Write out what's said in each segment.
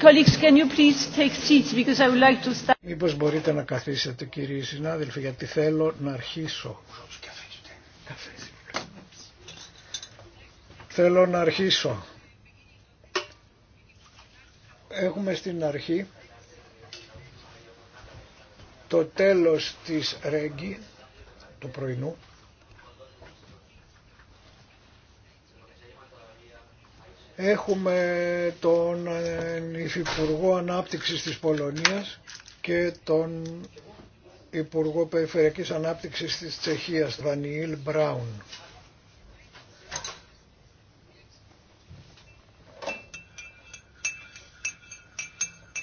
Colleagues, Μήπως μπορείτε να καθίσετε κύριοι συνάδελφοι γιατί θέλω να αρχίσω. Θέλω να αρχίσω. Έχουμε στην αρχή το τέλος της Ρέγγι του πρωινού Έχουμε τον Υφυπουργό Ανάπτυξης της Πολωνίας και τον Υπουργό Περιφερειακής Ανάπτυξης της Τσεχίας, Δανιήλ Μπράουν.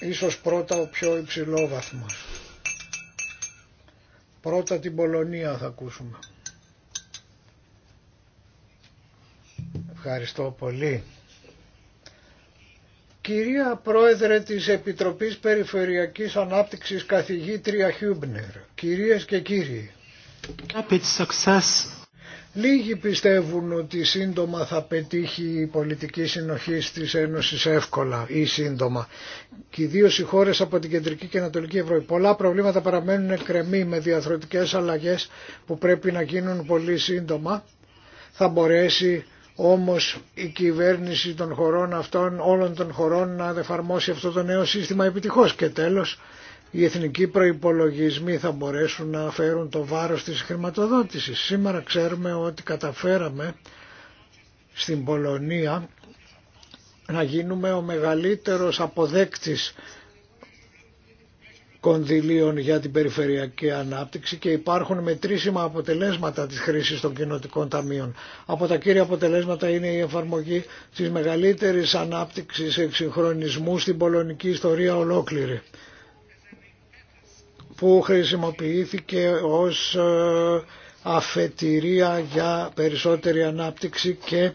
Ίσως πρώτα ο πιο υψηλόβαθμος. Πρώτα την Πολωνία θα ακούσουμε. Ευχαριστώ πολύ. Κυρία Πρόεδρε της Επιτροπής Περιφερειακής Ανάπτυξης Καθηγήτρια Χιούμπνερ, κυρίες και κύριοι, λίγοι πιστεύουν ότι σύντομα θα πετύχει η πολιτική συνοχή της Ένωσης εύκολα ή σύντομα και ιδίω οι χώρες από την Κεντρική και Ανατολική Ευρώπη. Πολλά προβλήματα παραμένουν εκκρεμή με διαθροτικές αλλαγές που πρέπει να γίνουν πολύ σύντομα. Θα μπορέσει όμως η κυβέρνηση των χωρών αυτών, όλων των χωρών να εφαρμόσει αυτό το νέο σύστημα επιτυχώς. Και τέλος, οι εθνικοί προϋπολογισμοί θα μπορέσουν να φέρουν το βάρος της χρηματοδότησης. Σήμερα ξέρουμε ότι καταφέραμε στην Πολωνία να γίνουμε ο μεγαλύτερος αποδέκτης κονδυλίων για την περιφερειακή ανάπτυξη και υπάρχουν μετρήσιμα αποτελέσματα της χρήσης των κοινοτικών ταμείων. Από τα κύρια αποτελέσματα είναι η εφαρμογή της μεγαλύτερης ανάπτυξης εξυγχρονισμού στην πολωνική ιστορία ολόκληρη που χρησιμοποιήθηκε ως ε, αφετηρία για περισσότερη ανάπτυξη και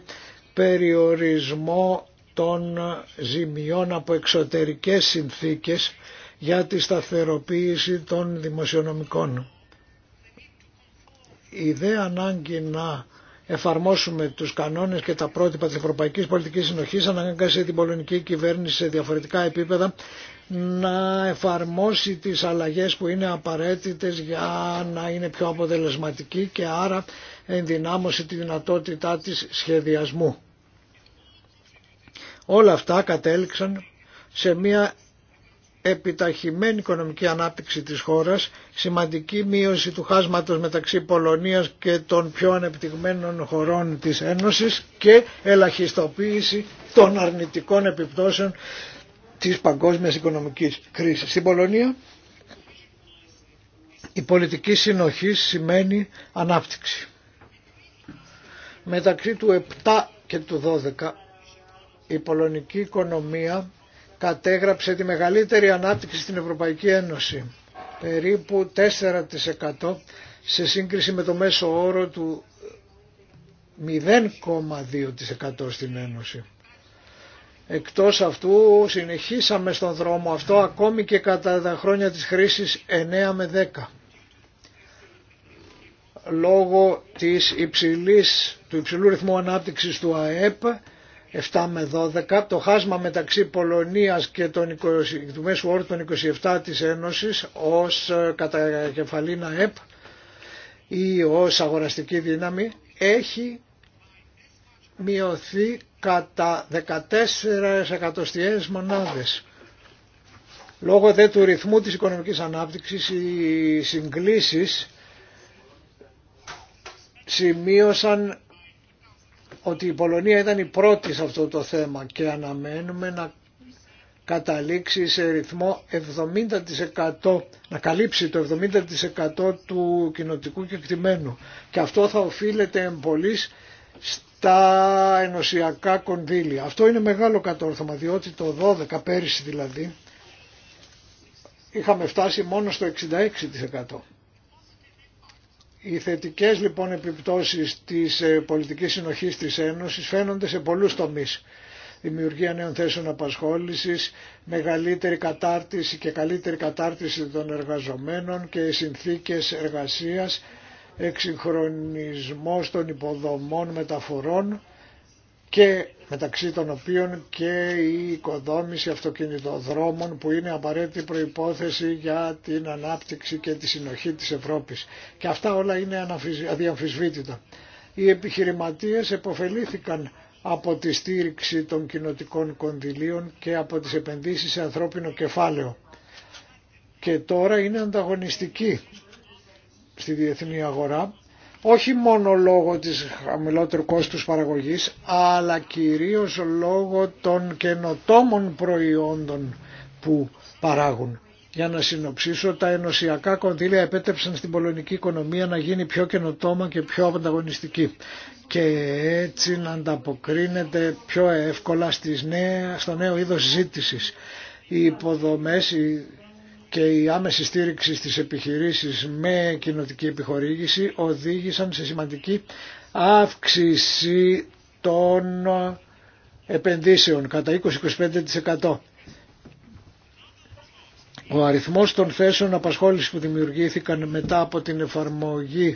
περιορισμό των ε, ζημιών από εξωτερικές συνθήκες για τη σταθεροποίηση των δημοσιονομικών. Η δε ανάγκη να εφαρμόσουμε τους κανόνες και τα πρότυπα της Ευρωπαϊκής Πολιτικής Συνοχής αναγκάσε την πολωνική κυβέρνηση σε διαφορετικά επίπεδα να εφαρμόσει τις αλλαγές που είναι απαραίτητες για να είναι πιο αποτελεσματική και άρα ενδυνάμωσε τη δυνατότητά της σχεδιασμού. Όλα αυτά κατέληξαν σε μια επιταχυμένη οικονομική ανάπτυξη της χώρας, σημαντική μείωση του χάσματος μεταξύ Πολωνίας και των πιο ανεπτυγμένων χωρών της Ένωσης και ελαχιστοποίηση των αρνητικών επιπτώσεων της παγκόσμιας οικονομικής κρίσης. Στην Πολωνία η πολιτική συνοχή σημαίνει ανάπτυξη. Μεταξύ του 7 και του 12 η πολωνική οικονομία κατέγραψε τη μεγαλύτερη ανάπτυξη στην Ευρωπαϊκή Ένωση, περίπου 4% σε σύγκριση με το μέσο όρο του 0,2% στην Ένωση. Εκτός αυτού συνεχίσαμε στον δρόμο αυτό ακόμη και κατά τα χρόνια της χρήσης 9 με 10 λόγω της υψηλής, του υψηλού ρυθμού ανάπτυξης του ΑΕΠ 7 με 12, το χάσμα μεταξύ Πολωνίας και των 20, του μέσου όρου των 27 της Ένωσης ως ε, κατακεφαλήνα ΕΠ ή ως αγοραστική δύναμη έχει μειωθεί κατά 14 εκατοστιαίες μονάδες. Λόγω δε του ρυθμού της οικονομικής ανάπτυξης οι συγκλήσεις σημείωσαν ότι η Πολωνία ήταν η πρώτη σε αυτό το θέμα και αναμένουμε να καταλήξει σε ρυθμό 70% να καλύψει το 70% του κοινοτικού κεκτημένου και αυτό θα οφείλεται εμπολής στα ενωσιακά κονδύλια. Αυτό είναι μεγάλο κατόρθωμα διότι το 12 πέρυσι δηλαδή είχαμε φτάσει μόνο στο 66%. Οι θετικές λοιπόν επιπτώσεις της ε, πολιτικής συνοχής της Ένωσης φαίνονται σε πολλούς τομείς. Δημιουργία νέων θέσεων απασχόλησης, μεγαλύτερη κατάρτιση και καλύτερη κατάρτιση των εργαζομένων και συνθήκες εργασίας, εξυγχρονισμός των υποδομών μεταφορών και μεταξύ των οποίων και η οικοδόμηση αυτοκινητοδρόμων που είναι απαραίτητη προϋπόθεση για την ανάπτυξη και τη συνοχή της Ευρώπης. Και αυτά όλα είναι αδιαμφισβήτητα. Οι επιχειρηματίες επωφελήθηκαν από τη στήριξη των κοινοτικών κονδυλίων και από τις επενδύσεις σε ανθρώπινο κεφάλαιο. Και τώρα είναι ανταγωνιστικοί στη διεθνή αγορά όχι μόνο λόγω της χαμηλότερου κόστους παραγωγής αλλά κυρίως λόγω των καινοτόμων προϊόντων που παράγουν. Για να συνοψίσω, τα ενωσιακά κονδύλια επέτρεψαν στην πολωνική οικονομία να γίνει πιο καινοτόμα και πιο ανταγωνιστική και έτσι να ανταποκρίνεται πιο εύκολα στις νέα, στο νέο είδος ζήτησης. Οι υποδομές, και η άμεση στήριξη στις επιχειρήσεις με κοινοτική επιχορήγηση οδήγησαν σε σημαντική αύξηση των επενδύσεων κατά 20-25%. Ο αριθμός των θέσεων απασχόλησης που δημιουργήθηκαν μετά από την εφαρμογή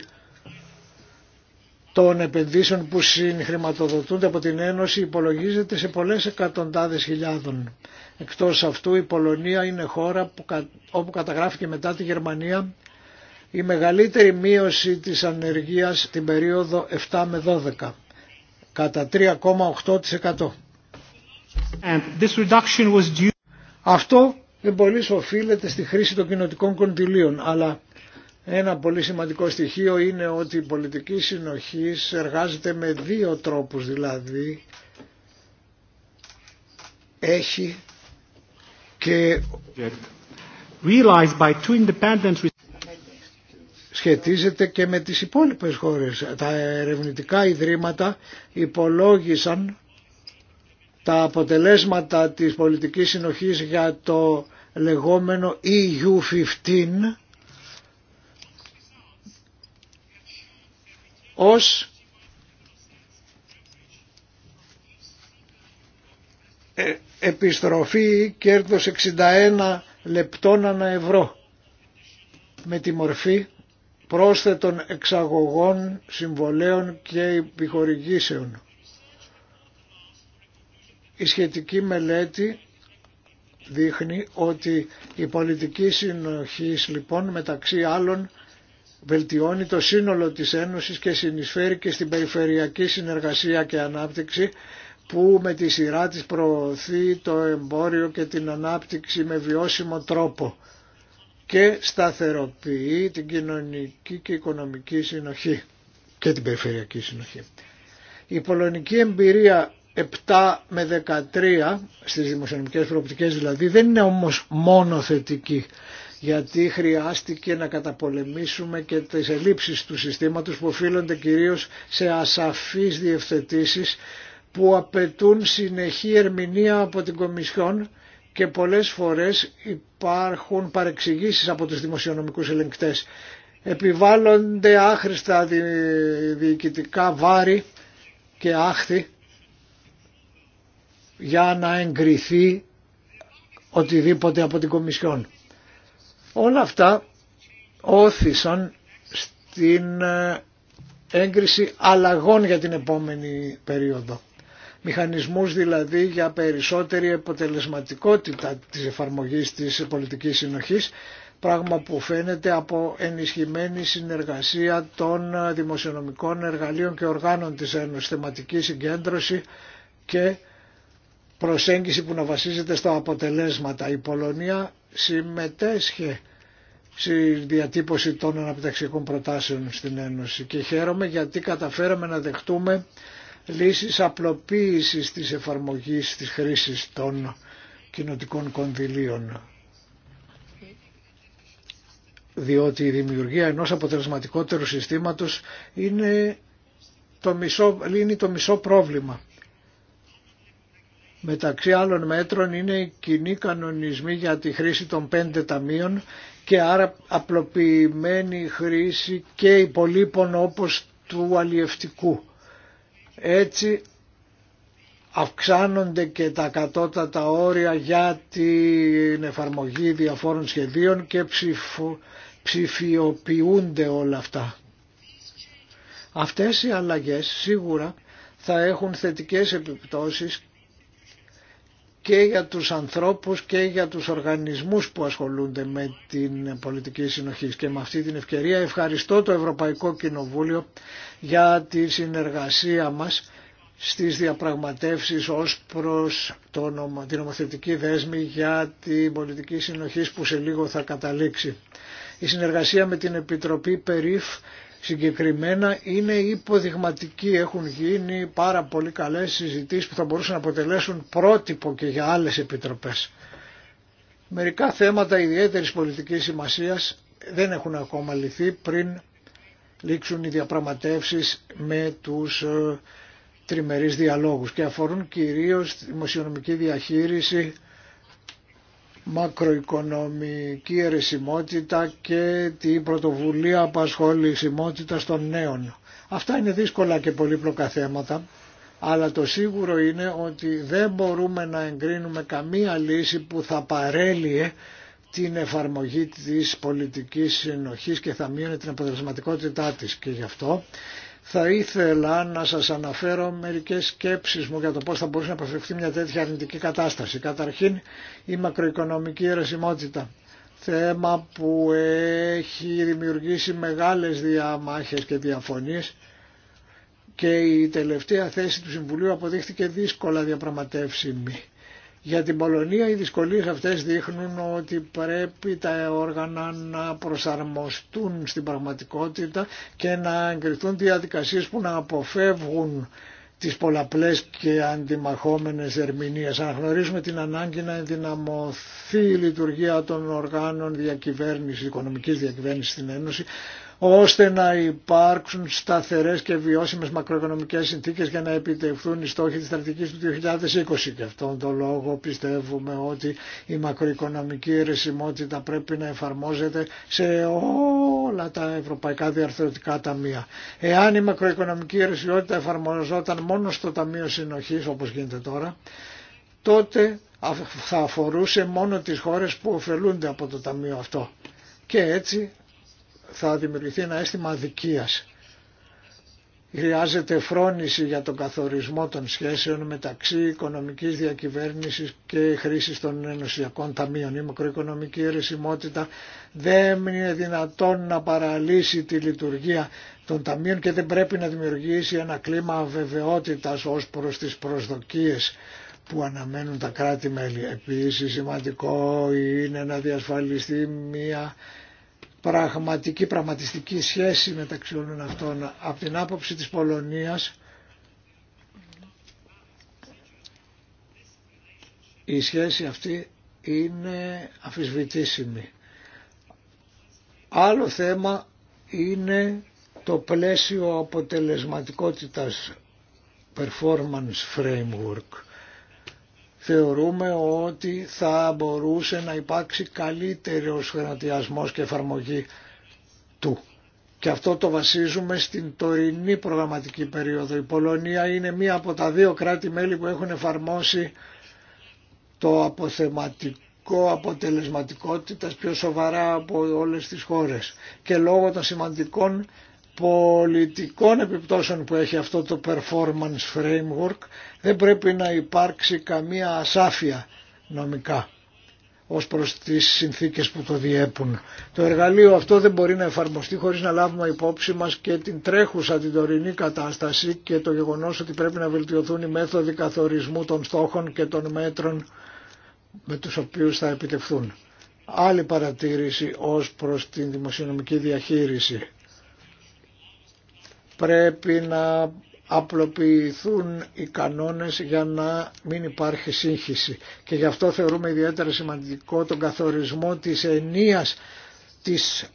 των επενδύσεων που συγχρηματοδοτούνται από την Ένωση υπολογίζεται σε πολλές εκατοντάδες χιλιάδων. Εκτός αυτού η Πολωνία είναι χώρα όπου καταγράφηκε μετά τη Γερμανία η μεγαλύτερη μείωση της ανεργίας την περίοδο 7 με 12 κατά 3,8%. Due... Αυτό δεν πολύ οφείλεται στη χρήση των κοινοτικών κοντιλίων αλλά ένα πολύ σημαντικό στοιχείο είναι ότι η πολιτική συνοχή εργάζεται με δύο τρόπους δηλαδή έχει και σχετίζεται και με τις υπόλοιπες χώρες. Τα ερευνητικά ιδρύματα υπολόγισαν τα αποτελέσματα της πολιτικής συνοχής για το λεγόμενο EU15 ως ε, επιστροφή κέρδος 61 λεπτών ανά ευρώ με τη μορφή πρόσθετων εξαγωγών, συμβολέων και επιχορηγήσεων. Η σχετική μελέτη δείχνει ότι η πολιτική συνοχή λοιπόν μεταξύ άλλων βελτιώνει το σύνολο της Ένωσης και συνεισφέρει και στην περιφερειακή συνεργασία και ανάπτυξη που με τη σειρά της προωθεί το εμπόριο και την ανάπτυξη με βιώσιμο τρόπο και σταθεροποιεί την κοινωνική και οικονομική συνοχή και την περιφερειακή συνοχή. Η πολωνική εμπειρία 7 με 13 στις δημοσιονομικές προοπτικές δηλαδή δεν είναι όμως μόνο θετική γιατί χρειάστηκε να καταπολεμήσουμε και τις ελλείψεις του συστήματος που οφείλονται κυρίως σε ασαφείς διευθετήσεις που απαιτούν συνεχή ερμηνεία από την Κομισιόν και πολλές φορές υπάρχουν παρεξηγήσεις από τους δημοσιονομικούς ελεγκτές. Επιβάλλονται άχρηστα διοικητικά βάρη και άχθη για να εγκριθεί οτιδήποτε από την Κομισιόν. Όλα αυτά όθησαν στην ε, έγκριση αλλαγών για την επόμενη περίοδο. Μηχανισμούς δηλαδή για περισσότερη αποτελεσματικότητα της εφαρμογής της πολιτικής συνοχής, πράγμα που φαίνεται από ενισχυμένη συνεργασία των ε, δημοσιονομικών εργαλείων και οργάνων της Ένωσης, θεματική συγκέντρωση και προσέγγιση που να βασίζεται στα αποτελέσματα. Η Πολωνία συμμετέσχε στη διατύπωση των αναπτυξιακών προτάσεων στην Ένωση και χαίρομαι γιατί καταφέραμε να δεχτούμε λύσεις απλοποίησης της εφαρμογής της χρήσης των κοινοτικών κονδυλίων. Διότι η δημιουργία ενός αποτελεσματικότερου συστήματος είναι το μισό, είναι το μισό πρόβλημα Μεταξύ άλλων μέτρων είναι οι κοινοί κανονισμοί για τη χρήση των πέντε ταμείων και άρα απλοποιημένη χρήση και υπολείπων όπως του αλλιευτικού. Έτσι αυξάνονται και τα κατώτατα όρια για την εφαρμογή διαφόρων σχεδίων και ψηφο, ψηφιοποιούνται όλα αυτά. Αυτές οι αλλαγές σίγουρα θα έχουν θετικές επιπτώσεις και για τους ανθρώπους και για τους οργανισμούς που ασχολούνται με την πολιτική συνοχή. Και με αυτή την ευκαιρία ευχαριστώ το Ευρωπαϊκό Κοινοβούλιο για τη συνεργασία μας στις διαπραγματεύσεις ως προς το νομο, την νομοθετική δέσμη για την πολιτική συνοχή που σε λίγο θα καταλήξει. Η συνεργασία με την Επιτροπή Περίφ συγκεκριμένα είναι υποδειγματικοί. Έχουν γίνει πάρα πολύ καλές συζητήσεις που θα μπορούσαν να αποτελέσουν πρότυπο και για άλλες επιτροπές. Μερικά θέματα ιδιαίτερης πολιτικής σημασίας δεν έχουν ακόμα λυθεί πριν λήξουν οι διαπραγματεύσεις με τους ε, τριμερείς διαλόγους και αφορούν κυρίως τη δημοσιονομική διαχείριση μακροοικονομική αιρεσιμότητα και την πρωτοβουλία απασχολησιμότητας των νέων. Αυτά είναι δύσκολα και πολύπλοκα θέματα, αλλά το σίγουρο είναι ότι δεν μπορούμε να εγκρίνουμε καμία λύση που θα παρέλειε την εφαρμογή της πολιτικής συνοχής και θα μείωνε την αποτελεσματικότητά της. Και γι' αυτό θα ήθελα να σας αναφέρω μερικές σκέψεις μου για το πώς θα μπορούσε να προφευχθεί μια τέτοια αρνητική κατάσταση. Καταρχήν η μακροοικονομική αιρεσιμότητα. Θέμα που έχει δημιουργήσει μεγάλες διαμάχες και διαφωνίες και η τελευταία θέση του Συμβουλίου αποδείχθηκε δύσκολα διαπραγματεύσιμη. Για την Πολωνία οι δυσκολίες αυτές δείχνουν ότι πρέπει τα όργανα να προσαρμοστούν στην πραγματικότητα και να εγκριθούν διαδικασίες που να αποφεύγουν τις πολλαπλές και αντιμαχόμενες ερμηνείες. γνωρίζουμε την ανάγκη να ενδυναμωθεί η λειτουργία των οργάνων διακυβέρνησης, οικονομικής διακυβέρνησης στην Ένωση ώστε να υπάρξουν σταθερές και βιώσιμες μακροοικονομικές συνθήκες για να επιτευχθούν οι στόχοι της στρατηγικής του 2020. Και αυτόν τον λόγο πιστεύουμε ότι η μακροοικονομική ρεσιμότητα πρέπει να εφαρμόζεται σε όλα τα ευρωπαϊκά διαρθρωτικά ταμεία. Εάν η μακροοικονομική ρεσιμότητα εφαρμοζόταν μόνο στο Ταμείο Συνοχής όπως γίνεται τώρα, τότε θα αφορούσε μόνο τις χώρες που ωφελούνται από το Ταμείο αυτό. Και έτσι θα δημιουργηθεί ένα αίσθημα αδικίας. Χρειάζεται φρόνηση για τον καθορισμό των σχέσεων μεταξύ οικονομικής διακυβέρνησης και χρήσης των ενωσιακών ταμείων. Η μικροοικονομική αιρεσιμότητα δεν είναι δυνατόν να παραλύσει τη λειτουργία των ταμείων και δεν πρέπει να δημιουργήσει ένα κλίμα αβεβαιότητας ως προς τις προσδοκίες που αναμένουν τα κράτη-μέλη. Επίσης σημαντικό είναι να διασφαλιστεί μια πραγματική, πραγματιστική σχέση μεταξύ όλων αυτών. Από την άποψη της Πολωνίας, η σχέση αυτή είναι αφισβητήσιμη. Άλλο θέμα είναι το πλαίσιο αποτελεσματικότητας performance framework θεωρούμε ότι θα μπορούσε να υπάρξει καλύτερος χρηματιασμός και εφαρμογή του. Και αυτό το βασίζουμε στην τωρινή προγραμματική περίοδο. Η Πολωνία είναι μία από τα δύο κράτη-μέλη που έχουν εφαρμόσει το αποθεματικό αποτελεσματικότητας πιο σοβαρά από όλες τις χώρες. Και λόγω των σημαντικών πολιτικών επιπτώσεων που έχει αυτό το performance framework δεν πρέπει να υπάρξει καμία ασάφεια νομικά ως προς τις συνθήκες που το διέπουν. Το εργαλείο αυτό δεν μπορεί να εφαρμοστεί χωρίς να λάβουμε υπόψη μας και την τρέχουσα την τωρινή κατάσταση και το γεγονός ότι πρέπει να βελτιωθούν οι μέθοδοι καθορισμού των στόχων και των μέτρων με τους οποίους θα επιτευχθούν. Άλλη παρατήρηση ως προς την δημοσιονομική διαχείριση πρέπει να απλοποιηθούν οι κανόνες για να μην υπάρχει σύγχυση. Και γι' αυτό θεωρούμε ιδιαίτερα σημαντικό τον καθορισμό της ενίας της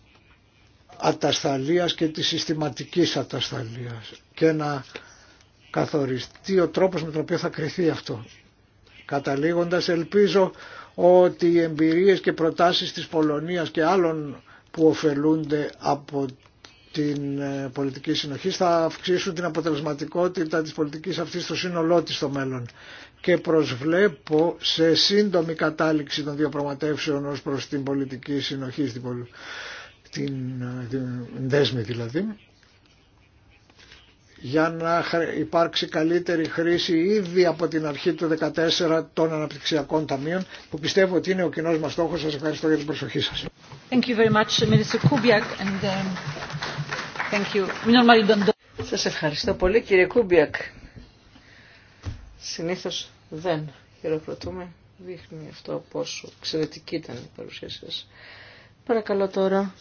ατασταλίας και της συστηματικής ατασταλίας και να καθοριστεί ο τρόπος με τον οποίο θα κριθεί αυτό. Καταλήγοντας ελπίζω ότι οι εμπειρίες και προτάσεις της Πολωνίας και άλλων που ωφελούνται από την ε, πολιτική συνοχή θα αυξήσουν την αποτελεσματικότητα της πολιτικής αυτής στο σύνολό της στο μέλλον και προσβλέπω σε σύντομη κατάληξη των διαπραγματεύσεων ως προς την πολιτική συνοχή ε, την, δέσμη δηλαδή για να υπάρξει καλύτερη χρήση ήδη από την αρχή του 2014 των αναπτυξιακών ταμείων που πιστεύω ότι είναι ο κοινός μας στόχος. Σας ευχαριστώ για την προσοχή σας. Thank you very much, um, σας ευχαριστώ πολύ κύριε Κούμπιακ. Συνήθως δεν χειροκροτούμε. Δείχνει αυτό πόσο εξαιρετική ήταν η παρουσία σας. Παρακαλώ τώρα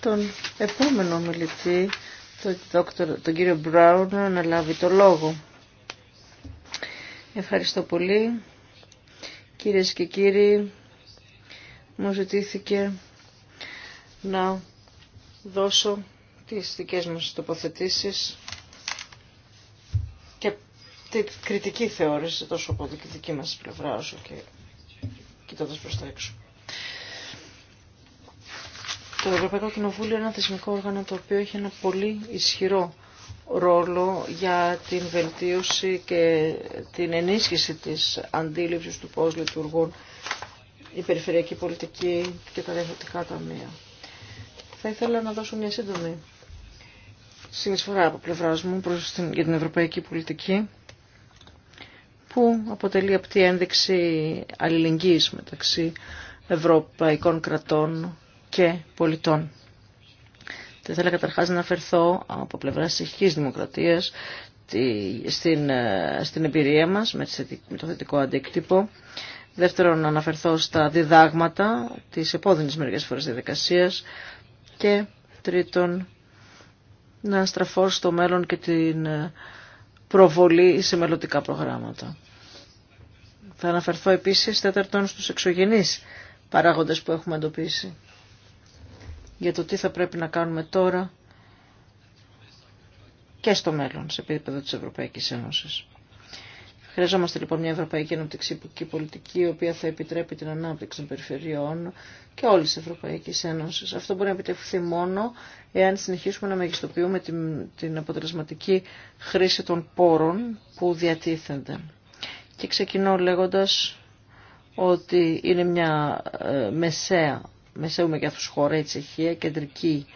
τον επόμενο μιλητή, τον, τον κύριο Μπράουν, να λάβει το λόγο. Ευχαριστώ πολύ. Κυρίες και κύριοι, μου ζητήθηκε να δώσω τις δικές μας τοποθετήσεις και την κριτική θεώρηση τόσο από τη δική μας πλευρά όσο και κοιτώντας προς τα έξω. Το Ευρωπαϊκό Κοινοβούλιο είναι ένα θεσμικό όργανο το οποίο έχει ένα πολύ ισχυρό ρόλο για την βελτίωση και την ενίσχυση της αντίληψης του πώς λειτουργούν η περιφερειακή πολιτική και τα διαφορετικά ταμεία. Θα ήθελα να δώσω μια σύντομη συνεισφορά από πλευρά μου προς την, για την ευρωπαϊκή πολιτική που αποτελεί απτή ένδειξη αλληλεγγύης μεταξύ ευρωπαϊκών κρατών και πολιτών. Θα ήθελα καταρχάς να αναφερθώ από πλευρά της δημοκρατίας, δημοκρατίας στην, ε, στην εμπειρία μας με, το θετικό αντίκτυπο. Δεύτερον, να αναφερθώ στα διδάγματα της επόδυνης μερικές φορές διαδικασίας. Και τρίτον, να στραφώ στο μέλλον και την ε, προβολή σε μελλοντικά προγράμματα. Θα αναφερθώ επίσης τέταρτον στους εξωγενείς παράγοντες που έχουμε εντοπίσει για το τι θα πρέπει να κάνουμε τώρα και στο μέλλον σε επίπεδο της Ευρωπαϊκής Ένωσης. Χρειαζόμαστε λοιπόν μια ευρωπαϊκή και πολιτική, η οποία θα επιτρέπει την ανάπτυξη των περιφερειών και όλη τη Ευρωπαϊκή Ένωση. Αυτό μπορεί να επιτευχθεί μόνο εάν συνεχίσουμε να μεγιστοποιούμε την, την αποτελεσματική χρήση των πόρων που διατίθενται. Και ξεκινώ λέγοντας ότι είναι μια ε, μεσαία, μεσαίου μεγέθους χώρα η Τσεχία, κεντρική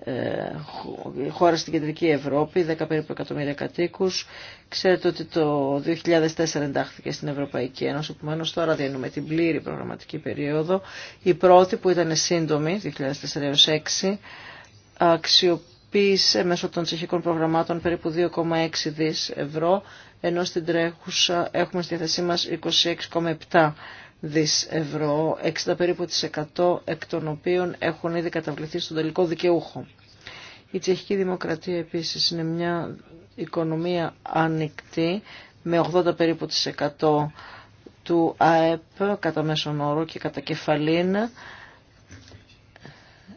ε, χώρα στην κεντρική Ευρώπη, 10 περίπου εκατομμύρια κατοίκους. Ξέρετε ότι το 2004 εντάχθηκε στην Ευρωπαϊκή Ένωση, επομένως τώρα διανύουμε την πλήρη προγραμματική περίοδο. Η πρώτη που ήταν σύντομη, 2004-2006, αξιοποίησε μέσω των τσεχικών προγραμμάτων περίπου 2,6 δις ευρώ, ενώ στην τρέχουσα έχουμε στη θέση μας 26,7 δις ευρώ, 60 περίπου τις 100 εκ των οποίων έχουν ήδη καταβληθεί στον τελικό δικαιούχο. Η τσεχική δημοκρατία επίσης είναι μια οικονομία ανοιχτή με 80 περίπου τις 100 του ΑΕΠ κατά μέσον όρο και κατά κεφαλήν.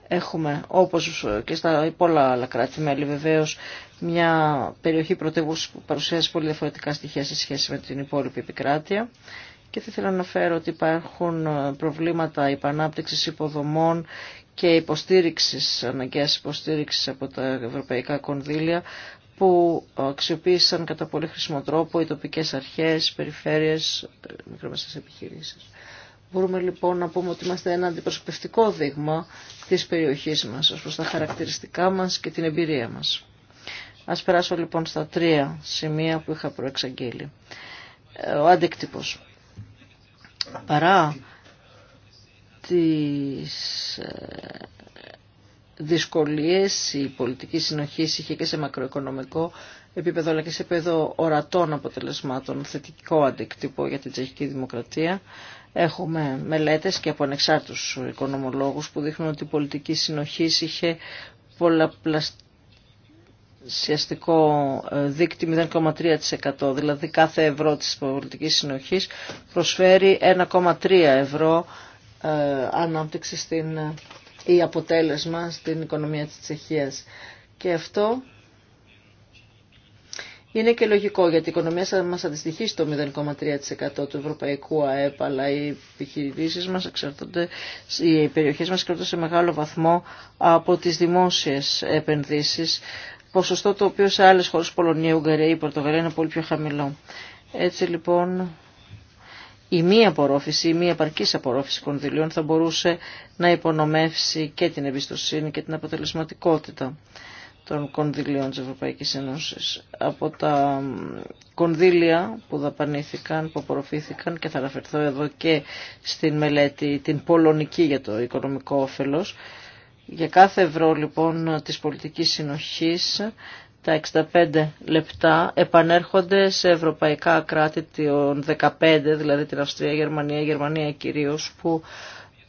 Έχουμε, όπως και στα πολλά άλλα κράτη-μέλη βεβαίως, μια περιοχή πρωτεύουσα που παρουσιάζει πολύ διαφορετικά στοιχεία σε σχέση με την υπόλοιπη επικράτεια και θα ήθελα να αναφέρω ότι υπάρχουν ε, προβλήματα υπανάπτυξης υποδομών και υποστήριξης, αναγκαίας υποστήριξης από τα ευρωπαϊκά κονδύλια που αξιοποίησαν κατά πολύ χρήσιμο τρόπο οι τοπικές αρχές, περιφέρειες, ε, μικρομεσαίες επιχειρήσεις. Μπορούμε λοιπόν να πούμε ότι είμαστε ένα αντιπροσωπευτικό δείγμα της περιοχής μας ως προς τα χαρακτηριστικά μας και την εμπειρία μας. Ας περάσω λοιπόν στα τρία σημεία που είχα προεξαγγείλει. Ε, ο αντίκτυπος παρά τις ε, δυσκολίες η πολιτική συνοχή είχε και σε μακροοικονομικό επίπεδο αλλά και σε επίπεδο ορατών αποτελεσμάτων θετικό αντικτύπο για την τσεχική δημοκρατία. Έχουμε μελέτες και από ανεξάρτητους οικονομολόγους που δείχνουν ότι η πολιτική συνοχή είχε πολλαπλαστική ουσιαστικό ε, δίκτυο 0,3%. Δηλαδή κάθε ευρώ της πολιτικής συνοχής προσφέρει 1,3 ευρώ ε, ανάπτυξη στην, ε, ή αποτέλεσμα στην οικονομία της Τσεχίας. Και αυτό είναι και λογικό γιατί η οικονομία μας αντιστοιχεί στο 0,3% του ευρωπαϊκού ΑΕΠ αλλά οι επιχειρήσεις μας εξαρτώνται, οι περιοχές μας εξαρτώνται σε μεγάλο βαθμό από τις δημόσιες επενδύσεις ποσοστό το οποίο σε άλλες χώρες, Πολωνία, Ουγγαρία ή Πορτογαλία είναι πολύ πιο χαμηλό. Έτσι λοιπόν η μία απορρόφηση, η μη απορροφηση η μη απορρόφηση κονδυλίων θα μπορούσε να υπονομεύσει και την εμπιστοσύνη και την αποτελεσματικότητα των κονδυλίων της Ευρωπαϊκής Ένωσης. Από τα κονδύλια που δαπανήθηκαν, που απορροφήθηκαν και θα αναφερθώ εδώ και στην μελέτη την πολωνική για το οικονομικό όφελος, για κάθε ευρώ λοιπόν της πολιτικής συνοχής τα 65 λεπτά επανέρχονται σε ευρωπαϊκά κράτη των 15, δηλαδή την Αυστρία, Γερμανία, Γερμανία κυρίως, που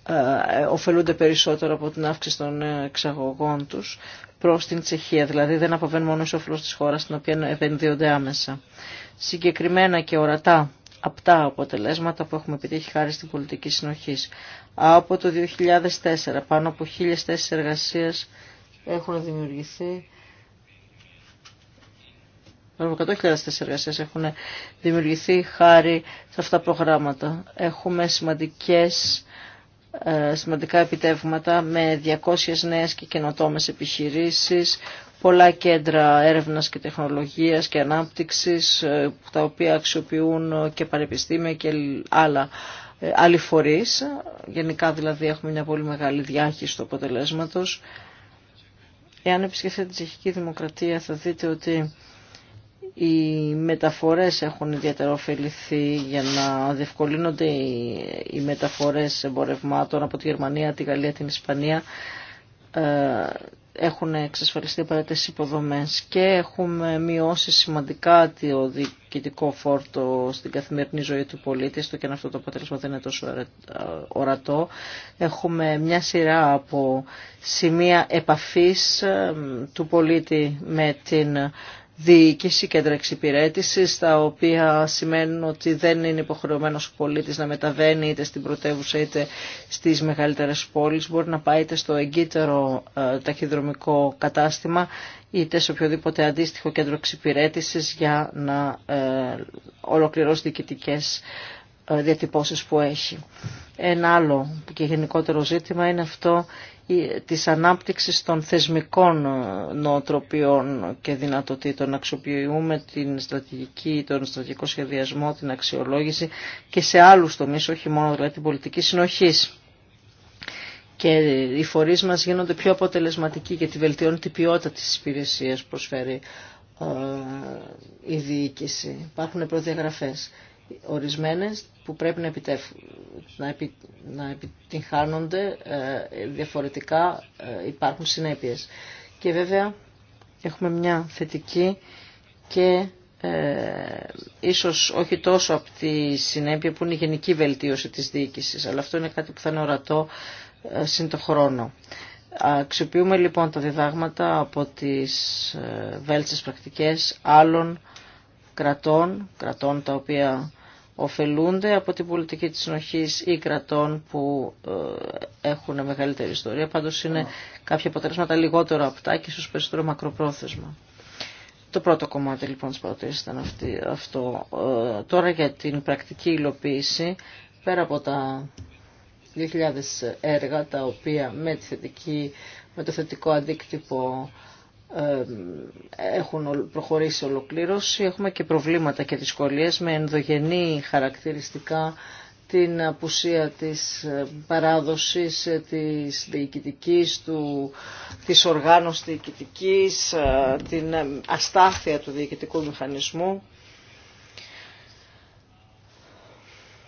ε, ωφελούνται περισσότερο από την αύξηση των εξαγωγών τους προς την Τσεχία. Δηλαδή δεν αποβαίνουν μόνο ο όφελος της χώρας στην οποία επενδύονται άμεσα. Συγκεκριμένα και ορατά απτά αποτελέσματα που έχουμε επιτύχει χάρη στην πολιτική συνοχή από το 2004. Πάνω από 1.000 θέσεις έχουν δημιουργηθεί. Πάνω από 100.000 θέσεις έχουν δημιουργηθεί χάρη σε αυτά τα προγράμματα. Έχουμε σημαντικές ε, σημαντικά επιτεύγματα με 200 νέες και καινοτόμες επιχειρήσεις, πολλά κέντρα έρευνας και τεχνολογίας και ανάπτυξης, ε, τα οποία αξιοποιούν και πανεπιστήμια και άλλα ε, άλλοι φορείς. Γενικά δηλαδή έχουμε μια πολύ μεγάλη διάχυση του αποτελέσματος. Εάν επισκεφθείτε την τσεχική δημοκρατία θα δείτε ότι οι μεταφορές έχουν ιδιαίτερα ωφεληθεί για να διευκολύνονται οι μεταφορές εμπορευμάτων από τη Γερμανία, τη Γαλλία, την Ισπανία ε, έχουν εξασφαλιστεί απαραίτητες υποδομές και έχουμε μειώσει σημαντικά το διοικητικό φόρτο στην καθημερινή ζωή του πολίτη, στο και αν αυτό το αποτέλεσμα δεν είναι τόσο ορατό. Έχουμε μια σειρά από σημεία επαφής του πολίτη με την διοίκηση, κέντρα εξυπηρέτηση, τα οποία σημαίνουν ότι δεν είναι υποχρεωμένο ο πολίτη να μεταβαίνει είτε στην πρωτεύουσα είτε στι μεγαλύτερε πόλει. Μπορεί να πάει είτε στο εγκύτερο ε, ταχυδρομικό κατάστημα είτε σε οποιοδήποτε αντίστοιχο κέντρο εξυπηρέτηση για να ε, ολοκληρώσει διοικητικέ ε, διατυπώσεις που έχει. Ένα άλλο και γενικότερο ζήτημα είναι αυτό της ανάπτυξης των θεσμικών ε, νοοτροπιών και δυνατοτήτων. Αξιοποιούμε την στρατηγική, τον στρατηγικό σχεδιασμό, την αξιολόγηση και σε άλλους τομείς, όχι μόνο δηλαδή την πολιτική συνοχής. Και οι φορεί μας γίνονται πιο αποτελεσματικοί γιατί βελτιώνει την ποιότητα της υπηρεσία που προσφέρει ε, η διοίκηση. Υπάρχουν προδιαγραφέ ορισμένες που πρέπει να, να, επι... να επιτυγχάνονται ε, διαφορετικά ε, υπάρχουν συνέπειες. Και βέβαια έχουμε μια θετική και ε, ίσως όχι τόσο από τη συνέπεια που είναι η γενική βελτίωση της διοίκησης, αλλά αυτό είναι κάτι που θα είναι ορατό ε, σύν χρόνο. Αξιοποιούμε λοιπόν τα διδάγματα από τις ε, βέλτιστες πρακτικές άλλων κρατών, κρατών τα οποία Οφελούνται από την πολιτική της συνοχής ή κρατών που ε, έχουν μεγαλύτερη ιστορία. Πάντως είναι κάποια αποτελέσματα λιγότερο απτά και ίσως περισσότερο μακροπρόθεσμα. Το πρώτο κομμάτι λοιπόν της παρατήρησης ήταν αυτή, αυτό. Ε, τώρα για την πρακτική υλοποίηση, πέρα από τα 2.000 έργα τα οποία με, με το θετικό αντίκτυπο ε, έχουν προχωρήσει ολοκλήρωση. Έχουμε και προβλήματα και δυσκολίες με ενδογενή χαρακτηριστικά την απουσία της ε, παράδοσης ε, της διοικητικής, του, της οργάνωσης διοικητικής, την αστάθεια του διοικητικού μηχανισμού,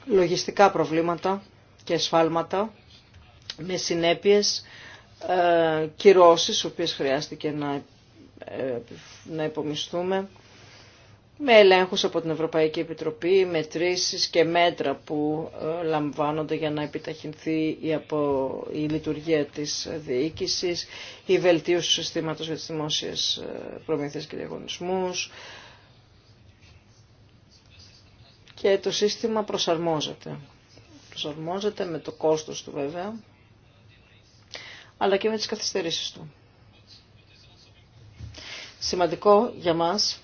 λογιστικά προβλήματα και εσφάλματα με συνέπειες ε, κυρώσεις, οποίες χρειάστηκε να, ε, να υπομισθούμε, με ελέγχους από την Ευρωπαϊκή Επιτροπή, μετρήσεις και μέτρα που ε, λαμβάνονται για να επιταχυνθεί η, απο, η λειτουργία της διοίκησης, η βελτίωση του συστήματος για τις δημόσιες ε, προμήθειες και διαγωνισμούς, και το σύστημα προσαρμόζεται. Προσαρμόζεται με το κόστος του βέβαια αλλά και με τις καθυστερήσεις του. Σημαντικό για μας,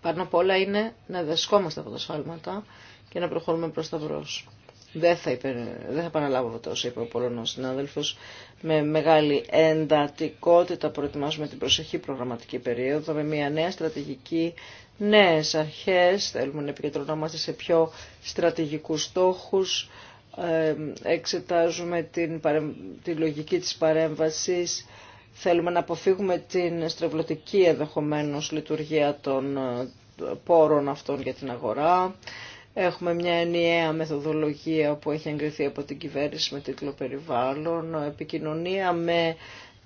πάνω απ' όλα είναι να δεσκόμαστε από τα σφάλματα και να προχωρούμε προς τα βρός. Δεν θα, υπε... δεν θα παραλάβω αυτό είπε ο Πολωνός συνάδελφος. Με μεγάλη εντατικότητα προετοιμάζουμε την προσεχή προγραμματική περίοδο με μια νέα στρατηγική, νέες αρχές. Θέλουμε να επικεντρωνόμαστε σε πιο στρατηγικούς στόχους, εξετάζουμε την, τη λογική της παρέμβασης, θέλουμε να αποφύγουμε την στρεβλωτική ενδεχομένω λειτουργία των ε, πόρων αυτών για την αγορά. Έχουμε μια ενιαία μεθοδολογία που έχει εγκριθεί από την κυβέρνηση με τίτλο περιβάλλον, επικοινωνία με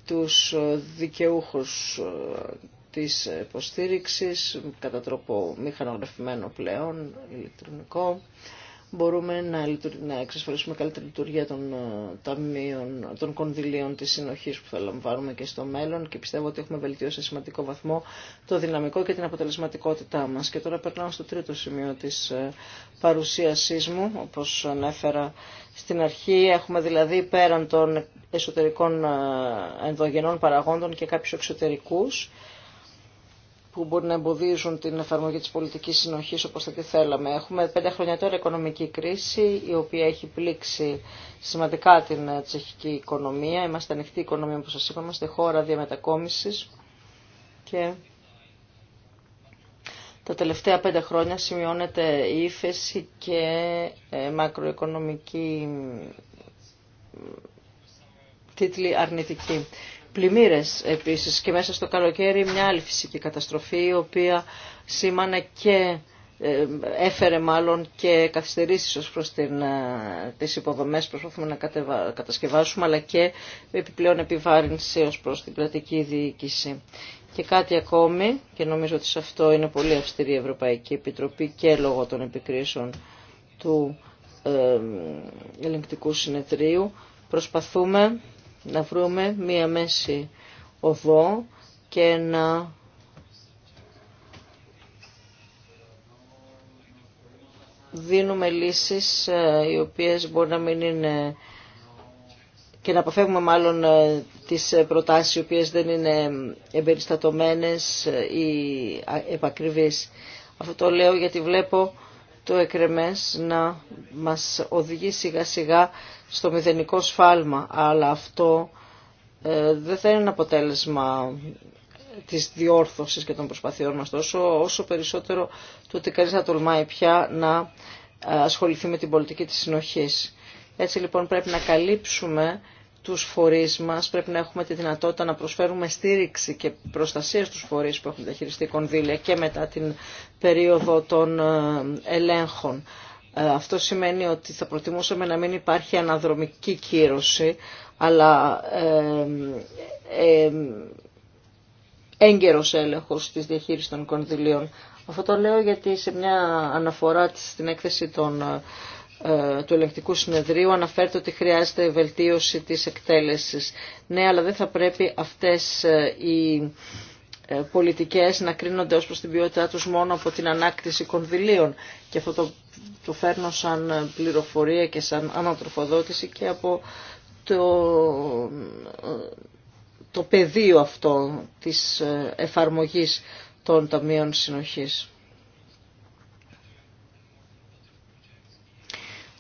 τους ε, δικαιούχους ε, της υποστήριξη κατά τρόπο μηχανογραφημένο πλέον, ηλεκτρονικό μπορούμε να, να εξασφαλίσουμε καλύτερη λειτουργία των, ε, ταμείων, των κονδυλίων της συνοχής που θα λαμβάνουμε και στο μέλλον και πιστεύω ότι έχουμε βελτιώσει σε σημαντικό βαθμό το δυναμικό και την αποτελεσματικότητά μας. Και τώρα περνάω στο τρίτο σημείο της ε, παρουσίασής μου, όπως ανέφερα στην αρχή. Έχουμε δηλαδή πέραν των εσωτερικών ε, ενδογενών παραγόντων και κάποιους εξωτερικούς που μπορεί να εμποδίζουν την εφαρμογή της πολιτικής συνοχής όπως θα τη θέλαμε. Έχουμε πέντε χρόνια τώρα οικονομική κρίση η οποία έχει πλήξει σημαντικά την ε, τσεχική οικονομία. Είμαστε ανοιχτή οικονομία όπως σας είπα, είμαστε χώρα διαμετακόμισης και τα τελευταία πέντε χρόνια σημειώνεται η ύφεση και ε, μακροοικονομική τίτλη αρνητική πλημμύρες επίσης και μέσα στο καλοκαίρι μια άλλη φυσική καταστροφή η οποία σήμανε και ε, έφερε μάλλον και καθυστερήσεις ως προς την, ε, τις υποδομές που προσπαθούμε να κατασκευάσουμε αλλά και επιπλέον επιβάρυνση ως προς την κρατική διοίκηση. Και κάτι ακόμη, και νομίζω ότι σε αυτό είναι πολύ αυστηρή η Ευρωπαϊκή Επιτροπή και λόγω των επικρίσεων του ε, ελεγκτικού συνεδρίου, προσπαθούμε να βρούμε μία μέση οδό και να δίνουμε λύσεις ε, οι οποίες μπορεί να μην είναι και να αποφεύγουμε μάλλον ε, τις προτάσεις οι οποίες δεν είναι εμπεριστατωμένες ε, ή επακριβείς. Αυτό το λέω γιατί βλέπω το εκρεμές να μας οδηγεί σιγά σιγά στο μηδενικό σφάλμα. Αλλά αυτό ε, δεν θα είναι ένα αποτέλεσμα της διόρθωσης και των προσπαθειών μας τόσο, όσο περισσότερο το ότι κανείς θα τολμάει πια να ε, ασχοληθεί με την πολιτική της συνοχής. Έτσι λοιπόν πρέπει να καλύψουμε τους φορείς μας, πρέπει να έχουμε τη δυνατότητα να προσφέρουμε στήριξη και προστασία στους φορείς που έχουν διαχειριστεί κονδύλια και μετά την περίοδο των ε, ελέγχων. Ε, αυτό σημαίνει ότι θα προτιμούσαμε να μην υπάρχει αναδρομική κύρωση, αλλά ε, ε, έγκαιρος έλεγχος της διαχείρισης των κονδυλίων. Αυτό το λέω γιατί σε μια αναφορά στην έκθεση των ε, ε, του ελεγκτικού συνεδρίου αναφέρεται ότι χρειάζεται βελτίωση της εκτέλεσης. Ναι, αλλά δεν θα πρέπει αυτές ε, οι ε, πολιτικές να κρίνονται ως προς την ποιότητά τους μόνο από την ανάκτηση κονδυλίων. Και αυτό το, φέρνω σαν πληροφορία και σαν ανατροφοδότηση και από το, το πεδίο αυτό της εφαρμογής των ταμείων συνοχής.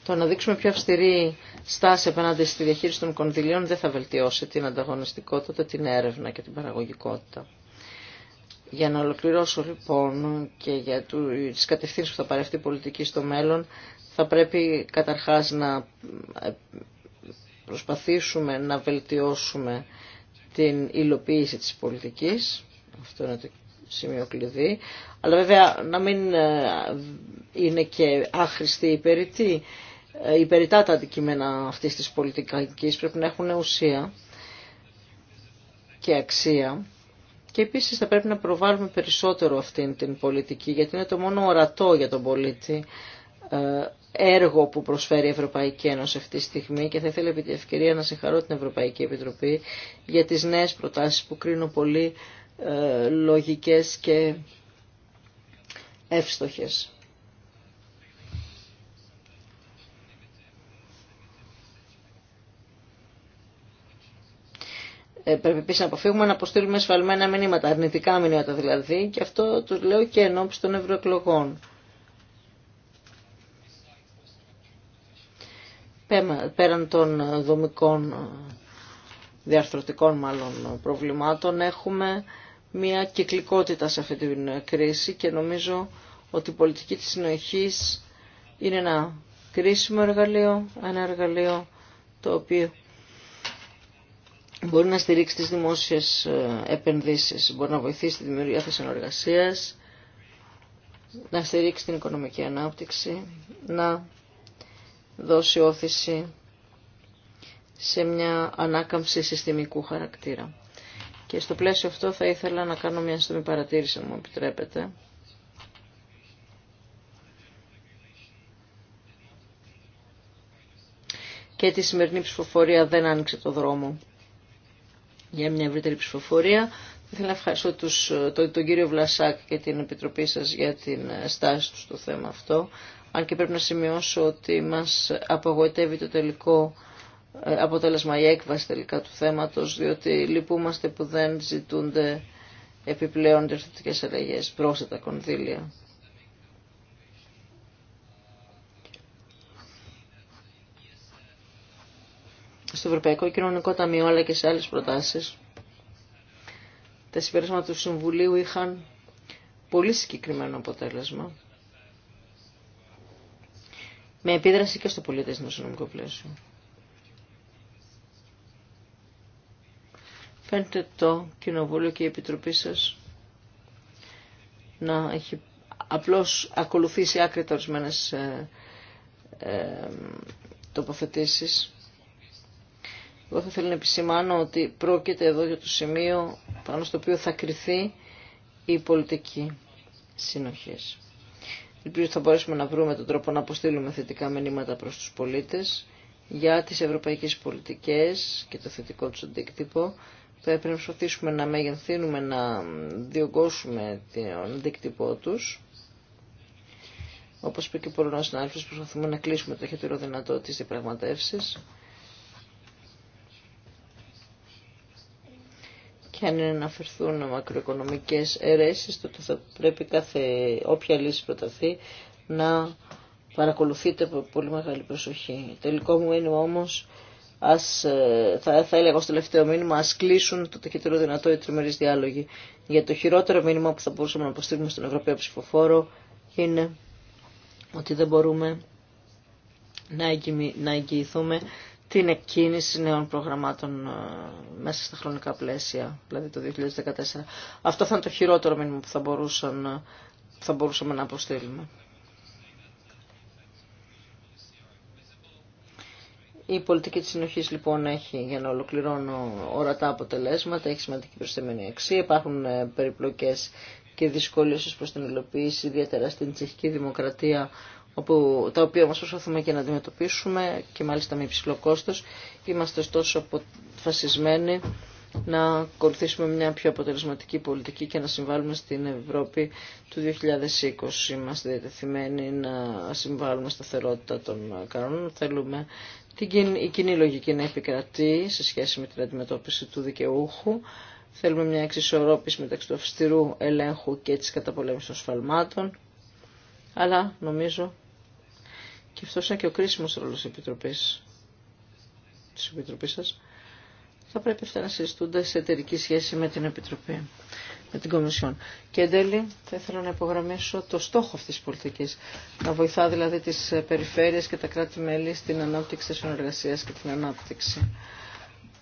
Το να δείξουμε πιο αυστηρή στάση απέναντι στη διαχείριση των κονδυλίων δεν θα βελτιώσει την ανταγωνιστικότητα, την έρευνα και την παραγωγικότητα. Για να ολοκληρώσω λοιπόν και για τις κατευθύνσεις που θα παρευτεί η πολιτική στο μέλλον, θα πρέπει καταρχάς να ε, προσπαθήσουμε να βελτιώσουμε την υλοποίηση της πολιτικής, αυτό είναι το σημείο κλειδί, αλλά βέβαια να μην ε, είναι και άχρηστη η υπερητά ε, τα αντικείμενα αυτής της πολιτικής πρέπει να έχουν ουσία και αξία. Και επίσης θα πρέπει να προβάλλουμε περισσότερο αυτήν την πολιτική, γιατί είναι το μόνο ορατό για τον πολίτη ε, έργο που προσφέρει η Ευρωπαϊκή Ένωση αυτή τη στιγμή και θα ήθελα επί τη ευκαιρία να συγχαρώ την Ευρωπαϊκή Επιτροπή για τις νέες προτάσεις που κρίνουν πολύ ε, λογικές και εύστοχες. Ε, πρέπει επίση να αποφύγουμε να αποστείλουμε σφαλμένα μηνύματα, αρνητικά μηνύματα δηλαδή, και αυτό το λέω και ενώπιση των ευρωεκλογών. Πέραν των δομικών, διαρθρωτικών μάλλον προβλημάτων, έχουμε μια κυκλικότητα σε αυτή την κρίση και νομίζω ότι η πολιτική της συνοχής είναι ένα κρίσιμο εργαλείο, ένα εργαλείο το οποίο μπορεί να στηρίξει τις δημόσιες ε, επενδύσεις, μπορεί να βοηθήσει τη δημιουργία θέσεων εργασία, να στηρίξει την οικονομική ανάπτυξη, να δώσει όθηση σε μια ανάκαμψη συστημικού χαρακτήρα. Και στο πλαίσιο αυτό θα ήθελα να κάνω μια στιγμή παρατήρηση, μου επιτρέπετε. Και τη σημερινή ψηφοφορία δεν άνοιξε το δρόμο για μια ευρύτερη ψηφοφορία. Θέλω να ευχαριστώ τον, κύριο Βλασάκ και την Επιτροπή σας για την ε, στάση του στο θέμα αυτό. Αν και πρέπει να σημειώσω ότι μας απογοητεύει το τελικό ε, αποτέλεσμα, η έκβαση τελικά του θέματος, διότι λυπούμαστε που δεν ζητούνται επιπλέον διευθυντικές αλλαγές πρόσθετα κονδύλια. στο Ευρωπαϊκό Κοινωνικό Ταμείο αλλά και σε άλλε προτάσεις. Τα συμπέρασματα του Συμβουλίου είχαν πολύ συγκεκριμένο αποτέλεσμα με επίδραση και στο πολιτισμό νομικό πλαίσιο. Φαίνεται το Κοινοβούλιο και η Επιτροπή σας να έχει απλώς ακολουθήσει άκρητα ορισμένες ε, ε τοποθετήσεις εγώ θα θέλω να επισημάνω ότι πρόκειται εδώ για το σημείο πάνω στο οποίο θα κριθεί η πολιτική συνοχής. Ελπίζω ότι θα μπορέσουμε να βρούμε τον τρόπο να αποστείλουμε θετικά μηνύματα προς τους πολίτες για τις ευρωπαϊκές πολιτικές και το θετικό τους αντίκτυπο. Θα έπρεπε να προσπαθήσουμε να μεγενθύνουμε, να διωγγώσουμε τον αντίκτυπό τους. Όπως είπε και ο να συνάδελφος, προσπαθούμε να κλείσουμε το χειρότερο δυνατό τις διαπραγματεύσει. και αν είναι να αφαιρθούν μακροοικονομικές αιρέσεις, τότε θα πρέπει κάθε όποια λύση προταθεί να παρακολουθείτε από πολύ μεγάλη προσοχή. Τελικό μου μήνυμα όμως, ας, ε, θα, θα έλεγα στο τελευταίο μήνυμα, ας κλείσουν το ταχύτερο δυνατό οι τριμερείς διάλογοι. Για το χειρότερο μήνυμα που θα μπορούσαμε να αποστείλουμε στον Ευρωπαίο Ψηφοφόρο είναι ότι δεν μπορούμε να εγγυηθούμε την εκκίνηση νέων προγραμμάτων ε, μέσα στα χρονικά πλαίσια, δηλαδή το 2014. Αυτό θα είναι το χειρότερο μήνυμα που θα, μπορούσαν, ε, θα μπορούσαμε να αποστείλουμε. Η πολιτική της συνοχής λοιπόν έχει, για να ολοκληρώνω, ορατά αποτελέσματα, έχει σημαντική προσθεμένη αξία, υπάρχουν ε, περιπλοκές και δυσκολίες προς την υλοποίηση, ιδιαίτερα στην τσεχική δημοκρατία όπου, τα οποία μας προσπαθούμε και να αντιμετωπίσουμε και μάλιστα με υψηλό κόστος. Είμαστε ωστόσο αποφασισμένοι να ακολουθήσουμε μια πιο αποτελεσματική πολιτική και να συμβάλλουμε στην Ευρώπη του 2020. Είμαστε διατεθειμένοι να συμβάλλουμε σταθερότητα των κανόνων. Θέλουμε την, η κοινή λογική να επικρατεί σε σχέση με την αντιμετώπιση του δικαιούχου. Θέλουμε μια εξισορρόπηση μεταξύ του αυστηρού ελέγχου και της καταπολέμησης των σφαλμάτων. Αλλά νομίζω και αυτό είναι και ο κρίσιμος ρόλος της Επιτροπής, της Επιτροπής σας, θα πρέπει αυτά να συζητούνται σε εταιρική σχέση με την Επιτροπή, με την Κομισιόν. Και εν τέλει θα ήθελα να υπογραμμίσω το στόχο αυτής της πολιτικής, να βοηθά δηλαδή τις περιφέρειες και τα κράτη-μέλη στην ανάπτυξη της συνεργασίας και την ανάπτυξη,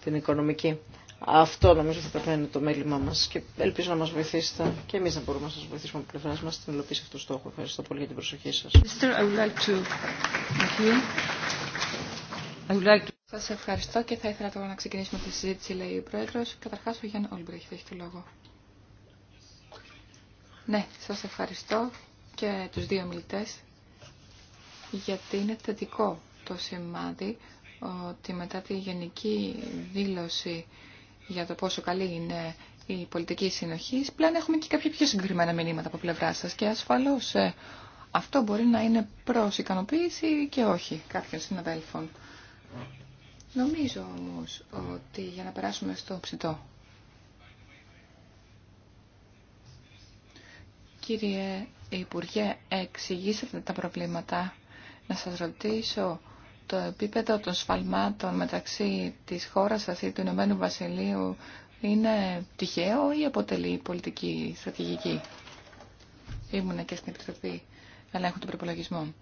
την οικονομική. Αυτό νομίζω θα πρέπει να είναι το μέλημά μα και ελπίζω να μα βοηθήσετε και εμεί να μπορούμε να σα βοηθήσουμε από πλευρά μα στην υλοποίηση αυτού του στόχου. Ευχαριστώ πολύ για την προσοχή σα. Σα ευχαριστώ και θα ήθελα τώρα να ξεκινήσουμε τη συζήτηση, λέει ο Πρόεδρο. Καταρχά, ο Γιάννη Όλμπρεχτ έχει το λόγο. Ναι, σα ευχαριστώ και του δύο μιλητέ γιατί είναι θετικό το σημάδι ότι μετά τη γενική δήλωση για το πόσο καλή είναι η πολιτική συνοχή, πλέον έχουμε και κάποια πιο συγκεκριμένα μηνύματα από πλευρά σα και ασφαλώ ε, αυτό μπορεί να είναι προ ικανοποίηση και όχι κάποιων συναδέλφων. Νομίζω όμω ότι για να περάσουμε στο ψητό. Κύριε Υπουργέ, εξηγήσατε τα προβλήματα. Να σας ρωτήσω το επίπεδο των σφαλμάτων μεταξύ της χώρας σας ή του Ηνωμένου Βασιλείου είναι τυχαίο ή αποτελεί πολιτική στρατηγική. Ήμουνα και στην Επιτροπή Ελέγχου των Προπολογισμών.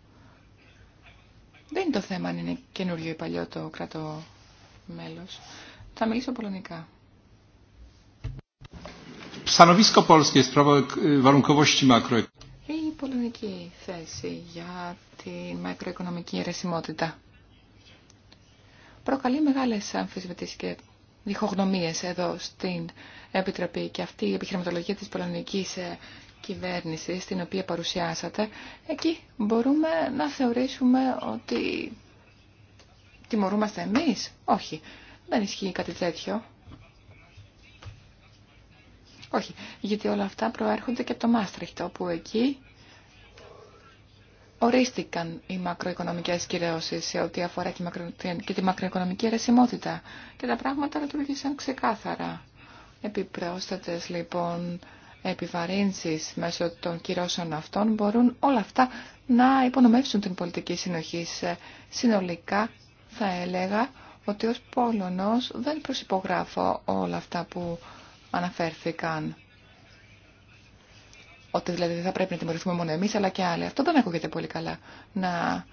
Δεν είναι το θέμα αν είναι καινούριο ή παλιό το κράτο μέλος. Θα μιλήσω πολωνικά. E, Η πολωνική θέση για τη μακροοικονομική αιρεσιμότητα προκαλεί μεγάλες αμφισβητήσεις και διχογνωμίες εδώ στην Επιτροπή και αυτή η επιχειρηματολογία της πολωνικής ε, κυβέρνησης την οποία παρουσιάσατε, εκεί μπορούμε να θεωρήσουμε ότι τιμωρούμαστε εμείς. Όχι, δεν ισχύει κάτι τέτοιο. Όχι, γιατί όλα αυτά προέρχονται και από το Μάστρεχτο, όπου εκεί ορίστηκαν οι μακροοικονομικές κυρεώσεις σε ό,τι αφορά και, τη μακροοικονομική αιρεσιμότητα και τα πράγματα λειτουργήσαν ξεκάθαρα. Επιπρόσθετες λοιπόν επιβαρύνσεις μέσω των κυρώσεων αυτών μπορούν όλα αυτά να υπονομεύσουν την πολιτική συνοχή. Συνολικά θα έλεγα ότι ως Πόλωνος δεν προσυπογράφω όλα αυτά που αναφέρθηκαν. Ότι δηλαδή δεν θα πρέπει να τιμωρηθούμε μόνο εμείς αλλά και άλλοι. Αυτό δεν ακούγεται πολύ καλά. Να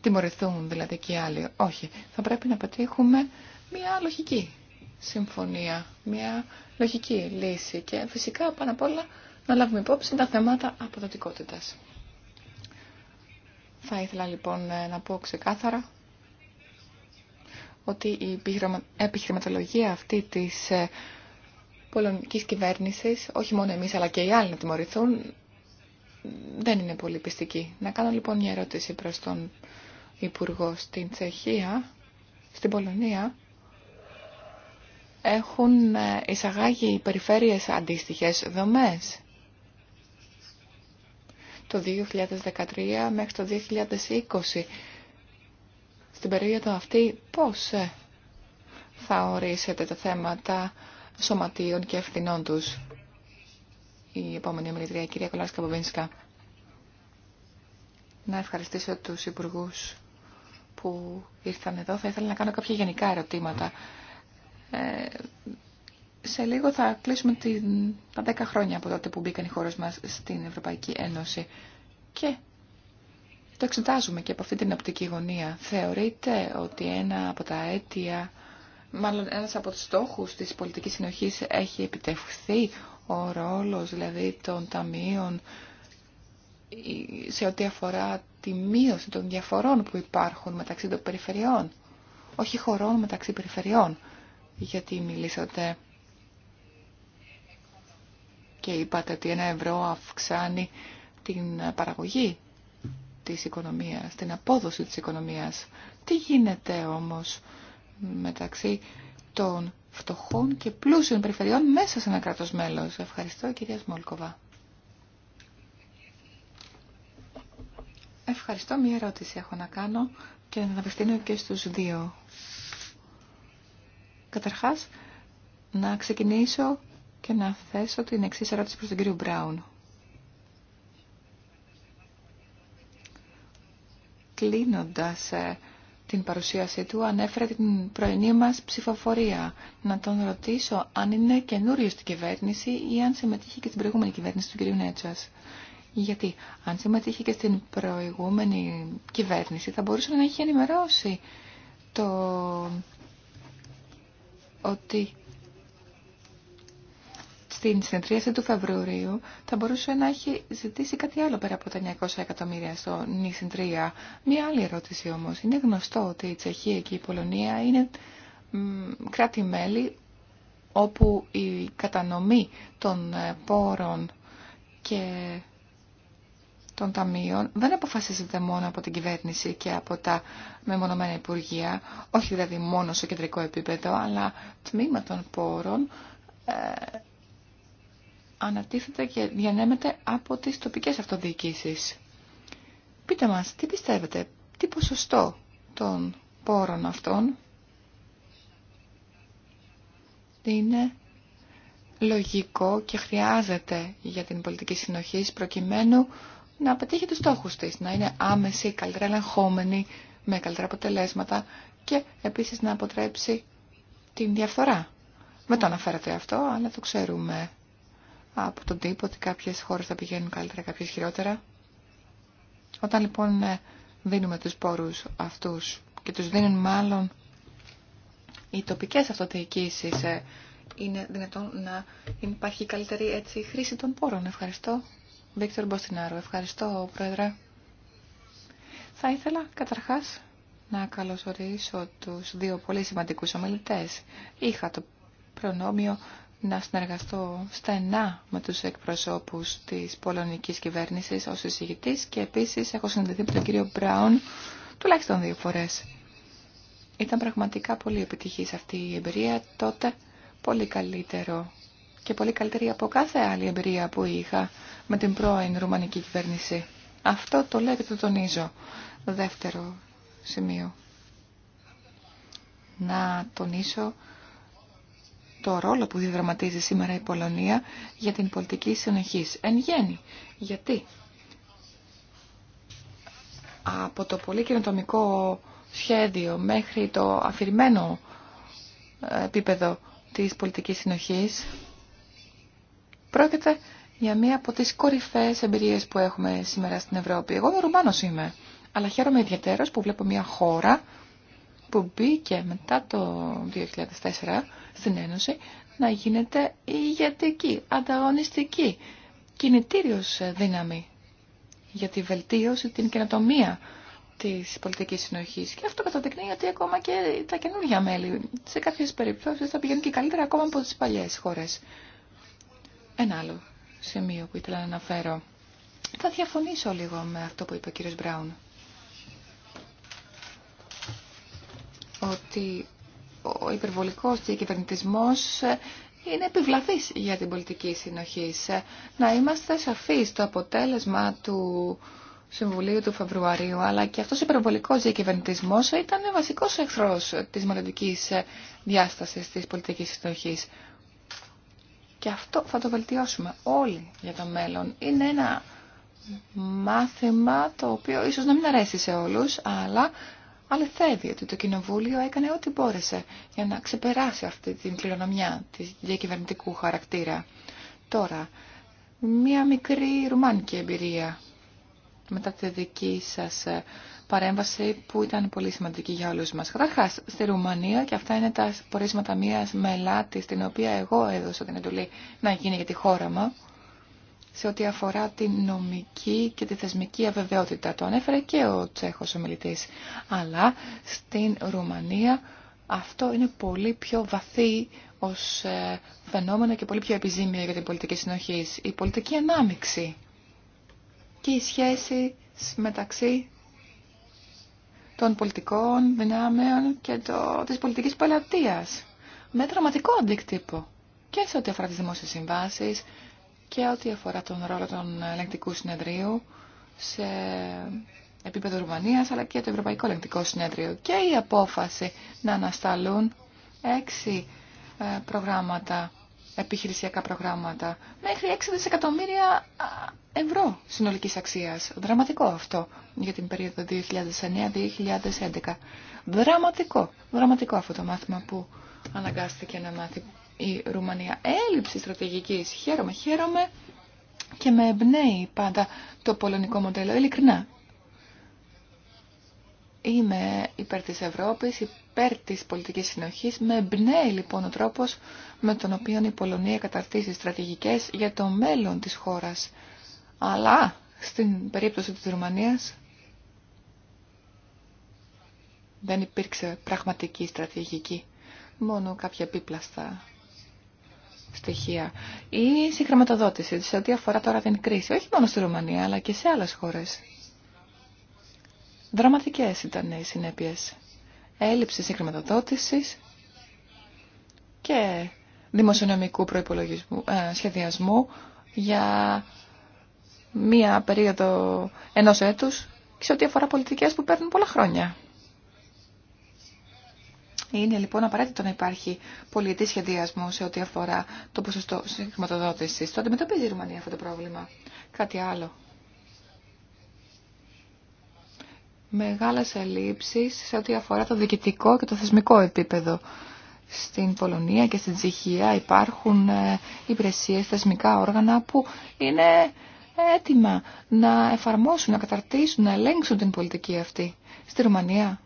τιμωρηθούν δηλαδή και άλλοι. Όχι. Θα πρέπει να πετύχουμε μια λογική συμφωνία, μια λογική λύση και φυσικά πάνω απ' όλα να λάβουμε υπόψη τα θέματα αποδοτικότητας. Θα ήθελα λοιπόν ε, να πω ξεκάθαρα ότι η επιχειρηματολογία αυτή της ε, πολωνικής κυβέρνησης, όχι μόνο εμείς αλλά και οι άλλοι να τιμωρηθούν, δεν είναι πολύ πιστική. Να κάνω λοιπόν μια ερώτηση προς τον Υπουργό στην Τσεχία, στην Πολωνία. Έχουν ε, εισαγάγει οι περιφέρειες αντίστοιχες δομές. Το 2013 μέχρι το 2020. Στην περίοδο αυτή πώς ε, θα ορίσετε τα θέματα σωματείων και ευθυνών του, Η επόμενη ομιλητρία, η κυρία Κολάρσκα Κολάρσκα-Ποβίνσκα. Να ευχαριστήσω τους υπουργού που ήρθαν εδώ. Θα ήθελα να κάνω κάποια γενικά ερωτήματα. Ε, σε λίγο θα κλείσουμε την, τα 10 χρόνια από τότε που μπήκαν οι χώρες μας στην Ευρωπαϊκή Ένωση. Και το εξετάζουμε και από αυτή την οπτική γωνία. Θεωρείτε ότι ένα από τα αίτια μάλλον ένας από τους στόχους της πολιτικής συνοχής έχει επιτευχθεί ο ρόλος δηλαδή των ταμείων σε ό,τι αφορά τη μείωση των διαφορών που υπάρχουν μεταξύ των περιφερειών, όχι χωρών μεταξύ περιφερειών, γιατί μιλήσατε και είπατε ότι ένα ευρώ αυξάνει την παραγωγή της οικονομίας, την απόδοση της οικονομίας. Τι γίνεται όμως μεταξύ των φτωχών και πλούσιων περιφερειών μέσα σε ένα κράτος μέλος. Ευχαριστώ, κυρία Σμόλκοβα. Ευχαριστώ. Μία ερώτηση έχω να κάνω και να απευθύνω και στους δύο. Καταρχάς, να ξεκινήσω και να θέσω την εξή ερώτηση προς τον κύριο Μπράουν. Κλείνοντας ε, την παρουσίασή του ανέφερε την πρωινή μας ψηφοφορία. Να τον ρωτήσω αν είναι καινούριο στην κυβέρνηση ή αν συμμετείχε και στην προηγούμενη κυβέρνηση του κ. Νέτσας. Γιατί αν συμμετείχε και στην προηγούμενη κυβέρνηση θα μπορούσε να έχει ενημερώσει το ότι στην συνεδρίαση του Φεβρουαρίου θα μπορούσε να έχει ζητήσει κάτι άλλο πέρα από τα 900 εκατομμύρια στο νησιν Μία άλλη ερώτηση όμως. Είναι γνωστό ότι η Τσεχία και η Πολωνία είναι κράτη-μέλη όπου η κατανομή των ε, πόρων και των ταμείων δεν αποφασίζεται μόνο από την κυβέρνηση και από τα μεμονωμένα υπουργεία, όχι δηλαδή μόνο σε κεντρικό επίπεδο, αλλά τμήμα των πόρων ε, ανατίθεται και διανέμεται από τις τοπικές αυτοδιοικήσεις. Πείτε μας, τι πιστεύετε, τι ποσοστό των πόρων αυτών είναι λογικό και χρειάζεται για την πολιτική συνοχή προκειμένου να πετύχει τους στόχους της, να είναι άμεση, καλύτερα ελεγχόμενη, με καλύτερα αποτελέσματα και επίσης να αποτρέψει την διαφθορά. Με το αναφέρατε αυτό, αλλά το ξέρουμε από τον τύπο ότι κάποιες χώρες θα πηγαίνουν καλύτερα, κάποιες χειρότερα. Όταν λοιπόν ε, δίνουμε τους πόρους αυτούς και τους δίνουν μάλλον οι τοπικές αυτοδιοικήσεις, ε, είναι δυνατόν να υπάρχει καλύτερη έτσι χρήση των πόρων. Ευχαριστώ. Βίκτορ Μποστινάρο, ευχαριστώ Πρόεδρε. Θα ήθελα καταρχάς να καλωσορίσω τους δύο πολύ σημαντικούς ομιλητές. Είχα το προνόμιο να συνεργαστώ στενά με τους εκπροσώπους της πολωνικής κυβέρνησης ως εισηγητής και επίσης έχω συνδεθεί με τον κύριο Μπράουν τουλάχιστον δύο φορές. Ήταν πραγματικά πολύ επιτυχής αυτή η εμπειρία τότε, πολύ καλύτερο και πολύ καλύτερη από κάθε άλλη εμπειρία που είχα με την πρώην ρουμανική κυβέρνηση. Αυτό το λέω και το τονίζω. Δεύτερο σημείο. Να τονίσω το ρόλο που διαδραματίζει σήμερα η Πολωνία για την πολιτική συνοχή. Εν γέννη. Γιατί από το πολύ καινοτομικό σχέδιο μέχρι το αφηρημένο ε, επίπεδο της πολιτικής συνοχής πρόκειται για μία από τις κορυφαίες εμπειρίες που έχουμε σήμερα στην Ευρώπη. Εγώ Ρουμάνος είμαι, αλλά χαίρομαι ιδιαίτερος που βλέπω μία χώρα που μπήκε μετά το 2004 στην Ένωση να γίνεται ηγετική, ανταγωνιστική, κινητήριος δύναμη για τη βελτίωση, την καινοτομία της πολιτικής συνοχής. Και αυτό καταδεικνύει ότι ακόμα και τα καινούργια μέλη σε κάποιες περιπτώσεις θα πηγαίνουν και καλύτερα ακόμα από τις παλιές χώρες. Ένα άλλο σημείο που ήθελα να αναφέρω. Θα διαφωνήσω λίγο με αυτό που είπε ο κύριος Μπράουν. ότι ο υπερβολικός και είναι επιβλαβής για την πολιτική συνοχή. Να είμαστε σαφείς το αποτέλεσμα του Συμβουλίου του Φεβρουαρίου, αλλά και αυτός ο υπερβολικός διακυβερνητισμός ήταν βασικός εχθρός της μελλοντική διάστασης της πολιτικής συνοχής. Και αυτό θα το βελτιώσουμε όλοι για το μέλλον. Είναι ένα μάθημα το οποίο ίσως να μην αρέσει σε όλους, αλλά αληθεύει ότι το Κοινοβούλιο έκανε ό,τι μπόρεσε για να ξεπεράσει αυτή την κληρονομιά της διακυβερνητικού χαρακτήρα. Τώρα, μία μικρή ρουμάνικη εμπειρία μετά τη δική σας ε, παρέμβαση που ήταν πολύ σημαντική για όλους μας. Καταρχά, στη Ρουμανία, και αυτά είναι τα πορίσματα μίας μελάτης, την οποία εγώ έδωσα την εντολή να γίνει για τη χώρα μου, σε ό,τι αφορά την νομική και τη θεσμική αβεβαιότητα. Το ανέφερε και ο Τσέχος ομιλητής. Αλλά στην Ρουμανία αυτό είναι πολύ πιο βαθύ ως ε, φαινόμενο και πολύ πιο επιζήμιο για την πολιτική συνοχή. Η πολιτική ανάμειξη και η σχέση μεταξύ των πολιτικών δυνάμεων και το, της πολιτικής πελατείας με δραματικό αντίκτυπο και σε ό,τι αφορά τις δημόσιες συμβάσεις και ό,τι αφορά τον ρόλο των ελεγκτικού συνεδρίου σε επίπεδο Ρουμανίας αλλά και το Ευρωπαϊκό Ελεγκτικό Συνέδριο και η απόφαση να ανασταλούν έξι ε, προγράμματα, επιχειρησιακά προγράμματα μέχρι 6 δισεκατομμύρια ευρώ συνολικής αξίας. Δραματικό αυτό για την περίοδο 2009-2011. Δραματικό, δραματικό αυτό το μάθημα που αναγκάστηκε να μάθει η Ρουμανία. Έλλειψη στρατηγικής. Χαίρομαι, χαίρομαι και με εμπνέει πάντα το πολωνικό μοντέλο, ειλικρινά. Είμαι υπέρ της Ευρώπης, υπέρ της πολιτικής συνοχής. Με εμπνέει λοιπόν ο τρόπος με τον οποίο η Πολωνία καταρτίζει στρατηγικές για το μέλλον της χώρας. Αλλά στην περίπτωση της Ρουμανίας δεν υπήρξε πραγματική στρατηγική. Μόνο κάποια επίπλαστα στοιχεία. Η συγχρηματοδότηση σε ό,τι αφορά τώρα την κρίση, όχι μόνο στη Ρουμανία αλλά και σε άλλες χώρες. Δραματικές ήταν οι συνέπειες. Έλλειψη συγχρηματοδότησης και δημοσιονομικού προϋπολογισμού, ε, σχεδιασμού για μία περίοδο ενός έτους σε ό,τι αφορά πολιτικές που παίρνουν πολλά χρόνια. Είναι λοιπόν απαραίτητο να υπάρχει πολιετή σχεδιασμό σε ό,τι αφορά το ποσοστό συγχρηματοδότηση. Το αντιμετωπίζει η Ρουμανία αυτό το πρόβλημα. Κάτι άλλο. Μεγάλε ελλείψει σε ό,τι αφορά το διοικητικό και το θεσμικό επίπεδο. Στην Πολωνία και στην Τσεχία υπάρχουν ε, υπηρεσίε, θεσμικά όργανα που είναι έτοιμα να εφαρμόσουν, να καταρτήσουν, να ελέγξουν την πολιτική αυτή. Στη Ρουμανία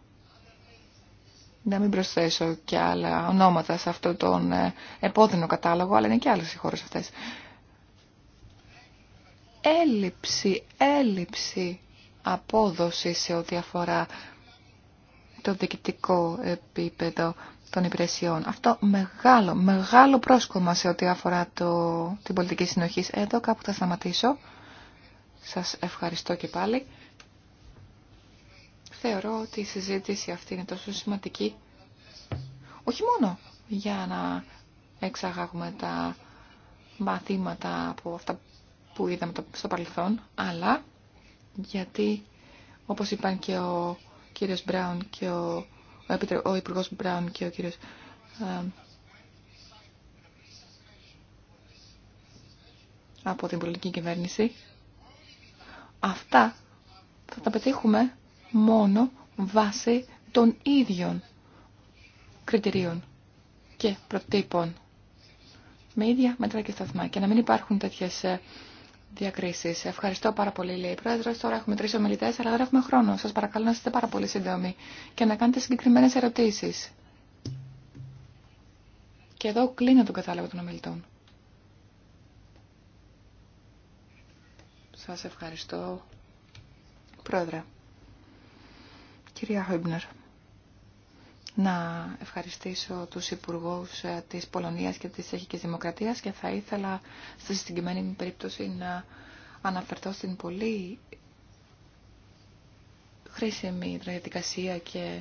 να μην προσθέσω και άλλα ονόματα σε αυτόν τον ε, επόδυνο κατάλογο, αλλά είναι και άλλες οι χώρες αυτές. Έλλειψη, έλλειψη απόδοση σε ό,τι αφορά το διοικητικό επίπεδο των υπηρεσιών. Αυτό μεγάλο, μεγάλο πρόσκομα σε ό,τι αφορά την πολιτική συνοχή. Εδώ κάπου θα σταματήσω. Σας ευχαριστώ και πάλι θεωρώ ότι η συζήτηση αυτή είναι τόσο σημαντική, όχι μόνο για να εξαγάγουμε τα μαθήματα από αυτά που είδαμε στο παρελθόν, αλλά γιατί, όπως είπαν και ο κύριος Μπράουν και ο, ο Υπουργός Μπράουν και ο κύριος ε, από την πολιτική κυβέρνηση, αυτά θα τα πετύχουμε μόνο βάσει των ίδιων κριτηρίων και προτύπων με ίδια μέτρα και σταθμά και να μην υπάρχουν τέτοιες ε, διακρίσεις. Ευχαριστώ πάρα πολύ, λέει η πρόεδρο. Τώρα έχουμε τρεις ομιλητές, αλλά δεν έχουμε χρόνο. Σας παρακαλώ να είστε πάρα πολύ σύντομοι και να κάνετε συγκεκριμένες ερωτήσεις. Και εδώ κλείνω τον κατάλογο των ομιλητών. Σας ευχαριστώ, Πρόεδρε. Κυρία Χόιμπνερ, να ευχαριστήσω τους Υπουργούς ε, της Πολωνίας και της Τσεχικής Δημοκρατίας και θα ήθελα στη συγκεκριμένη περίπτωση να αναφερθώ στην πολύ χρήσιμη διαδικασία και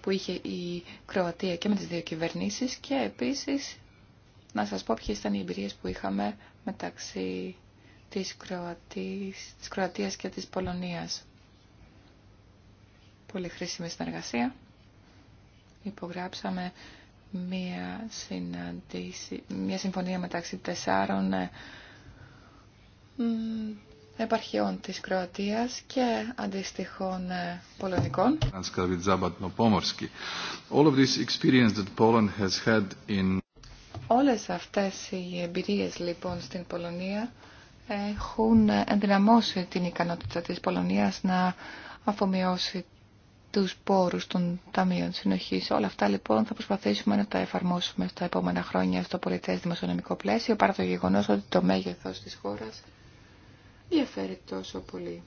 που είχε η Κροατία και με τις δύο κυβερνήσεις και επίσης να σας πω ποιες ήταν οι εμπειρίες που είχαμε μεταξύ της, Κροατίας και της Πολωνίας. Πολύ χρήσιμη συνεργασία. Υπογράψαμε μία, συναντήση, μία συμφωνία μεταξύ τεσσάρων ε, επαρχιών της Κροατίας και αντίστοιχων ε, πολωνικών. Όλες αυτές οι εμπειρίες λοιπόν στην Πολωνία έχουν ενδυναμώσει την ικανότητα της Πολωνίας να αφομοιώσει τους πόρους των ταμείων συνοχής. Όλα αυτά λοιπόν θα προσπαθήσουμε να τα εφαρμόσουμε στα επόμενα χρόνια στο πολιτές δημοσιονομικό πλαίσιο παρά το γεγονός ότι το μέγεθος της χώρας διαφέρει τόσο πολύ.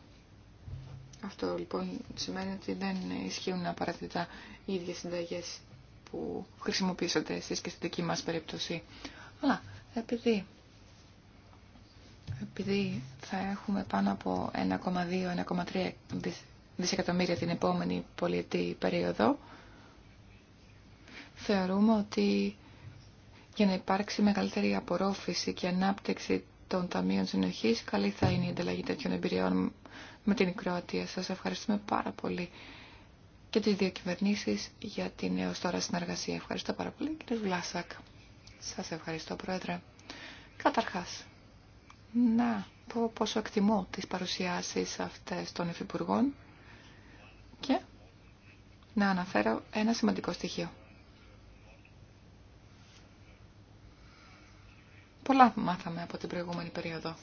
Αυτό λοιπόν σημαίνει ότι δεν ισχύουν απαραίτητα οι ίδιες συνταγές που χρησιμοποιήσατε εσείς και στη δική μας περίπτωση. Αλλά επειδή επειδή θα έχουμε πάνω από 1,2-1,3 δισεκατομμύρια την επόμενη πολιετή περίοδο, θεωρούμε ότι για να υπάρξει μεγαλύτερη απορρόφηση και ανάπτυξη των Ταμείων συνοχή, καλή θα είναι η ανταλλαγή τέτοιων εμπειριών με την Κροατία. Σας ευχαριστούμε πάρα πολύ και τις δύο κυβερνήσει για την έω τώρα συνεργασία. Ευχαριστώ πάρα πολύ κύριε Βλάσακ. Σα ευχαριστώ Πρόεδρε. Καταρχάς, να πω πόσο εκτιμώ τις παρουσιάσεις αυτές των υφυπουργών και να αναφέρω ένα σημαντικό στοιχείο. Πολλά μάθαμε από την προηγούμενη περίοδο.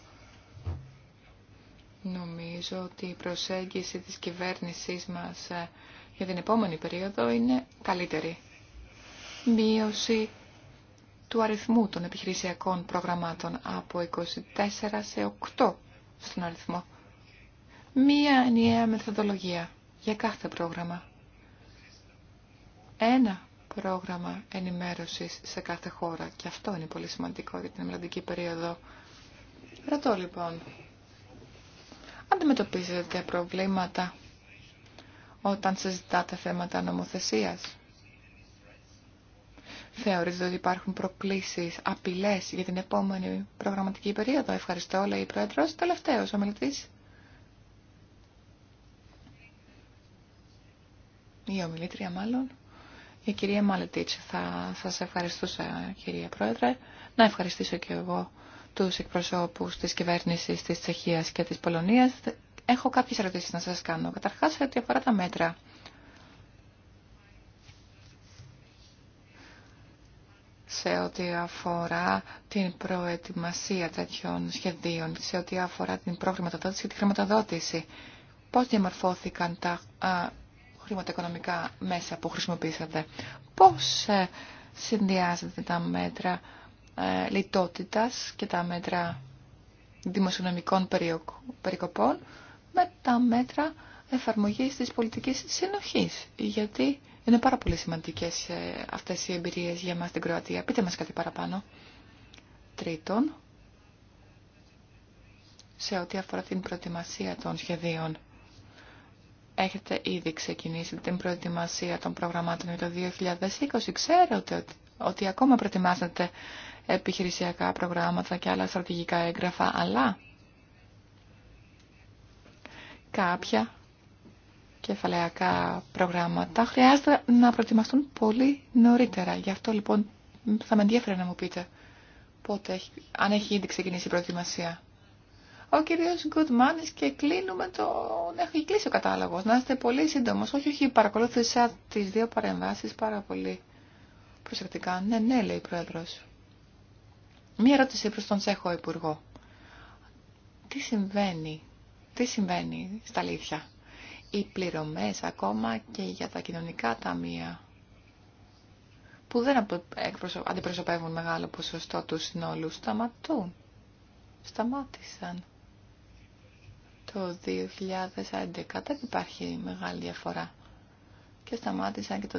Νομίζω ότι η προσέγγιση της κυβέρνησής μας ε, για την επόμενη περίοδο είναι καλύτερη. Μείωση του αριθμού των επιχειρησιακών προγραμμάτων από 24 σε 8 στον αριθμό. Μία ενιαία μεθοδολογία για κάθε πρόγραμμα. Ένα πρόγραμμα ενημέρωσης σε κάθε χώρα και αυτό είναι πολύ σημαντικό για την μελλοντική περίοδο. Ρωτώ λοιπόν, αντιμετωπίζετε προβλήματα όταν συζητάτε θέματα νομοθεσίας. Θεωρείτε ότι υπάρχουν προκλήσεις, απειλέ για την επόμενη προγραμματική περίοδο. Ευχαριστώ, λέει η πρόεδρο. Τελευταίο ο Η ομιλήτρια μάλλον. Η κυρία Μαλετίτς θα σας ευχαριστούσα κυρία Πρόεδρε. Να ευχαριστήσω και εγώ τους εκπροσώπους της κυβέρνηση της Τσεχίας και της Πολωνία. Έχω κάποιε ερωτήσει να σα κάνω. Καταρχάς, ό,τι αφορά τα μέτρα σε ό,τι αφορά την προετοιμασία τέτοιων σχεδίων, σε ό,τι αφορά την προχρηματοδότηση και τη χρηματοδότηση. Πώς διαμορφώθηκαν τα α, χρηματοοικονομικά μέσα που χρησιμοποίησατε. Πώς ε, συνδυάζετε τα μέτρα ε, λιτότητας και τα μέτρα δημοσιονομικών περικοπών με τα μέτρα εφαρμογής της πολιτικής συνοχής. Γιατί είναι πάρα πολύ σημαντικές ε, αυτές οι εμπειρίες για μας στην Κροατία. Πείτε μας κάτι παραπάνω. Τρίτον, σε ό,τι αφορά την προετοιμασία των σχεδίων. Έχετε ήδη ξεκινήσει την προετοιμασία των προγραμμάτων για το 2020. Ξέρετε ότι ακόμα προετοιμάζετε επιχειρησιακά προγράμματα και άλλα στρατηγικά έγγραφα, αλλά κάποια κεφαλαϊκά προγράμματα χρειάζεται να προετοιμαστούν πολύ νωρίτερα. Γι' αυτό λοιπόν θα με ενδιαφέρει να μου πείτε πότε, αν έχει ήδη ξεκινήσει η προετοιμασία. Ο κύριο Γκουτμάνης και κλείνουμε το... Έχει κλείσει ο κατάλογος. Να είστε πολύ σύντομο, Όχι, όχι, παρακολούθησα τις δύο παρεμβάσει, πάρα πολύ προσεκτικά. Ναι, ναι, λέει η πρόεδρο. Μία ερώτηση προ τον Τσέχο Υπουργό. Τι συμβαίνει, τι συμβαίνει στα αλήθεια οι πληρωμές ακόμα και για τα κοινωνικά ταμεία που δεν αντιπροσωπεύουν μεγάλο ποσοστό του συνόλου σταματούν. Σταμάτησαν. Το 2011 δεν υπάρχει μεγάλη διαφορά. Και σταμάτησαν και το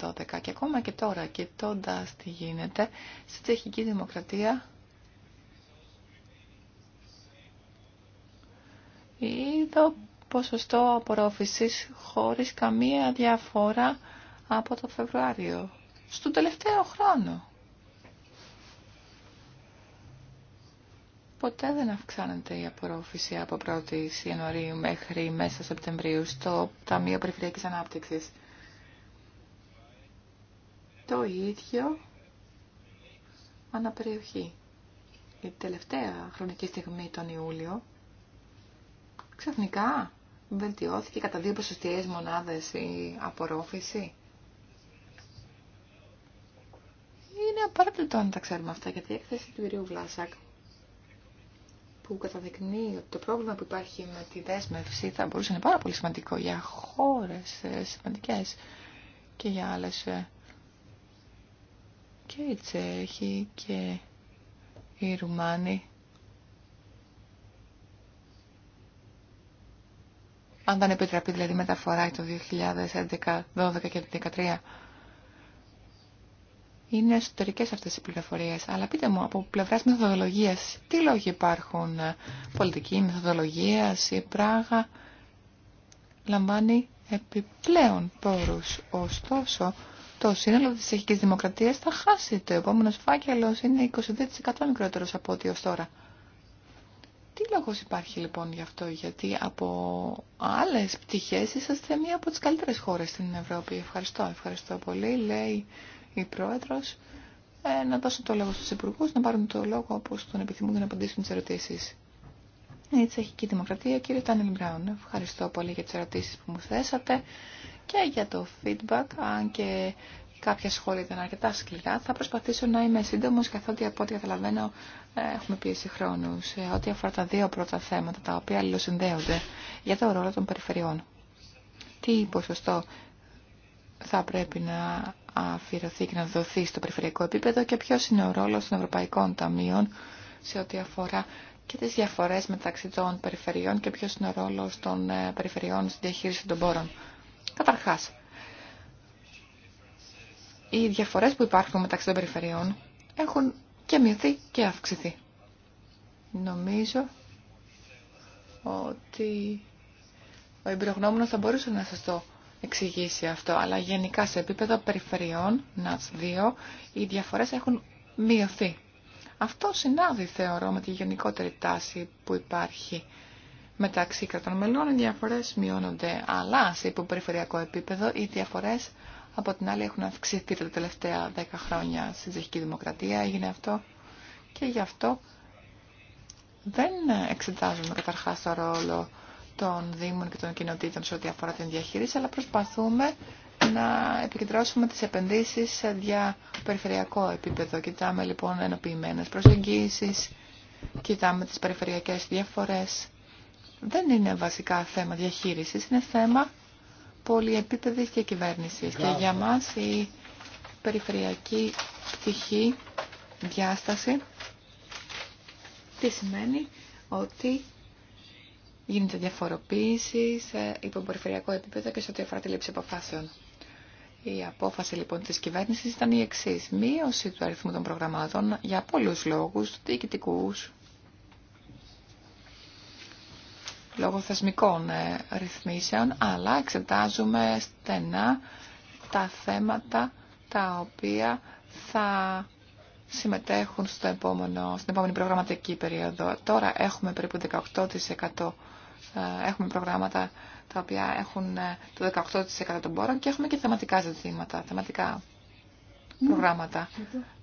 2012. Και ακόμα και τώρα, κοιτώντα τι γίνεται, στη τσεχική δημοκρατία είδω ποσοστό απορρόφησης χωρίς καμία διαφορά από το Φεβρουάριο, στον τελευταίο χρόνο. Ποτέ δεν αυξάνεται η απορρόφηση από 1η Ιανουαρίου μέχρι μέσα Σεπτεμβρίου στο Ταμείο Περιφερειακής Ανάπτυξης. Το ίδιο αναπεριοχή. Η τελευταία χρονική στιγμή τον Ιούλιο ξαφνικά βελτιώθηκε κατά δύο ποσοστιαίες μονάδες η απορρόφηση. Είναι απαραίτητο να τα ξέρουμε αυτά, γιατί η έκθεση του ιριού Βλάσακ που καταδεικνύει ότι το πρόβλημα που υπάρχει με τη δέσμευση θα μπορούσε να είναι πάρα πολύ σημαντικό για χώρες ε, σημαντικές και για άλλες ε, και οι Τσέχοι και η Ρουμάνοι αν δεν επιτραπεί δηλαδή μεταφορά το 2011, 2012 και 2013. Είναι εσωτερικέ αυτέ οι πληροφορίε. Αλλά πείτε μου, από πλευρά μεθοδολογία, τι λόγοι υπάρχουν. Πολιτική μεθοδολογία, η Πράγα λαμβάνει επιπλέον πόρου. Ωστόσο, το σύνολο τη τσεχική δημοκρατία θα χάσει. Το επόμενο φάκελο είναι 22% μικρότερο από ό,τι ω τώρα. Τι λόγος υπάρχει λοιπόν γι' αυτό, γιατί από άλλες πτυχές είσαστε μία από τις καλύτερες χώρες στην Ευρώπη. Ευχαριστώ, ευχαριστώ πολύ, λέει η Πρόεδρος. Ε, να δώσω το λόγο στους υπουργού να πάρουν το λόγο όπως τον επιθυμούν για να απαντήσουν τις ερωτήσεις. Η Δημοκρατία, κύριε Τάνιλ Μπράουν, ευχαριστώ πολύ για τις ερωτήσεις που μου θέσατε και για το feedback, αν και Κάποια σχόλια ήταν αρκετά σκληρά. Θα προσπαθήσω να είμαι σύντομος καθότι από ό,τι καταλαβαίνω ε, έχουμε πίεση χρόνου σε ό,τι αφορά τα δύο πρώτα θέματα τα οποία αλληλοσυνδέονται για το ρόλο των περιφερειών. Τι ποσοστό θα πρέπει να αφιερωθεί και να δοθεί στο περιφερειακό επίπεδο και ποιος είναι ο ρόλος των Ευρωπαϊκών Ταμείων σε ό,τι αφορά και τις διαφορές μεταξύ των περιφερειών και ποιος είναι ο ρόλος των ε, περιφερειών στη διαχείριση των πόρων. Καταρχάς, οι διαφορές που υπάρχουν μεταξύ των περιφερειών έχουν και μειωθεί και αυξηθεί. Νομίζω ότι ο εμπειρογνώμονος θα μπορούσε να σας το εξηγήσει αυτό, αλλά γενικά σε επίπεδο περιφερειών, ΝΑΤΣ 2, οι διαφορές έχουν μειωθεί. Αυτό συνάδει, θεωρώ, με τη γενικότερη τάση που υπάρχει μεταξύ κρατών μελών. Οι διαφορές μειώνονται, αλλά σε υποπεριφερειακό επίπεδο οι διαφορές από την άλλη έχουν αυξηθεί τα τελευταία 10 χρόνια στη ζωική Δημοκρατία, έγινε αυτό και γι' αυτό δεν εξετάζουμε καταρχάς το ρόλο των Δήμων και των κοινοτήτων σε ό,τι αφορά την διαχείριση, αλλά προσπαθούμε να επικεντρώσουμε τις επενδύσεις σε διαπεριφερειακό επίπεδο. Κοιτάμε λοιπόν ενοποιημένες προσεγγίσεις, κοιτάμε τις περιφερειακές διαφορές. Δεν είναι βασικά θέμα διαχείρισης, είναι θέμα πολυεπίπεδη και κυβέρνηση. Και για μα η περιφερειακή πτυχή διάσταση τι σημαίνει ότι γίνεται διαφοροποίηση σε υποπεριφερειακό επίπεδο και σε ό,τι αφορά τη λήψη αποφάσεων. Η απόφαση λοιπόν της κυβέρνηση ήταν η εξή Μείωση του αριθμού των προγραμμάτων για πολλούς λόγους, διοικητικού λόγω θεσμικών ε, ρυθμίσεων, αλλά εξετάζουμε στενά τα θέματα τα οποία θα συμμετέχουν στο επόμενο, στην επόμενη προγραμματική περίοδο. Τώρα έχουμε περίπου 18% ε, έχουμε προγράμματα τα οποία έχουν ε, το 18% των πόρων και έχουμε και θεματικά ζητήματα, θεματικά ναι. προγράμματα.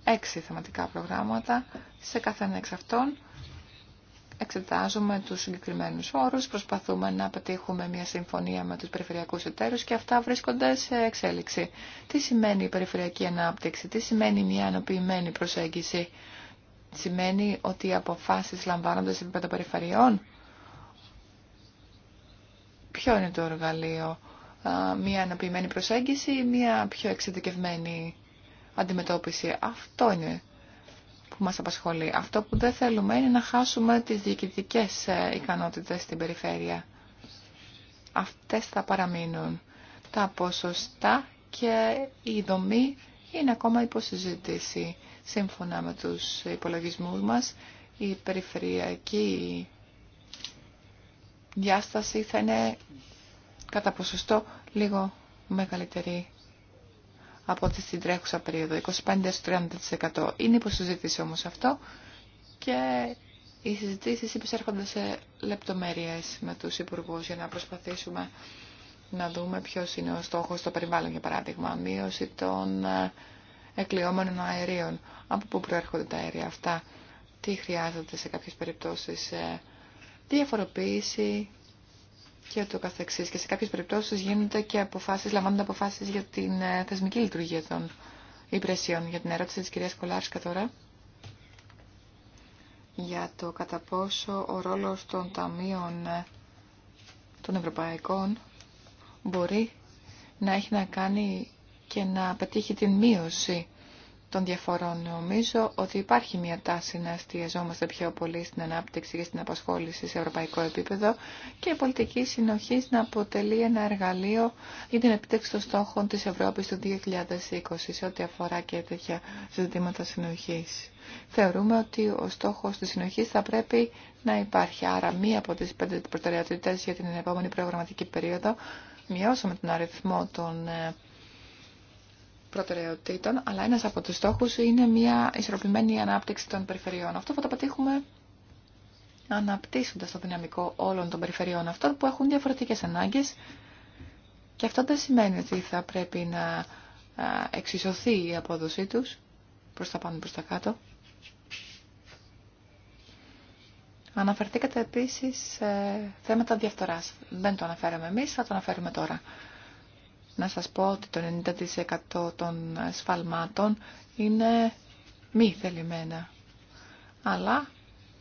Έξι θεματικά προγράμματα σε κάθε εξ αυτών εξετάζουμε τους συγκεκριμένους όρους, προσπαθούμε να πετύχουμε μια συμφωνία με τους περιφερειακούς εταίρους και αυτά βρίσκονται σε εξέλιξη. Τι σημαίνει η περιφερειακή ανάπτυξη, τι σημαίνει μια ανοποιημένη προσέγγιση. Σημαίνει ότι οι αποφάσεις λαμβάνονται σε επίπεδο περιφερειών. Ποιο είναι το εργαλείο, μια ανοποιημένη προσέγγιση ή μια πιο εξειδικευμένη αντιμετώπιση. Αυτό είναι που μας απασχολεί. Αυτό που δεν θέλουμε είναι να χάσουμε τις διοικητικές ε, ικανότητες στην περιφέρεια. Αυτές θα παραμείνουν. Τα ποσοστά και η δομή είναι ακόμα υποσυζήτηση. Σύμφωνα με τους υπολογισμούς μας, η περιφερειακή διάσταση θα είναι κατά ποσοστό λίγο μεγαλύτερη από ό,τι στην τρέχουσα περίοδο, 25-30%. Είναι υποσυζήτηση όμως αυτό και οι συζητήσεις υπησέρχονται σε λεπτομέρειες με τους υπουργούς για να προσπαθήσουμε να δούμε ποιος είναι ο στόχος στο περιβάλλον, για παράδειγμα, μείωση των ε, εκλειόμενων αερίων, από πού προέρχονται τα αέρια αυτά, τι χρειάζεται σε κάποιες περιπτώσεις, ε, διαφοροποίηση και το καθεξής. Και σε κάποιες περιπτώσεις γίνονται και αποφάσεις, λαμβάνονται αποφάσεις για την ε, θεσμική λειτουργία των υπηρεσιών. Για την ερώτηση της κυρίας Κολάρσκα τώρα για το κατά πόσο ο ρόλος των ταμείων ε, των ευρωπαϊκών μπορεί να έχει να κάνει και να πετύχει την μείωση των διαφορών. Νομίζω ότι υπάρχει μια τάση να εστιαζόμαστε πιο πολύ στην ανάπτυξη και στην απασχόληση σε ευρωπαϊκό επίπεδο και η πολιτική συνοχή να αποτελεί ένα εργαλείο για την επίτευξη των στόχων τη Ευρώπη του 2020 σε ό,τι αφορά και τέτοια ζητήματα συνοχή. Θεωρούμε ότι ο στόχο τη συνοχή θα πρέπει να υπάρχει. Άρα μία από τι πέντε προτεραιότητε για την επόμενη προγραμματική περίοδο μειώσαμε τον αριθμό των ε, προτεραιοτήτων, αλλά ένας από τους στόχους είναι μια ισορροπημένη ανάπτυξη των περιφερειών. Αυτό θα το πετύχουμε αναπτύσσοντας το δυναμικό όλων των περιφερειών αυτών που έχουν διαφορετικές ανάγκες και αυτό δεν σημαίνει ότι θα πρέπει να εξισωθεί η απόδοσή τους προς τα πάνω προς τα κάτω. Αναφερθήκατε επίσης σε θέματα διαφθοράς. Δεν το αναφέραμε εμείς, θα το αναφέρουμε τώρα να σας πω ότι το 90% των σφαλμάτων είναι μη θελημένα. Αλλά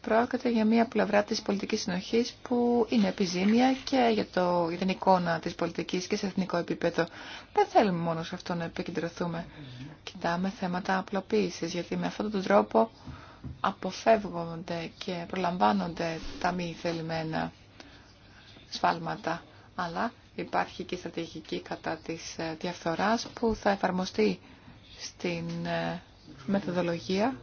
πρόκειται για μια πλευρά της πολιτικής συνοχής που είναι επιζήμια και για, το, για την εικόνα της πολιτικής και σε εθνικό επίπεδο. Δεν θέλουμε μόνο σε αυτό να επικεντρωθούμε. Κοιτάμε θέματα απλοποίησης, γιατί με αυτόν τον τρόπο αποφεύγονται και προλαμβάνονται τα μη θελημένα σφάλματα αλλά υπάρχει και η στρατηγική κατά της ε, διαφθοράς που θα εφαρμοστεί στην ε, μεθοδολογία.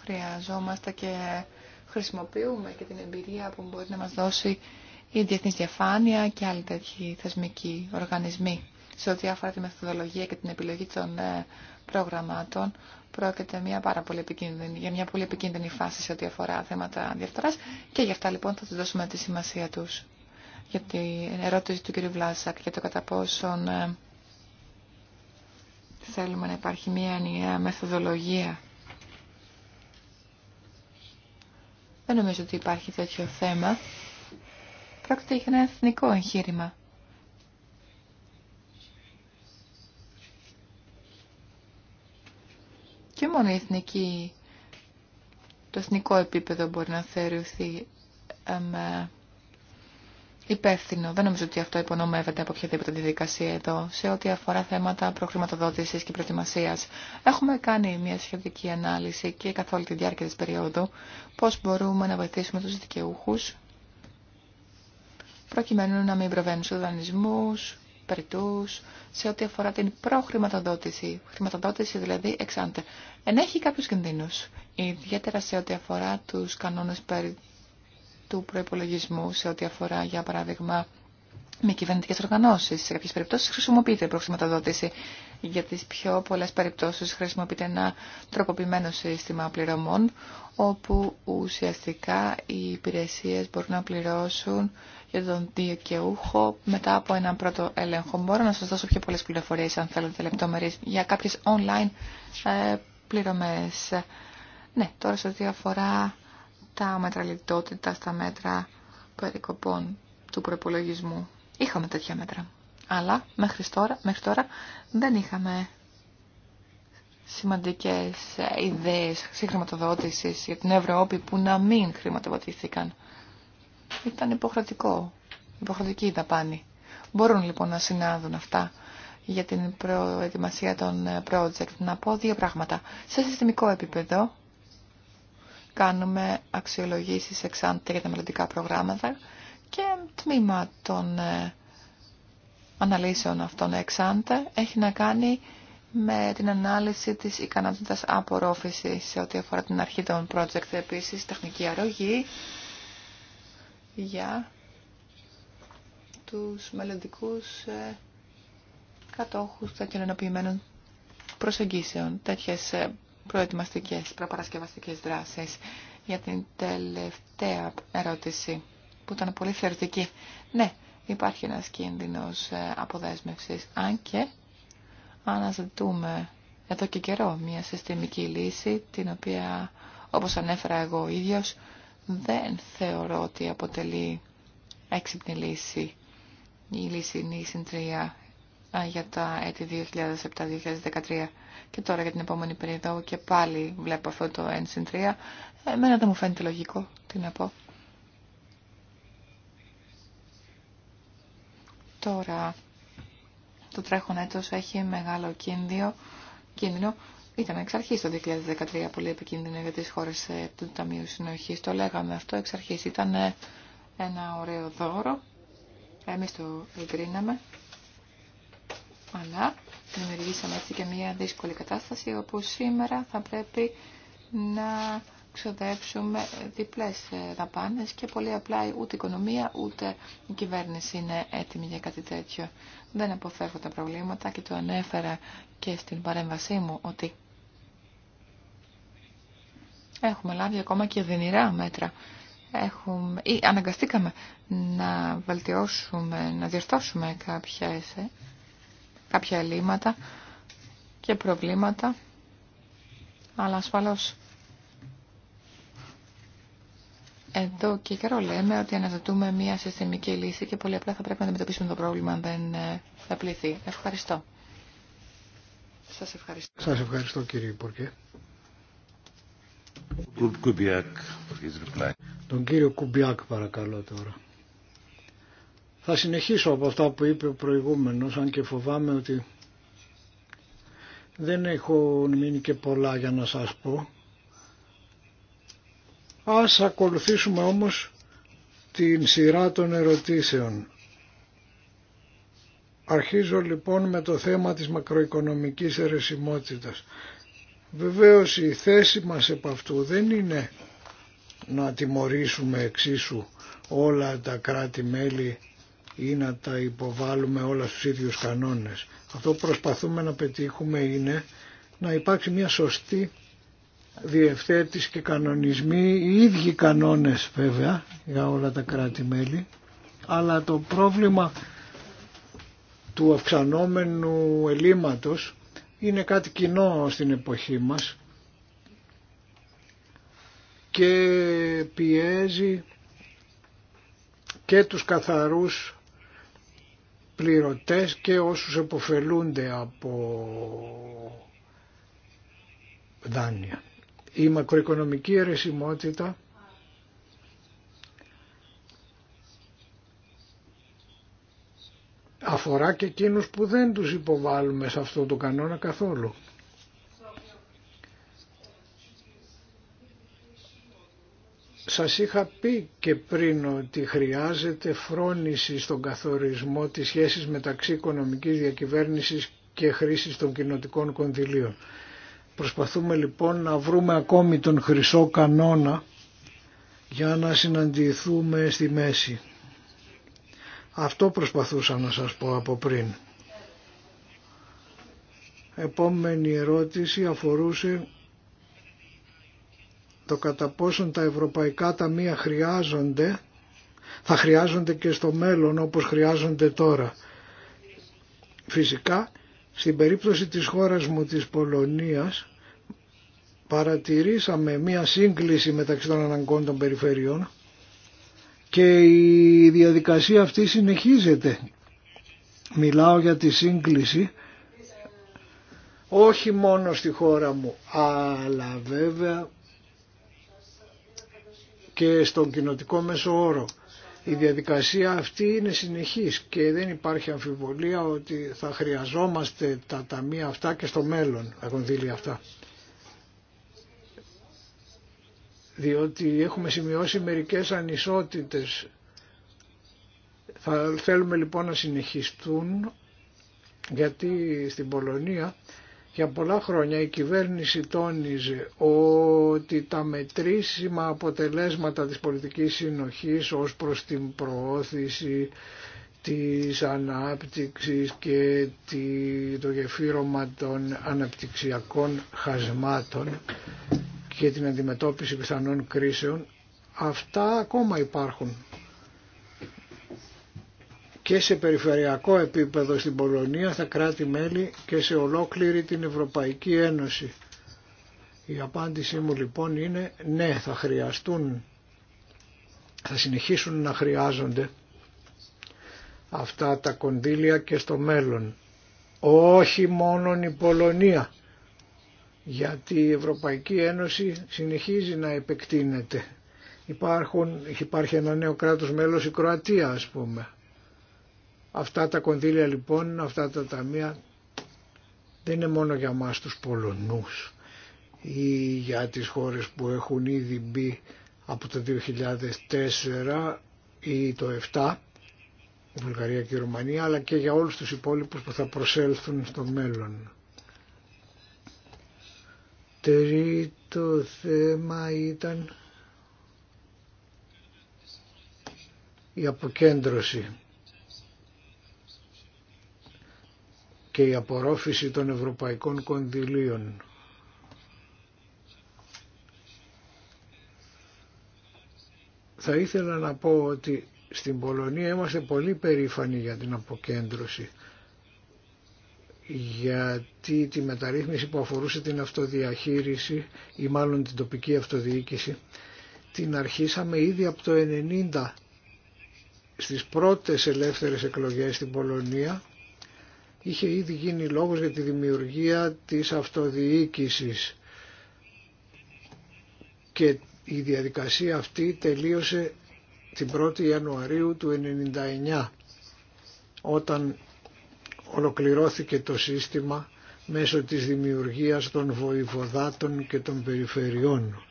Χρειαζόμαστε και χρησιμοποιούμε και την εμπειρία που μπορεί να μας δώσει η διεθνής διαφάνεια και άλλοι τέτοιοι θεσμικοί οργανισμοί. Σε ό,τι αφορά τη μεθοδολογία και την επιλογή των ε, προγραμμάτων, πρόκειται μια πάρα πολύ για μια πολύ επικίνδυνη φάση σε ό,τι αφορά θέματα διαφθοράς και γι' αυτά λοιπόν θα τους δώσουμε τη σημασία τους για την ερώτηση του κ. Βλάσακ για το κατά πόσον ε, θέλουμε να υπάρχει μία ενιαία μεθοδολογία. Δεν νομίζω ότι υπάρχει τέτοιο θέμα. Πρόκειται για ένα εθνικό εγχείρημα. Και μόνο η εθνική, το εθνικό επίπεδο μπορεί να θεωρηθεί ε, υπεύθυνο. Δεν νομίζω ότι αυτό υπονομεύεται από οποιαδήποτε διαδικασία εδώ σε ό,τι αφορά θέματα προχρηματοδότηση και προετοιμασία, Έχουμε κάνει μια σχετική ανάλυση και καθ' όλη τη διάρκεια τη περίοδου πώ μπορούμε να βοηθήσουμε του δικαιούχου προκειμένου να μην προβαίνουν στους δανεισμούς, περιτούς, σε ό,τι αφορά την προχρηματοδότηση, χρηματοδότηση δηλαδή εξάντε. Ενέχει κάποιου κινδύνου, ιδιαίτερα σε ό,τι αφορά του κανόνε περί του προπολογισμού σε ό,τι αφορά, για παράδειγμα, με κυβερνητικέ οργανώσει. Σε κάποιε περιπτώσει χρησιμοποιείται προχρηματοδότηση. Για τι πιο πολλέ περιπτώσει χρησιμοποιείται ένα τροποποιημένο σύστημα πληρωμών, όπου ουσιαστικά οι υπηρεσίε μπορούν να πληρώσουν για τον δικαιούχο μετά από έναν πρώτο έλεγχο. Μπορώ να σα δώσω πιο πολλέ πληροφορίε, αν θέλετε, λεπτομερίε για κάποιε online ε, πληρωμέ. Ναι, τώρα σε ό,τι αφορά τα μέτρα λιτότητα, τα μέτρα περικοπών του προπολογισμού. Είχαμε τέτοια μέτρα. Αλλά μέχρι τώρα, μέχρι τώρα δεν είχαμε σημαντικές ιδέες συγχρηματοδότησης για την Ευρώπη που να μην χρηματοδοτήθηκαν. Ήταν υποχρεωτικό, υποχρεωτική η δαπάνη. Μπορούν λοιπόν να συνάδουν αυτά για την προετοιμασία των project. Να πω δύο πράγματα. Σε συστημικό επίπεδο κάνουμε αξιολογήσεις εξάντια για τα μελλοντικά προγράμματα και τμήμα των ε, αναλύσεων αυτών εξάντε έχει να κάνει με την ανάλυση της ικανότητας απορρόφησης σε ό,τι αφορά την αρχή των project επίσης, τεχνική αρρωγή για τους μελλοντικού ε, κατόχους των κοινωνιοποιημένων προσεγγίσεων. Τέτοιες ε, προετοιμαστικές, προπαρασκευαστικές δράσεις. Για την τελευταία ερώτηση που ήταν πολύ θεωρητική. Ναι, υπάρχει ένας κίνδυνος ε, αποδέσμευσης, αν και αναζητούμε εδώ και καιρό μια συστημική λύση, την οποία όπως ανέφερα εγώ ίδιος, δεν θεωρώ ότι αποτελεί έξυπνη λύση. Η λύση είναι η ε, για τα έτη 2007-2013. Και τώρα για την επόμενη περίοδο και πάλι βλέπω αυτό το 1 3. Εμένα δεν μου φαίνεται λογικό, τι να πω. Τώρα, το τρέχον έτος έχει μεγάλο κίνδυνο, κίνδυνο ήταν εξ αρχή το 2013 πολύ επικίνδυνο για τις χώρες ε, του Ταμείου Συνοχής. Το λέγαμε αυτό εξ αρχή. Ήταν ε, ένα ωραίο δώρο. Εμείς το εγκρίναμε. Αλλά δημιουργήσαμε έτσι και μια δύσκολη κατάσταση όπου σήμερα θα πρέπει να ξοδέψουμε διπλές ε, δαπάνες και πολύ απλά ούτε η οικονομία ούτε η κυβέρνηση είναι έτοιμη για κάτι τέτοιο. Δεν αποφεύγω τα προβλήματα και το ανέφερα και στην παρέμβασή μου ότι έχουμε λάβει ακόμα και δυνηρά μέτρα. Έχουμε, ή αναγκαστήκαμε να βελτιώσουμε, να διορθώσουμε κάποιες ε, κάποια ελλείμματα και προβλήματα, αλλά ασφαλώς εδώ και καιρό λέμε ότι αναζητούμε μια συστημική λύση και πολύ απλά θα πρέπει να αντιμετωπίσουμε το πρόβλημα αν δεν ε, θα πληθεί. Ευχαριστώ. Σας ευχαριστώ. Σας ευχαριστώ κύριε Υπουργέ. Τον κύριο Κουμπιάκ παρακαλώ τώρα. Θα συνεχίσω από αυτά που είπε ο προηγούμενος, αν και φοβάμαι ότι δεν έχω μείνει και πολλά για να σας πω. Ας ακολουθήσουμε όμως την σειρά των ερωτήσεων. Αρχίζω λοιπόν με το θέμα της μακροοικονομικής αιρεσιμότητας. Βεβαίως η θέση μας επ' αυτού δεν είναι να τιμωρήσουμε εξίσου όλα τα κράτη-μέλη ή να τα υποβάλουμε όλα στους ίδιους κανόνες. Αυτό που προσπαθούμε να πετύχουμε είναι να υπάρξει μια σωστή διευθέτηση και κανονισμοί, οι ίδιοι κανόνες βέβαια για όλα τα κράτη-μέλη, αλλά το πρόβλημα του αυξανόμενου ελλείμματος είναι κάτι κοινό στην εποχή μας και πιέζει και τους καθαρούς πληρωτές και όσους εποφελούνται από δάνεια. Η μακροοικονομική αιρεσιμότητα αφορά και εκείνους που δεν τους υποβάλλουμε σε αυτό το κανόνα καθόλου. Σας είχα πει και πριν ότι χρειάζεται φρόνηση στον καθορισμό της σχέσης μεταξύ οικονομικής διακυβέρνησης και χρήσης των κοινοτικών κονδυλίων. Προσπαθούμε λοιπόν να βρούμε ακόμη τον χρυσό κανόνα για να συναντηθούμε στη μέση. Αυτό προσπαθούσα να σας πω από πριν. Επόμενη ερώτηση αφορούσε το κατά πόσον τα ευρωπαϊκά ταμεία χρειάζονται, θα χρειάζονται και στο μέλλον όπως χρειάζονται τώρα. Φυσικά, στην περίπτωση της χώρας μου της Πολωνίας, παρατηρήσαμε μία σύγκληση μεταξύ των αναγκών των περιφερειών και η διαδικασία αυτή συνεχίζεται. Μιλάω για τη σύγκληση όχι μόνο στη χώρα μου, αλλά βέβαια και στον κοινοτικό μέσο όρο. Η διαδικασία αυτή είναι συνεχής και δεν υπάρχει αμφιβολία ότι θα χρειαζόμαστε τα ταμεία αυτά και στο μέλλον, έχουν κονδύλια αυτά. Διότι έχουμε σημειώσει μερικές ανισότητες. Θα θέλουμε λοιπόν να συνεχιστούν γιατί στην Πολωνία για πολλά χρόνια η κυβέρνηση τόνιζε ότι τα μετρήσιμα αποτελέσματα της πολιτικής συνοχής ως προς την προώθηση της ανάπτυξης και το γεφύρωμα των αναπτυξιακών χασμάτων και την αντιμετώπιση πιθανών κρίσεων, αυτά ακόμα υπάρχουν και σε περιφερειακό επίπεδο στην Πολωνία, στα κράτη-μέλη και σε ολόκληρη την Ευρωπαϊκή Ένωση. Η απάντησή μου λοιπόν είναι ναι, θα χρειαστούν, θα συνεχίσουν να χρειάζονται αυτά τα κονδύλια και στο μέλλον. Όχι μόνο η Πολωνία, γιατί η Ευρωπαϊκή Ένωση συνεχίζει να επεκτείνεται. Υπάρχουν, υπάρχει ένα νέο κράτος μέλος η Κροατία ας πούμε Αυτά τα κονδύλια λοιπόν, αυτά τα ταμεία δεν είναι μόνο για μας τους Πολωνούς ή για τις χώρες που έχουν ήδη μπει από το 2004 ή το 7, Βουλγαρία και Ρουμανία, αλλά και για όλους τους υπόλοιπους που θα προσέλθουν στο μέλλον. Τρίτο θέμα ήταν η αποκέντρωση και η απορρόφηση των ευρωπαϊκών κονδυλίων. Θα ήθελα να πω ότι στην Πολωνία είμαστε πολύ περήφανοι για την αποκέντρωση γιατί τη μεταρρύθμιση που αφορούσε την αυτοδιαχείριση ή μάλλον την τοπική αυτοδιοίκηση την αρχίσαμε ήδη από το 90 στις πρώτες ελεύθερες εκλογές στην Πολωνία είχε ήδη γίνει λόγος για τη δημιουργία της αυτοδιοίκησης και η διαδικασία αυτή τελείωσε την 1η Ιανουαρίου του 1999 όταν ολοκληρώθηκε το σύστημα μέσω της δημιουργίας των βοηβοδάτων και των περιφερειών.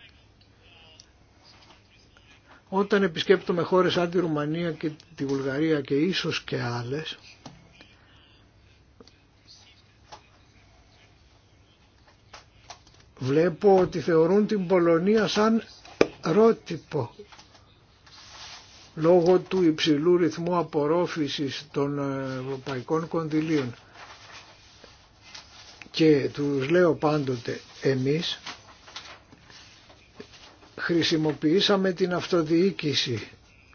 Όταν επισκέπτομαι χώρες σαν τη Ρουμανία και τη Βουλγαρία και ίσως και άλλες, Βλέπω ότι θεωρούν την Πολωνία σαν ρότυπο λόγω του υψηλού ρυθμού απορρόφησης των ε, ευρωπαϊκών κονδυλίων. Και τους λέω πάντοτε εμείς χρησιμοποιήσαμε την αυτοδιοίκηση,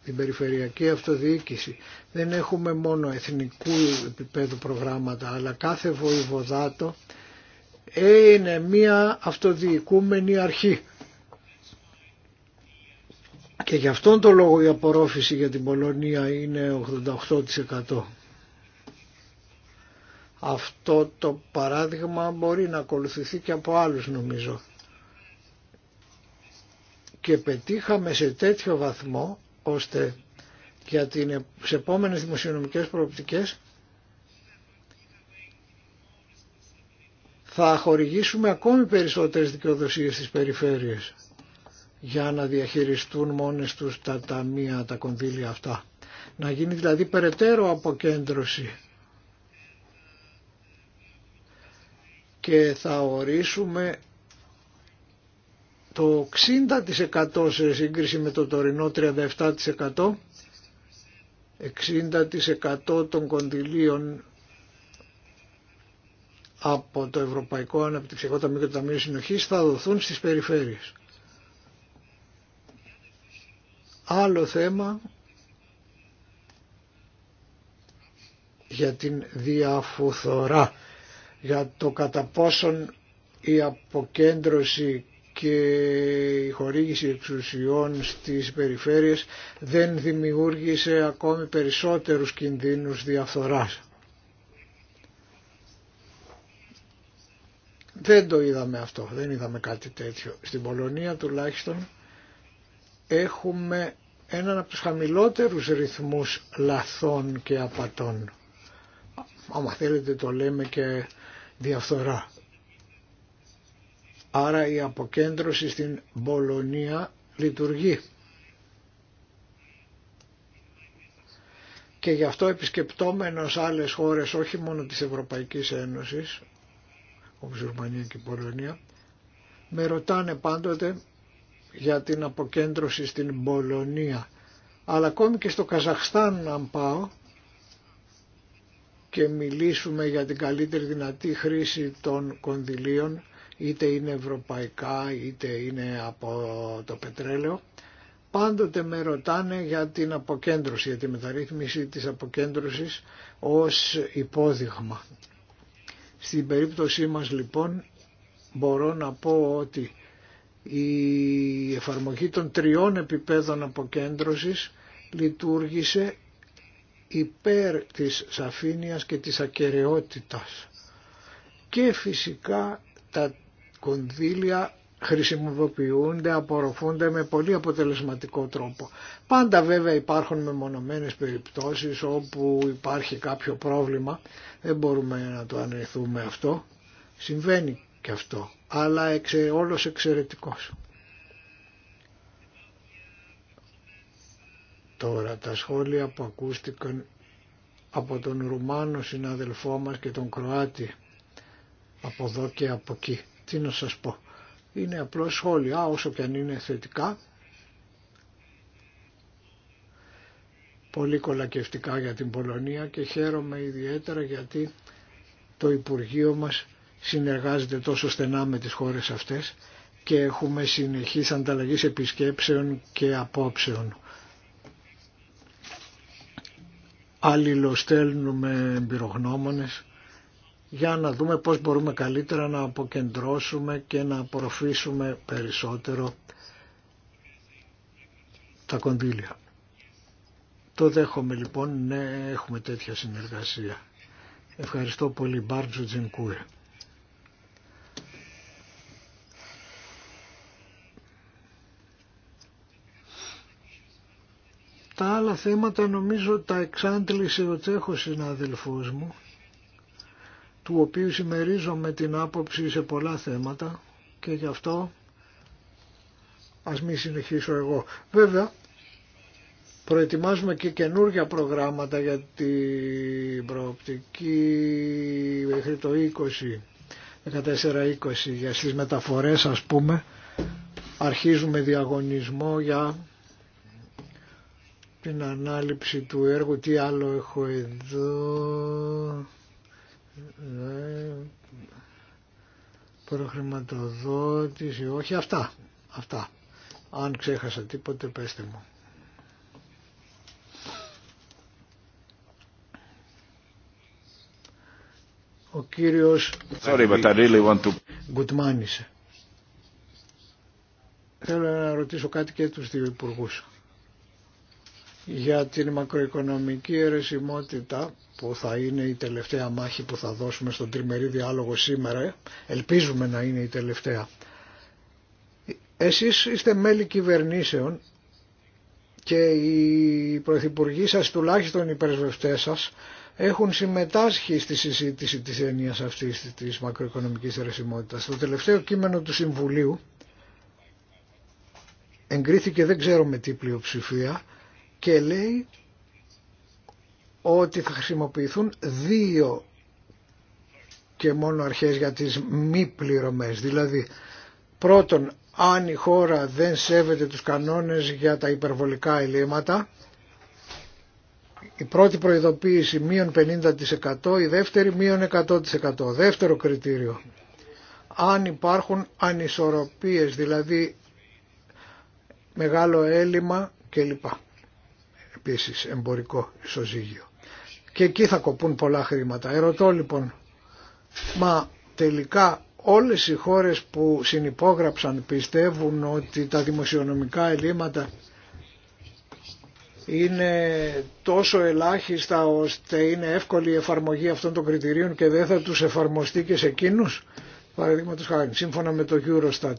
την περιφερειακή αυτοδιοίκηση. Δεν έχουμε μόνο εθνικού επίπεδου προγράμματα, αλλά κάθε βοηβοδάτο είναι μία αυτοδιοικούμενη αρχή. Και γι' αυτόν τον λόγο η απορρόφηση για την Πολωνία είναι 88%. Αυτό το παράδειγμα μπορεί να ακολουθηθεί και από άλλους νομίζω. Και πετύχαμε σε τέτοιο βαθμό ώστε για τις επόμενες δημοσιονομικές προοπτικές θα χορηγήσουμε ακόμη περισσότερες δικαιοδοσίες στις περιφέρειες για να διαχειριστούν μόνες τους τα ταμεία, τα κονδύλια αυτά. Να γίνει δηλαδή περαιτέρω αποκέντρωση και θα ορίσουμε το 60% σε σύγκριση με το τωρινό 37% 60% των κονδυλίων από το Ευρωπαϊκό Αναπτυξιακό Ταμείο και το Ταμείο Συνοχής θα δοθούν στις περιφέρειες. Άλλο θέμα για την διαφουθορά, για το κατά πόσον η αποκέντρωση και η χορήγηση εξουσιών στις περιφέρειες δεν δημιούργησε ακόμη περισσότερους κινδύνους διαφθοράς. Δεν το είδαμε αυτό, δεν είδαμε κάτι τέτοιο. Στην Πολωνία τουλάχιστον έχουμε έναν από τους χαμηλότερους ρυθμούς λαθών και απατών. Άμα θέλετε το λέμε και διαφθορά. Άρα η αποκέντρωση στην Πολωνία λειτουργεί. Και γι' αυτό επισκεπτόμενος άλλες χώρες όχι μόνο της Ευρωπαϊκής Ένωσης όπως και Πολωνία, με ρωτάνε πάντοτε για την αποκέντρωση στην Πολωνία. Αλλά ακόμη και στο Καζαχστάν αν πάω και μιλήσουμε για την καλύτερη δυνατή χρήση των κονδυλίων, είτε είναι ευρωπαϊκά είτε είναι από το πετρέλαιο, πάντοτε με ρωτάνε για την αποκέντρωση, για τη μεταρρύθμιση της αποκέντρωσης ως υπόδειγμα. Στην περίπτωσή μας λοιπόν μπορώ να πω ότι η εφαρμογή των τριών επιπέδων αποκέντρωσης λειτουργήσε υπέρ της σαφήνειας και της ακαιρεότητας. Και φυσικά τα κονδύλια χρησιμοποιούνται, απορροφούνται με πολύ αποτελεσματικό τρόπο. Πάντα βέβαια υπάρχουν μεμονωμένες περιπτώσεις όπου υπάρχει κάποιο πρόβλημα, δεν μπορούμε να το ανηθούμε αυτό, συμβαίνει και αυτό, αλλά εξε, όλος εξαιρετικός. Τώρα τα σχόλια που ακούστηκαν από τον Ρουμάνο συναδελφό μας και τον Κροάτι από εδώ και από εκεί. Τι να σας πω. Είναι απλώς σχόλια όσο και αν είναι θετικά. Πολύ κολακευτικά για την Πολωνία και χαίρομαι ιδιαίτερα γιατί το Υπουργείο μας συνεργάζεται τόσο στενά με τις χώρες αυτές και έχουμε συνεχείς ανταλλαγής επισκέψεων και απόψεων. στέλνουμε εμπειρογνώμονες για να δούμε πώς μπορούμε καλύτερα να αποκεντρώσουμε και να απορροφήσουμε περισσότερο τα κονδύλια. Το δέχομαι λοιπόν, ναι, έχουμε τέτοια συνεργασία. Ευχαριστώ πολύ, Μπάρτζο Τζινκούε. Τα άλλα θέματα νομίζω τα εξάντλησε ο Τσέχος συνάδελφός μου του οποίου συμμερίζομαι την άποψη σε πολλά θέματα και γι' αυτό ας μην συνεχίσω εγώ. Βέβαια, προετοιμάζουμε και καινούργια προγράμματα για την προοπτική μέχρι το 20, 14-20 για στις μεταφορές ας πούμε. Αρχίζουμε διαγωνισμό για την ανάληψη του έργου. Τι άλλο έχω εδώ προχρηματοδότηση, όχι αυτά, αυτά. Αν ξέχασα τίποτε πέστε μου. Ο κύριος Sorry, but I really want to... Γκουτμάνησε. Θέλω να ρωτήσω κάτι και τους δύο υπουργούς για την μακροοικονομική αιρεσιμότητα που θα είναι η τελευταία μάχη που θα δώσουμε στον τριμερή διάλογο σήμερα. Ε, ελπίζουμε να είναι η τελευταία. Εσείς είστε μέλη κυβερνήσεων και οι πρωθυπουργοί σας, τουλάχιστον οι περισβευτές σας, έχουν συμμετάσχει στη συζήτηση της έννοιας αυτής της μακροοικονομικής αιρεσιμότητας. Το τελευταίο κείμενο του Συμβουλίου εγκρίθηκε δεν ξέρω με τι πλειοψηφία, και λέει ότι θα χρησιμοποιηθούν δύο και μόνο αρχές για τις μη πληρωμές. Δηλαδή πρώτον αν η χώρα δεν σέβεται τους κανόνες για τα υπερβολικά ελλείμματα η πρώτη προειδοποίηση μείον 50% η δεύτερη μείον 100%. Δεύτερο κριτήριο αν υπάρχουν ανισορροπίες δηλαδή μεγάλο έλλειμμα κλπ επίσης εμπορικό ισοζύγιο. Και εκεί θα κοπούν πολλά χρήματα. Ερωτώ λοιπόν, μα τελικά όλες οι χώρες που συνυπόγραψαν πιστεύουν ότι τα δημοσιονομικά ελλείμματα είναι τόσο ελάχιστα ώστε είναι εύκολη η εφαρμογή αυτών των κριτηρίων και δεν θα τους εφαρμοστεί και σε εκείνους. Παραδείγματος χάρη, σύμφωνα με το Eurostat,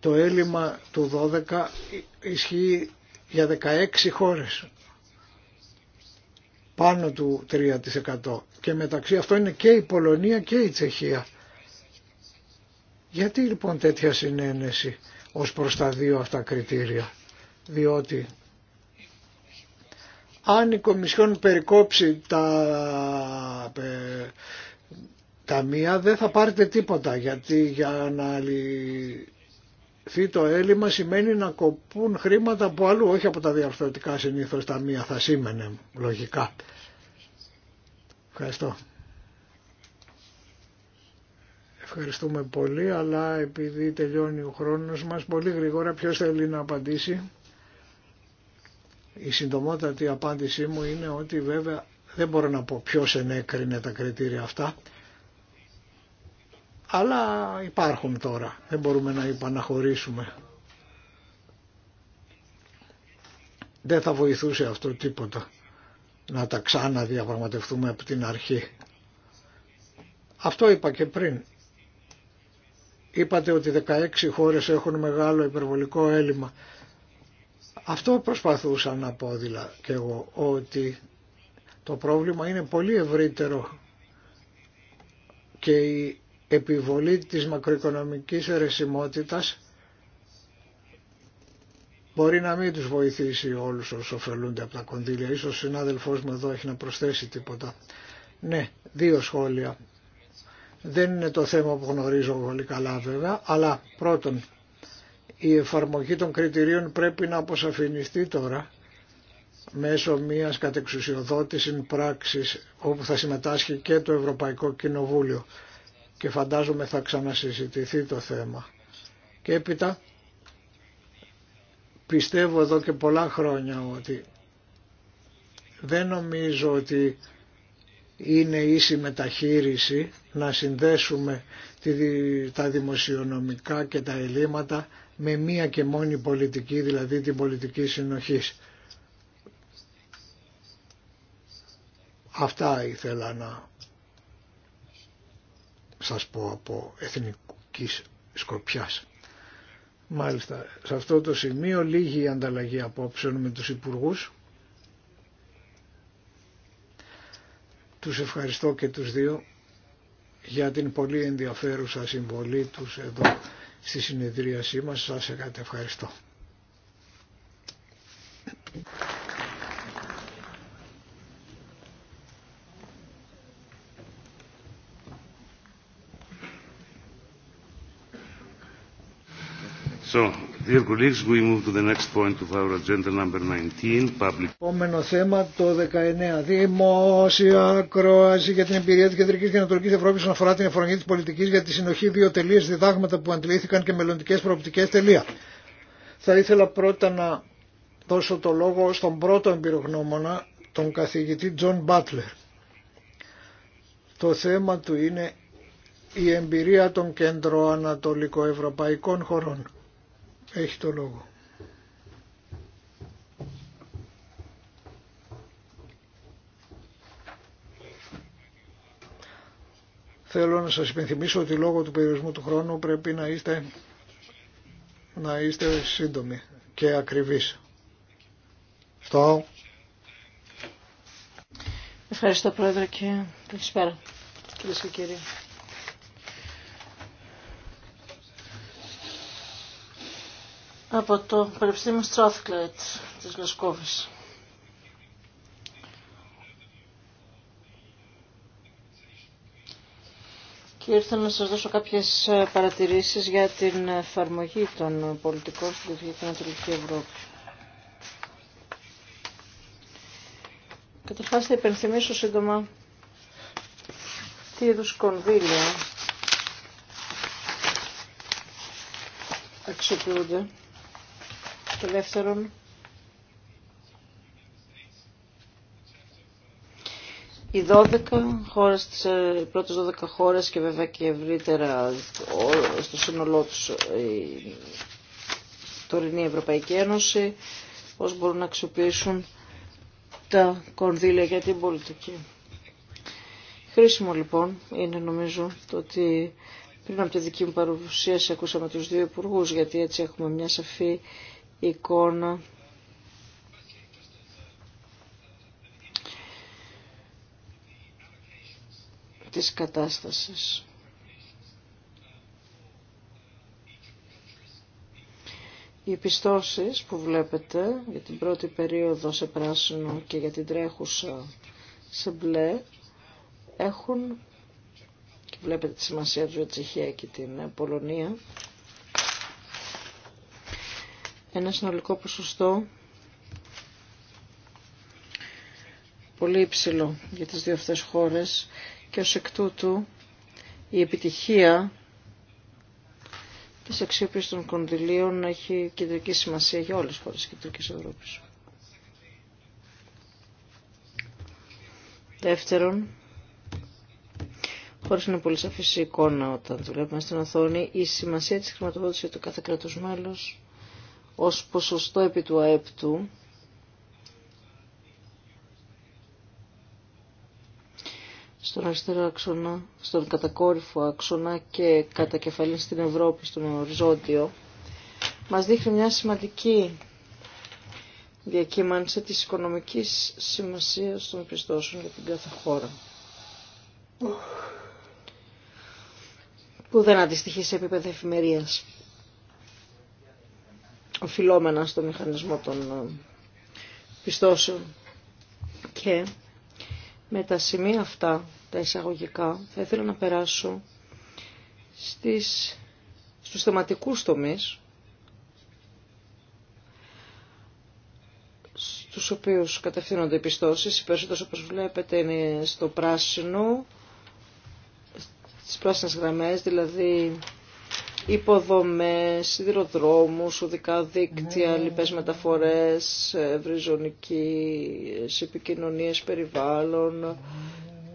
το έλλειμμα του 12 ισχύει για 16 χώρες πάνω του 3% και μεταξύ αυτό είναι και η Πολωνία και η Τσεχία. Γιατί λοιπόν τέτοια συνένεση ως προς τα δύο αυτά κριτήρια. Διότι αν η Κομισιόν περικόψει τα ε, μία δεν θα πάρετε τίποτα γιατί για να καλυφθεί το έλλειμμα σημαίνει να κοπούν χρήματα από αλλού, όχι από τα διαρθρωτικά συνήθως ταμεία θα σήμαινε λογικά. Ευχαριστώ. Ευχαριστούμε πολύ, αλλά επειδή τελειώνει ο χρόνος μας, πολύ γρήγορα ποιος θέλει να απαντήσει. Η συντομότατη απάντησή μου είναι ότι βέβαια δεν μπορώ να πω ποιος ενέκρινε τα κριτήρια αυτά, αλλά υπάρχουν τώρα, δεν μπορούμε να υπαναχωρήσουμε. Δεν θα βοηθούσε αυτό τίποτα να τα ξαναδιαπραγματευτούμε από την αρχή. Αυτό είπα και πριν. Είπατε ότι 16 χώρες έχουν μεγάλο υπερβολικό έλλειμμα. Αυτό προσπαθούσα να πω δηλαδή και εγώ, ότι το πρόβλημα είναι πολύ ευρύτερο και η επιβολή της μακροοικονομικής ερεσιμότητας μπορεί να μην τους βοηθήσει όλους όσους ωφελούνται από τα κονδύλια. Ίσως ο συνάδελφός μου εδώ έχει να προσθέσει τίποτα. Ναι, δύο σχόλια. Δεν είναι το θέμα που γνωρίζω πολύ καλά βέβαια, αλλά πρώτον, η εφαρμογή των κριτηρίων πρέπει να αποσαφινιστεί τώρα μέσω μιας κατεξουσιοδότησης πράξης όπου θα συμμετάσχει και το Ευρωπαϊκό Κοινοβούλιο και φαντάζομαι θα ξανασυζητηθεί το θέμα. Και έπειτα πιστεύω εδώ και πολλά χρόνια ότι δεν νομίζω ότι είναι ίση μεταχείριση να συνδέσουμε τα δημοσιονομικά και τα ελλείμματα με μία και μόνη πολιτική, δηλαδή την πολιτική συνοχής. Αυτά ήθελα να σας πω από εθνικής σκοπιάς. Μάλιστα, σε αυτό το σημείο λίγη η ανταλλαγή απόψεων με τους υπουργούς. Τους ευχαριστώ και τους δύο για την πολύ ενδιαφέρουσα συμβολή τους εδώ στη συνεδρίασή μας. Σας ευχαριστώ. Επόμενο θέμα το 19. Δημόσια κρόαση για την εμπειρία τη Κεντρική και Ανατολική Ευρώπη όσον αφορά την εφαρμογή τη πολιτική για τη συνοχή δύο τελείε διδάγματα που αντιλήθηκαν και μελλοντικέ προοπτικέ τελεία. Θα ήθελα πρώτα να δώσω το λόγο στον πρώτο εμπειρογνώμονα, τον καθηγητή Τζον Μπάτλερ. Το θέμα του είναι η εμπειρία των κέντρο-ανατολικοευρωπαϊκών χωρών. Έχει το λόγο. Θέλω να σας υπενθυμίσω ότι λόγω του περιορισμού του χρόνου πρέπει να είστε, να είστε σύντομοι και ακριβείς. Αυτό. Ευχαριστώ Πρόεδρε και καλησπέρα κυρίες και κύριοι. από το Πανεπιστήμιο Στρόθκλετ της Λασκόβης. Και ήρθα να σας δώσω κάποιες ε, παρατηρήσεις για την εφαρμογή των πολιτικών στην Ανατολική Ευρώπη. Καταρχάς θα υπενθυμίσω σύντομα τι είδους κονδύλια αξιοποιούνται και δεύτερον, Οι 12 χώρες, τις ε, πρώτες 12 χώρες και βέβαια και ευρύτερα στο σύνολό τους ε, η τωρινή Ευρωπαϊκή Ένωση πώς μπορούν να αξιοποιήσουν τα κονδύλια για την πολιτική. Χρήσιμο λοιπόν είναι νομίζω το ότι πριν από τη δική μου παρουσίαση ακούσαμε τους δύο υπουργού γιατί έτσι έχουμε μια σαφή εικόνα. της κατάστασης. Οι πιστώσεις που βλέπετε για την πρώτη περίοδο σε πράσινο και για την τρέχουσα σε μπλε έχουν και βλέπετε τη σημασία του για και την Πολωνία ένα συνολικό ποσοστό πολύ υψηλό για τις δύο αυτές χώρες και ως εκ τούτου η επιτυχία της αξιοποίησης των κονδυλίων έχει κεντρική σημασία για όλες τις χώρες της Κεντρικής Ευρώπης. Δεύτερον, χωρίς να είναι πολύ σαφής η εικόνα όταν δουλεύουμε στην οθόνη, η σημασία της χρηματοδότηση για το κάθε κράτος μέλος ως ποσοστό επί του ΑΕΠ του, στον αριστερό άξονα, στον κατακόρυφο άξονα και κατά κεφαλή στην Ευρώπη, στον οριζόντιο, μας δείχνει μια σημαντική διακύμανση της οικονομικής σημασίας των πιστώσεων για την κάθε χώρα. Που δεν αντιστοιχεί σε επίπεδο εφημερίας οφειλόμενα στο μηχανισμό των ε, πιστώσεων. Και με τα σημεία αυτά, τα εισαγωγικά, θα ήθελα να περάσω στις, στους θεματικούς τομείς, στους οποίους κατευθύνονται οι πιστώσεις. Οι περισσότερες, όπως βλέπετε, είναι στο πράσινο, στις πράσινες γραμμές, δηλαδή υποδομές, σιδηροδρόμους, οδικά δίκτυα, ναι. λοιπές μεταφορές, ευρυζωνικές επικοινωνίες περιβάλλων ναι.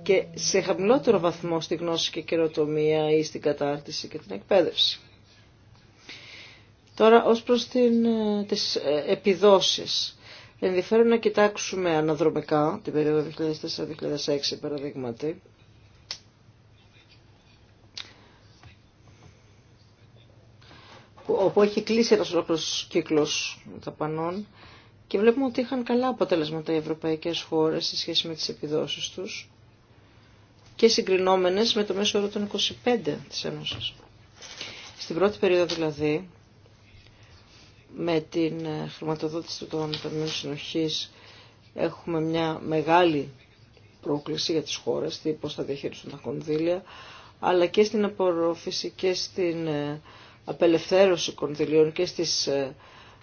και σε χαμηλότερο βαθμό στη γνώση και καινοτομία ή στην κατάρτιση και την εκπαίδευση. Τώρα ως προς την, ε, τις ε, επιδόσεις. Ενδιαφέρον να κοιτάξουμε αναδρομικά την περίοδο 2004-2006 παραδείγματι όπου έχει κλείσει ένας ολόκληρος κύκλος δαπανών και βλέπουμε ότι είχαν καλά αποτελέσματα οι ευρωπαϊκές χώρες σε σχέση με τις επιδόσεις τους και συγκρινόμενες με το μέσο όρο των 25 της Ένωσης. Στην πρώτη περίοδο δηλαδή, με την ε, χρηματοδότηση των Ταμείων Συνοχής έχουμε μια μεγάλη πρόκληση για τις χώρες, θα διαχειριστούν τα κονδύλια, αλλά και στην απορρόφηση και στην ε, απελευθέρωση κονδυλίων και στις ε,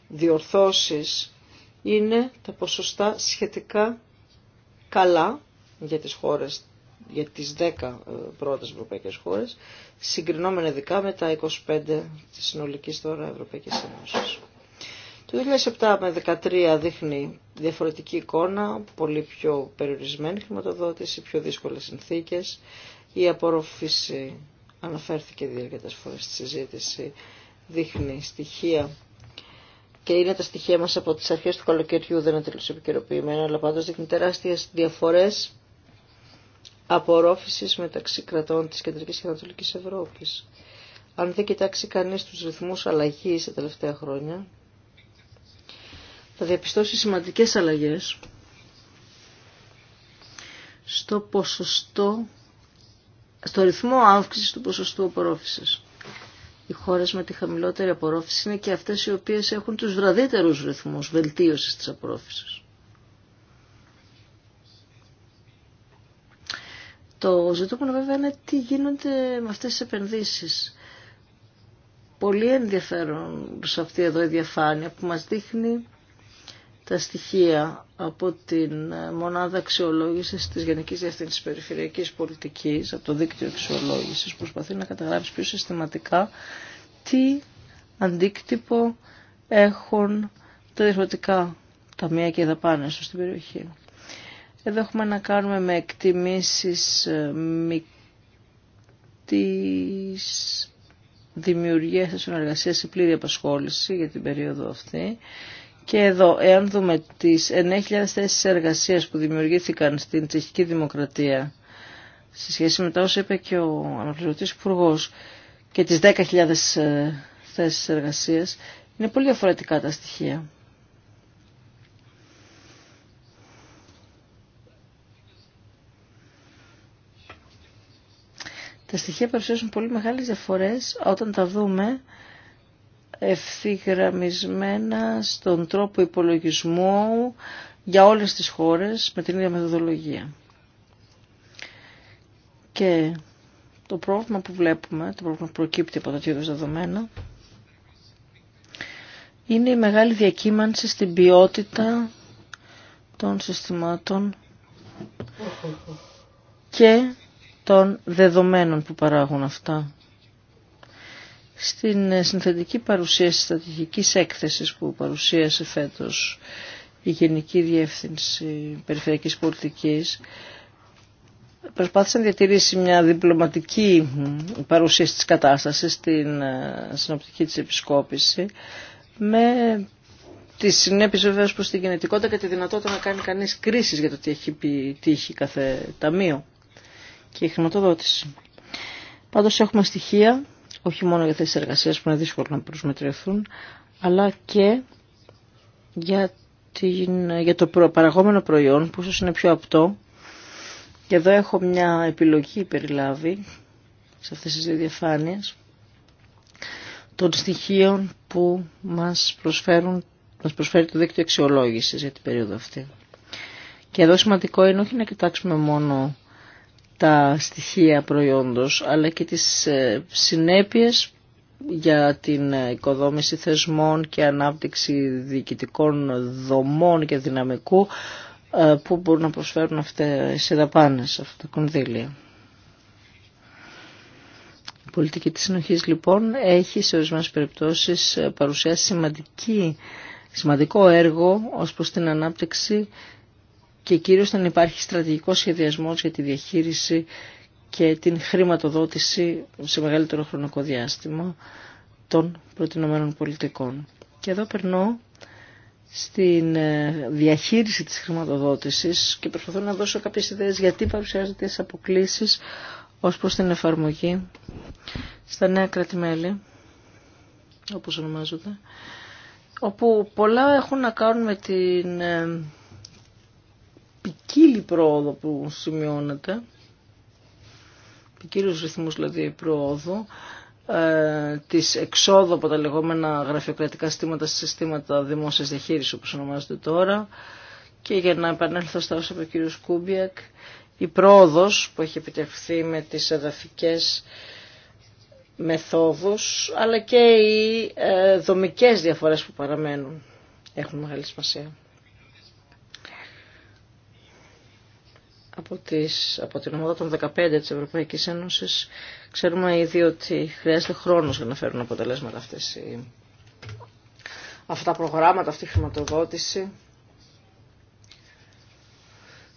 διορθώσεις είναι τα ποσοστά σχετικά καλά για τις χώρες για τις 10 ε, πρώτες ευρωπαϊκές χώρες, συγκρινόμενα ειδικά με τα 25 της συνολικής τώρα Ευρωπαϊκής Ένωσης. Το 2007 με 2013 δείχνει διαφορετική εικόνα, πολύ πιο περιορισμένη χρηματοδότηση, πιο δύσκολες συνθήκες, η απορροφήση αναφέρθηκε διαρκετές φορές στη συζήτηση, δείχνει στοιχεία και είναι τα στοιχεία μας από τις αρχές του καλοκαιριού, δεν είναι τελείως επικαιροποιημένα, αλλά πάντως δείχνει τεράστιες διαφορές απορρόφησης μεταξύ κρατών της Κεντρικής και Ανατολικής Ευρώπης. Αν δεν κοιτάξει κανείς τους ρυθμούς αλλαγής τα τελευταία χρόνια, θα διαπιστώσει σημαντικές αλλαγές στο ποσοστό στο ρυθμό αύξησης του ποσοστού απορρόφησης. Οι χώρες με τη χαμηλότερη απορρόφηση είναι και αυτές οι οποίες έχουν τους βραδύτερους ρυθμούς βελτίωσης της απορρόφησης. Το ζητούμενο βέβαια είναι τι γίνονται με αυτές τις επενδύσεις. Πολύ ενδιαφέρον σε αυτή εδώ η διαφάνεια που μας δείχνει τα στοιχεία από την μονάδα αξιολόγησης της Γενικής Διεύθυνσης Περιφερειακής Πολιτικής, από το δίκτυο αξιολόγησης, προσπαθεί να καταγράψει πιο συστηματικά τι αντίκτυπο έχουν τα διαφορετικά ταμεία και στο στην περιοχή. Εδώ έχουμε να κάνουμε με εκτιμήσεις ε, της δημιουργίας της συνεργασίας σε πλήρη απασχόληση για την περίοδο αυτή και εδώ, εάν δούμε τις 9.000 θέσεις εργασίας που δημιουργήθηκαν στην τσεχική δημοκρατία, σε σχέση με τα όσα είπε και ο αναπληρωτής υπουργό και τις 10.000 ε, θέσεις εργασίας, είναι πολύ διαφορετικά τα στοιχεία. Τα στοιχεία παρουσιάζουν πολύ μεγάλες διαφορές όταν τα δούμε ευθυγραμμισμένα στον τρόπο υπολογισμού για όλες τις χώρες με την ίδια μεθοδολογία. Και το πρόβλημα που βλέπουμε, το πρόβλημα που προκύπτει από τα τέτοια δεδομένα, είναι η μεγάλη διακύμανση στην ποιότητα των συστημάτων και των δεδομένων που παράγουν αυτά. Στην συνθετική παρουσίαση στρατηγικής έκθεσης που παρουσίασε φέτος η Γενική Διεύθυνση Περιφερειακής Πολιτικής προσπάθησε να διατηρήσει μια διπλωματική παρουσίαση της κατάστασης στην ε, συνοπτική της επισκόπηση με τις συνέπειε βεβαίω προ την κινητικότητα και τη δυνατότητα να κάνει κανεί κρίσει για το τι έχει πει, κάθε ταμείο και η χρηματοδότηση. Πάντω έχουμε στοιχεία όχι μόνο για θέσεις εργασίας που είναι δύσκολο να προσμετρηθούν, αλλά και για, την, για το παραγόμενο προϊόν που ίσως είναι πιο απτό. Και εδώ έχω μια επιλογή περιλάβει σε αυτές τις δύο διαφάνειες των στοιχείων που μας, προσφέρουν, προσφέρει το δίκτυο αξιολόγηση για την περίοδο αυτή. Και εδώ σημαντικό είναι όχι να κοιτάξουμε μόνο τα στοιχεία προϊόντος αλλά και τις ε, συνέπειες για την οικοδόμηση θεσμών και ανάπτυξη διοικητικών δομών και δυναμικού ε, που μπορούν να προσφέρουν αυτές οι δαπάνες, αυτά τα κονδύλια. Η πολιτική της συνοχής λοιπόν έχει σε ορισμένες περιπτώσεις ε, παρουσιάσει σημαντική, σημαντικό έργο ως προς την ανάπτυξη και κυρίως να υπάρχει στρατηγικός σχεδιασμός για τη διαχείριση και την χρηματοδότηση σε μεγαλύτερο χρονικό διάστημα των προτινωμένων πολιτικών. Και εδώ περνώ στην ε, διαχείριση της χρηματοδότησης και προσπαθώ να δώσω κάποιες ιδέες γιατί παρουσιάζονται τις αποκλήσεις ως προς την εφαρμογή στα νέα κρατημέλη, όπως ονομάζονται, όπου πολλά έχουν να κάνουν με την ε, ποικίλη πρόοδο που σημειώνεται, ποικίλους ρυθμούς δηλαδή πρόοδου, ε, της εξόδου από τα λεγόμενα γραφειοκρατικά συστήματα σε συστήματα δημόσιας διαχείρισης όπως ονομάζονται τώρα και για να επανέλθω στα όσα είπε ο κ. Κούμπιακ η πρόοδος που έχει επιτευχθεί με τις εδαφικές μεθόδους αλλά και οι ε, δομικές διαφορές που παραμένουν έχουν μεγάλη σημασία. από, τις, από την ομάδα των 15 της Ευρωπαϊκής Ένωσης ξέρουμε ήδη ότι χρειάζεται χρόνος για να φέρουν αποτελέσματα αυτές οι, αυτά τα προγράμματα, αυτή η χρηματοδότηση.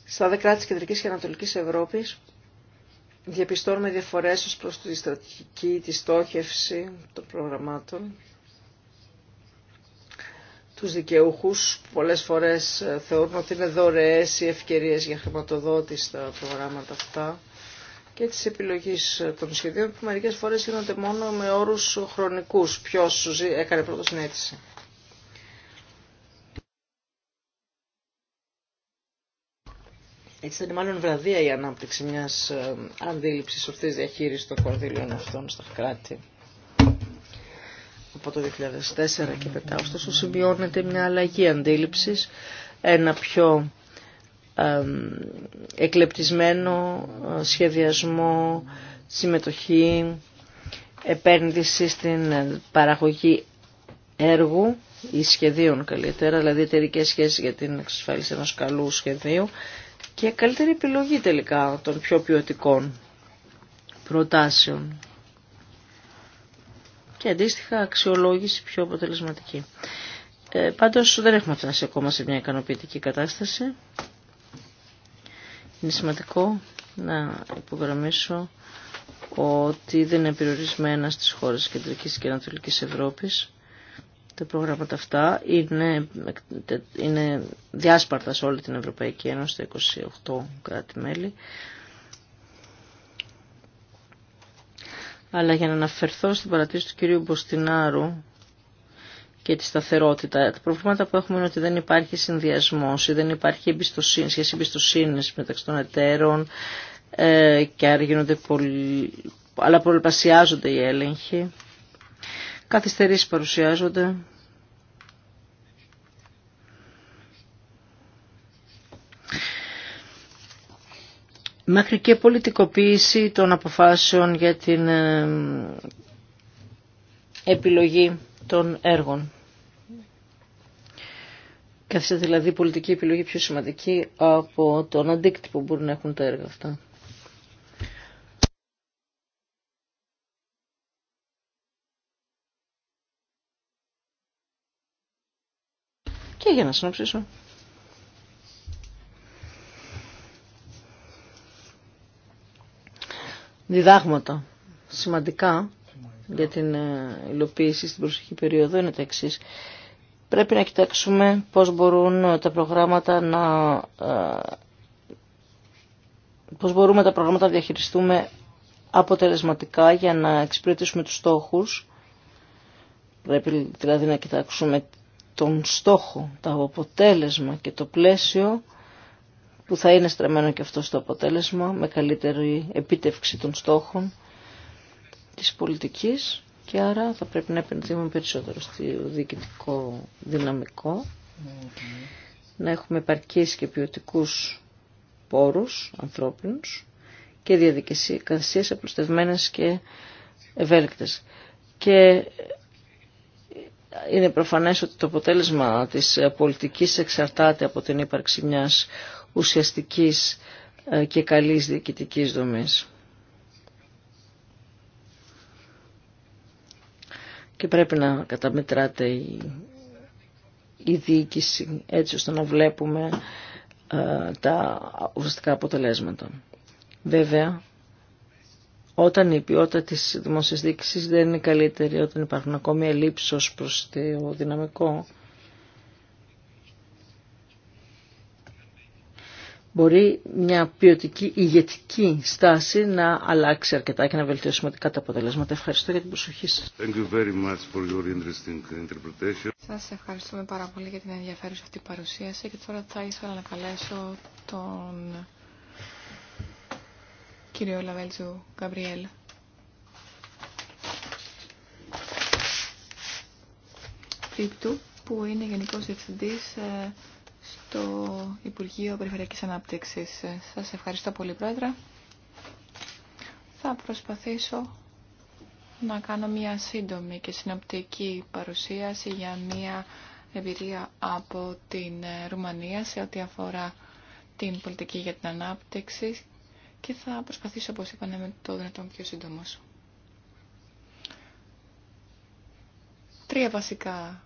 Στα δεκρά της Κεντρικής και Ανατολικής Ευρώπης διαπιστώνουμε διαφορές ως προς τη στρατηγική, τη στόχευση των προγραμμάτων τους δικαιούχους. Πολλές φορές ε, θεωρούν ότι είναι δωρεές οι ευκαιρίες για χρηματοδότηση στα προγράμματα αυτά και της επιλογής των σχεδίων που μερικές φορές γίνονται μόνο με όρους χρονικούς. Ποιος έκανε πρώτο συνέτηση. Έτσι ήταν μάλλον βραδία η ανάπτυξη μιας ε, αντίληψης ορθής διαχείρισης των κονδύλων αυτών στα κράτη από το 2004 και μετά. Ωστόσο σημειώνεται μια αλλαγή αντίληψης, ένα πιο εκλεπτισμένο ε, σχεδιασμό, συμμετοχή, επένδυση στην ε, παραγωγή έργου ή σχεδίων καλύτερα, δηλαδή εταιρικέ σχέσεις για την εξασφάλιση ενός καλού σχεδίου και καλύτερη επιλογή τελικά των πιο ποιοτικών προτάσεων και αντίστοιχα αξιολόγηση πιο αποτελεσματική. Ε, πάντως δεν έχουμε φτάσει ακόμα σε μια ικανοποιητική κατάσταση. Είναι σημαντικό να υπογραμμίσω ότι δεν είναι περιορισμένα στις χώρες της Κεντρικής και Ανατολικής Ευρώπης. Τα προγράμματα αυτά είναι, είναι διάσπαρτα σε όλη την Ευρωπαϊκή Ένωση, τα 28 κράτη-μέλη. αλλά για να αναφερθώ στην παρατήρηση του κυρίου Μποστινάρου και τη σταθερότητα. Τα προβλήματα που έχουμε είναι ότι δεν υπάρχει συνδυασμό ή δεν υπάρχει εμπιστοσύνη, σχέση εμπιστοσύνη μεταξύ των εταίρων ε, και άρα γίνονται πολύ, αλλά πολλαπλασιάζονται οι έλεγχοι. Καθυστερήσει παρουσιάζονται μέχρι και πολιτικοποίηση των αποφάσεων για την ε, επιλογή των έργων. Καθίσατε δηλαδή πολιτική επιλογή πιο σημαντική από τον αντίκτυπο που μπορούν να έχουν τα έργα αυτά. Και για να συνοψίσω. διδάγματα σημαντικά για την ε, υλοποίηση στην προσεχή περίοδο είναι τα εξή. Πρέπει να κοιτάξουμε πώς μπορούν τα προγράμματα να... Ε, πώς μπορούμε τα προγράμματα να διαχειριστούμε αποτελεσματικά για να εξυπηρετήσουμε τους στόχους. Πρέπει δηλαδή να κοιτάξουμε τον στόχο, το αποτέλεσμα και το πλαίσιο που θα είναι στραμμένο και αυτό στο αποτέλεσμα, με καλύτερη επίτευξη των στόχων της πολιτικής και άρα θα πρέπει να επενδύουμε περισσότερο στο διοικητικό δυναμικό, mm-hmm. να έχουμε επαρκείς και ποιοτικού πόρους ανθρώπινους και διαδικασίες απλουστευμένες και ευέλικτες. Και είναι προφανές ότι το αποτέλεσμα της πολιτικής εξαρτάται από την ύπαρξη μιας ουσιαστικής ε, και καλής διοικητικής δομής. Και πρέπει να καταμετράται η, η διοίκηση έτσι ώστε να βλέπουμε ε, τα ουσιαστικά αποτελέσματα. Βέβαια, όταν η ποιότητα της δημόσιας διοίκησης δεν είναι καλύτερη, όταν υπάρχουν ακόμη ελλείψεις προς το δυναμικό, μπορεί μια ποιοτική ηγετική στάση να αλλάξει αρκετά και να βελτιώσει σημαντικά τα αποτελέσματα. Ευχαριστώ για την προσοχή σας. Thank Σας ευχαριστούμε πάρα πολύ για την ενδιαφέρουσα αυτή παρουσίαση και τώρα θα ήθελα να καλέσω τον κύριο Λαβέλτζου Γκαμπριέλ. Φρύπτου, που είναι Γενικός Διευθυντής ε, το Υπουργείο Περιφερειακής Ανάπτυξης. Σας ευχαριστώ πολύ, Πρόεδρε. Θα προσπαθήσω να κάνω μια σύντομη και συνοπτική παρουσίαση για μια εμπειρία από την Ρουμανία σε ό,τι αφορά την πολιτική για την ανάπτυξη και θα προσπαθήσω, όπως είπα, να το δυνατόν πιο σύντομο. Τρία βασικά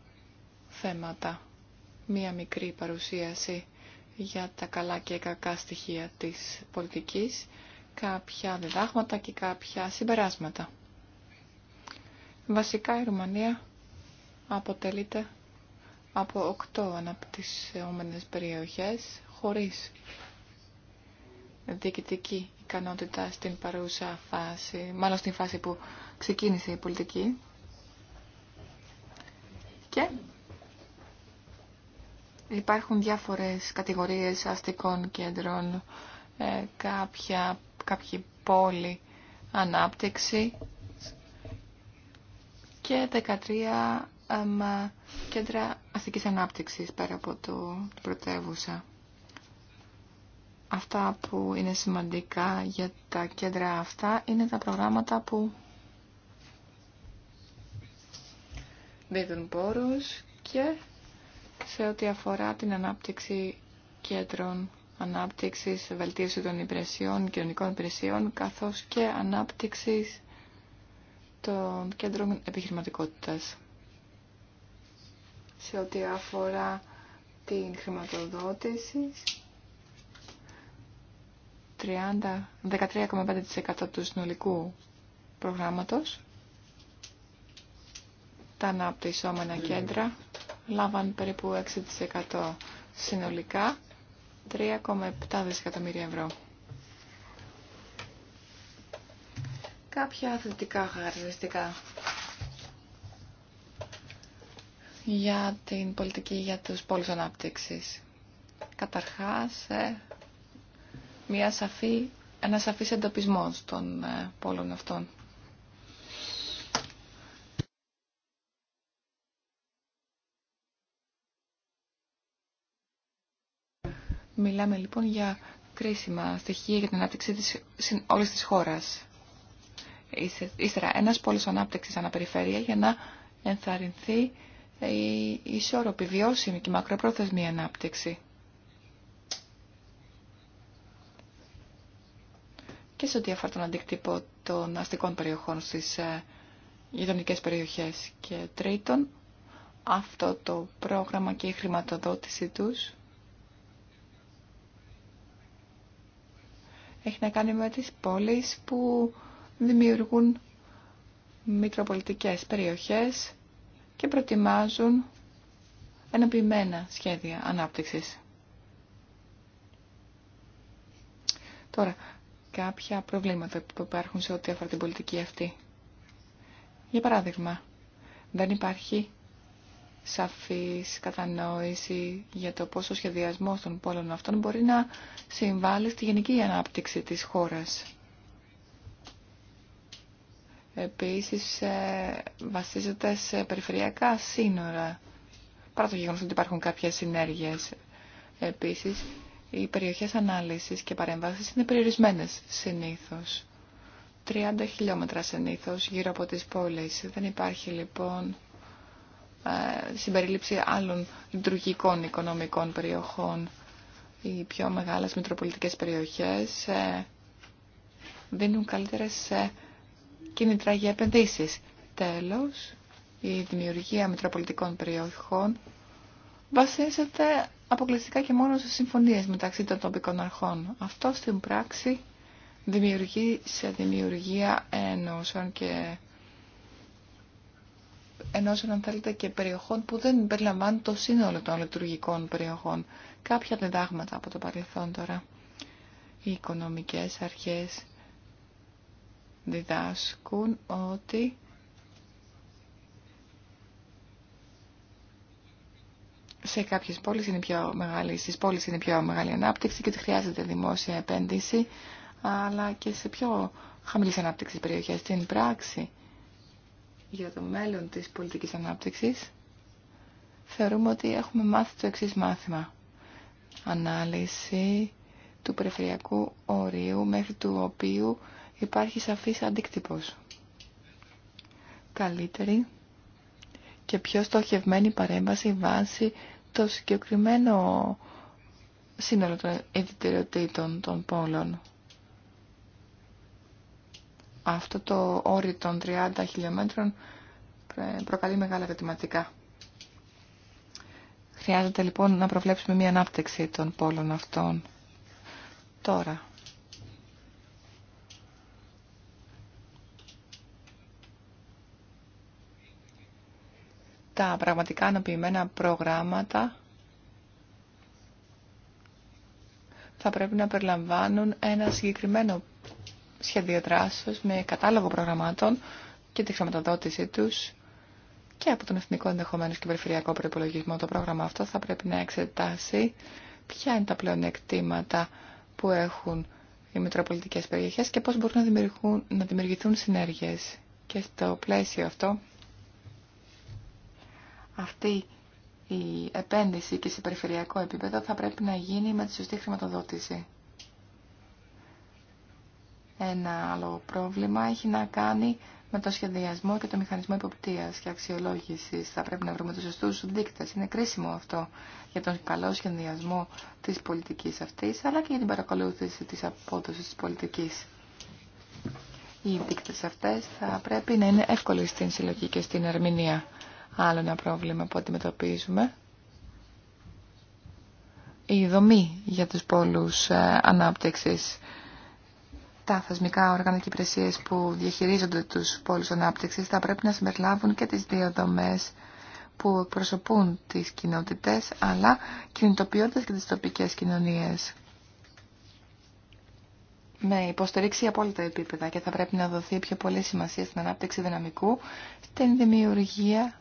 θέματα μία μικρή παρουσίαση για τα καλά και κακά στοιχεία της πολιτικής, κάποια διδάγματα και κάποια συμπεράσματα. Βασικά η Ρουμανία αποτελείται από οκτώ αναπτυσσόμενες περιοχές χωρίς διοικητική ικανότητα στην παρούσα φάση, μάλλον στην φάση που ξεκίνησε η πολιτική. Και Υπάρχουν διάφορες κατηγορίες αστικών κέντρων, ε, κάποια, πόλη ανάπτυξη και 13 ε, κέντρα αστικής ανάπτυξης πέρα από το, πρωτεύουσα. Αυτά που είναι σημαντικά για τα κέντρα αυτά είναι τα προγράμματα που δίδουν πόρους και σε ό,τι αφορά την ανάπτυξη κέντρων ανάπτυξης, βελτίωση των υπηρεσιών, κοινωνικών υπηρεσιών, καθώς και ανάπτυξης των κέντρων επιχειρηματικότητας. Σε ό,τι αφορά την χρηματοδότηση, 13,5% του συνολικού προγράμματος, τα αναπτυσσόμενα ε, κέντρα, λάβαν περίπου 6% συνολικά 3,7 δισεκατομμύρια ευρώ. Κάποια θετικά χαρακτηριστικά για την πολιτική για τους πόλους ανάπτυξης. Καταρχάς, ε, μια σαφή, ένα σαφής εντοπισμός των ε, πόλων αυτών. Μιλάμε λοιπόν για κρίσιμα στοιχεία για την ανάπτυξη της, όλης της χώρας. Ύστερα, ένας πόλος ανάπτυξης αναπεριφέρεια για να ενθαρρυνθεί η ισόρροπη, βιώσιμη και μακροπρόθεσμη ανάπτυξη. Και σε ό,τι αφορά τον αντίκτυπο των αστικών περιοχών στις ε, γειτονικές περιοχές. Και τρίτον, αυτό το πρόγραμμα και η χρηματοδότηση τους έχει να κάνει με τις πόλεις που δημιουργούν μητροπολιτικές περιοχές και προετοιμάζουν ενωπημένα σχέδια ανάπτυξης. Τώρα, κάποια προβλήματα που υπάρχουν σε ό,τι αφορά την πολιτική αυτή. Για παράδειγμα, δεν υπάρχει σαφής κατανόηση για το πόσο ο σχεδιασμός των πόλων αυτών μπορεί να συμβάλλει στη γενική ανάπτυξη της χώρας. Επίσης ε, βασίζεται σε περιφερειακά σύνορα, παρά το γεγονός ότι υπάρχουν κάποιες συνέργειες. Επίσης, οι περιοχές ανάλυσης και παρέμβασης είναι περιορισμένες συνήθως. 30 χιλιόμετρα συνήθως γύρω από τις πόλεις. Δεν υπάρχει λοιπόν ε, συμπερίληψη άλλων λειτουργικών οικονομικών περιοχών. Οι πιο μεγάλες μητροπολιτικές περιοχές ε, δίνουν καλύτερες κίνητρα για επενδύσεις. Τέλος, η δημιουργία μητροπολιτικών περιοχών βασίζεται αποκλειστικά και μόνο σε συμφωνίες μεταξύ των τοπικών αρχών. Αυτό στην πράξη δημιουργεί σε δημιουργία ενώσεων και ενός, αν θέλετε, και περιοχών που δεν περιλαμβάνουν το σύνολο των λειτουργικών περιοχών. Κάποια διδάγματα από το παρελθόν τώρα. Οι οικονομικές αρχές διδάσκουν ότι σε κάποιες πόλεις είναι πιο μεγάλη, στις πόλεις είναι πιο μεγάλη ανάπτυξη και ότι χρειάζεται δημόσια επένδυση, αλλά και σε πιο χαμηλής ανάπτυξης περιοχές στην πράξη για το μέλλον της πολιτικής ανάπτυξης, θεωρούμε ότι έχουμε μάθει το εξής μάθημα. Ανάλυση του περιφερειακού ορίου μέχρι του οποίου υπάρχει σαφής αντίκτυπος. Καλύτερη και πιο στοχευμένη παρέμβαση βάσει το συγκεκριμένο σύνολο των ιδιαιτεροτήτων των πόλων αυτό το όριο των 30 χιλιόμετρων προκαλεί μεγάλα ερωτηματικά. Χρειάζεται λοιπόν να προβλέψουμε μια ανάπτυξη των πόλων αυτών. Τώρα. Τα πραγματικά αναποιημένα προγράμματα θα πρέπει να περιλαμβάνουν ένα συγκεκριμένο σχέδιο δράσεως με κατάλογο προγραμμάτων και τη χρηματοδότησή τους και από τον Εθνικό ενδεχομένω και Περιφερειακό Προπολογισμό. Το πρόγραμμα αυτό θα πρέπει να εξετάσει ποια είναι τα πλεονεκτήματα που έχουν οι Μητροπολιτικές Περιοχές και πώς μπορούν να, δημιουργηθούν, να συνέργειες. Και στο πλαίσιο αυτό, αυτή η επένδυση και σε περιφερειακό επίπεδο θα πρέπει να γίνει με τη σωστή χρηματοδότηση. Ένα άλλο πρόβλημα έχει να κάνει με το σχεδιασμό και το μηχανισμό υποπτίας και αξιολόγησης. Θα πρέπει να βρούμε τους σωστούς δείκτες. Είναι κρίσιμο αυτό για τον καλό σχεδιασμό της πολιτικής αυτής, αλλά και για την παρακολούθηση της απόδοσης της πολιτικής. Οι δείκτες αυτές θα πρέπει να είναι εύκολοι στην συλλογή και στην ερμηνεία. Άλλο ένα πρόβλημα που αντιμετωπίζουμε. Η δομή για τους πόλους ε, ανάπτυξης τα θεσμικά όργανα και υπηρεσίε που διαχειρίζονται τους πόλους ανάπτυξης θα πρέπει να συμπεριλάβουν και τις δύο δομές που εκπροσωπούν τις κοινότητες αλλά κινητοποιώντας και τις τοπικές κοινωνίες. Με υποστηρίξη απόλυτα επίπεδα και θα πρέπει να δοθεί πιο πολύ σημασία στην ανάπτυξη δυναμικού, στην δημιουργία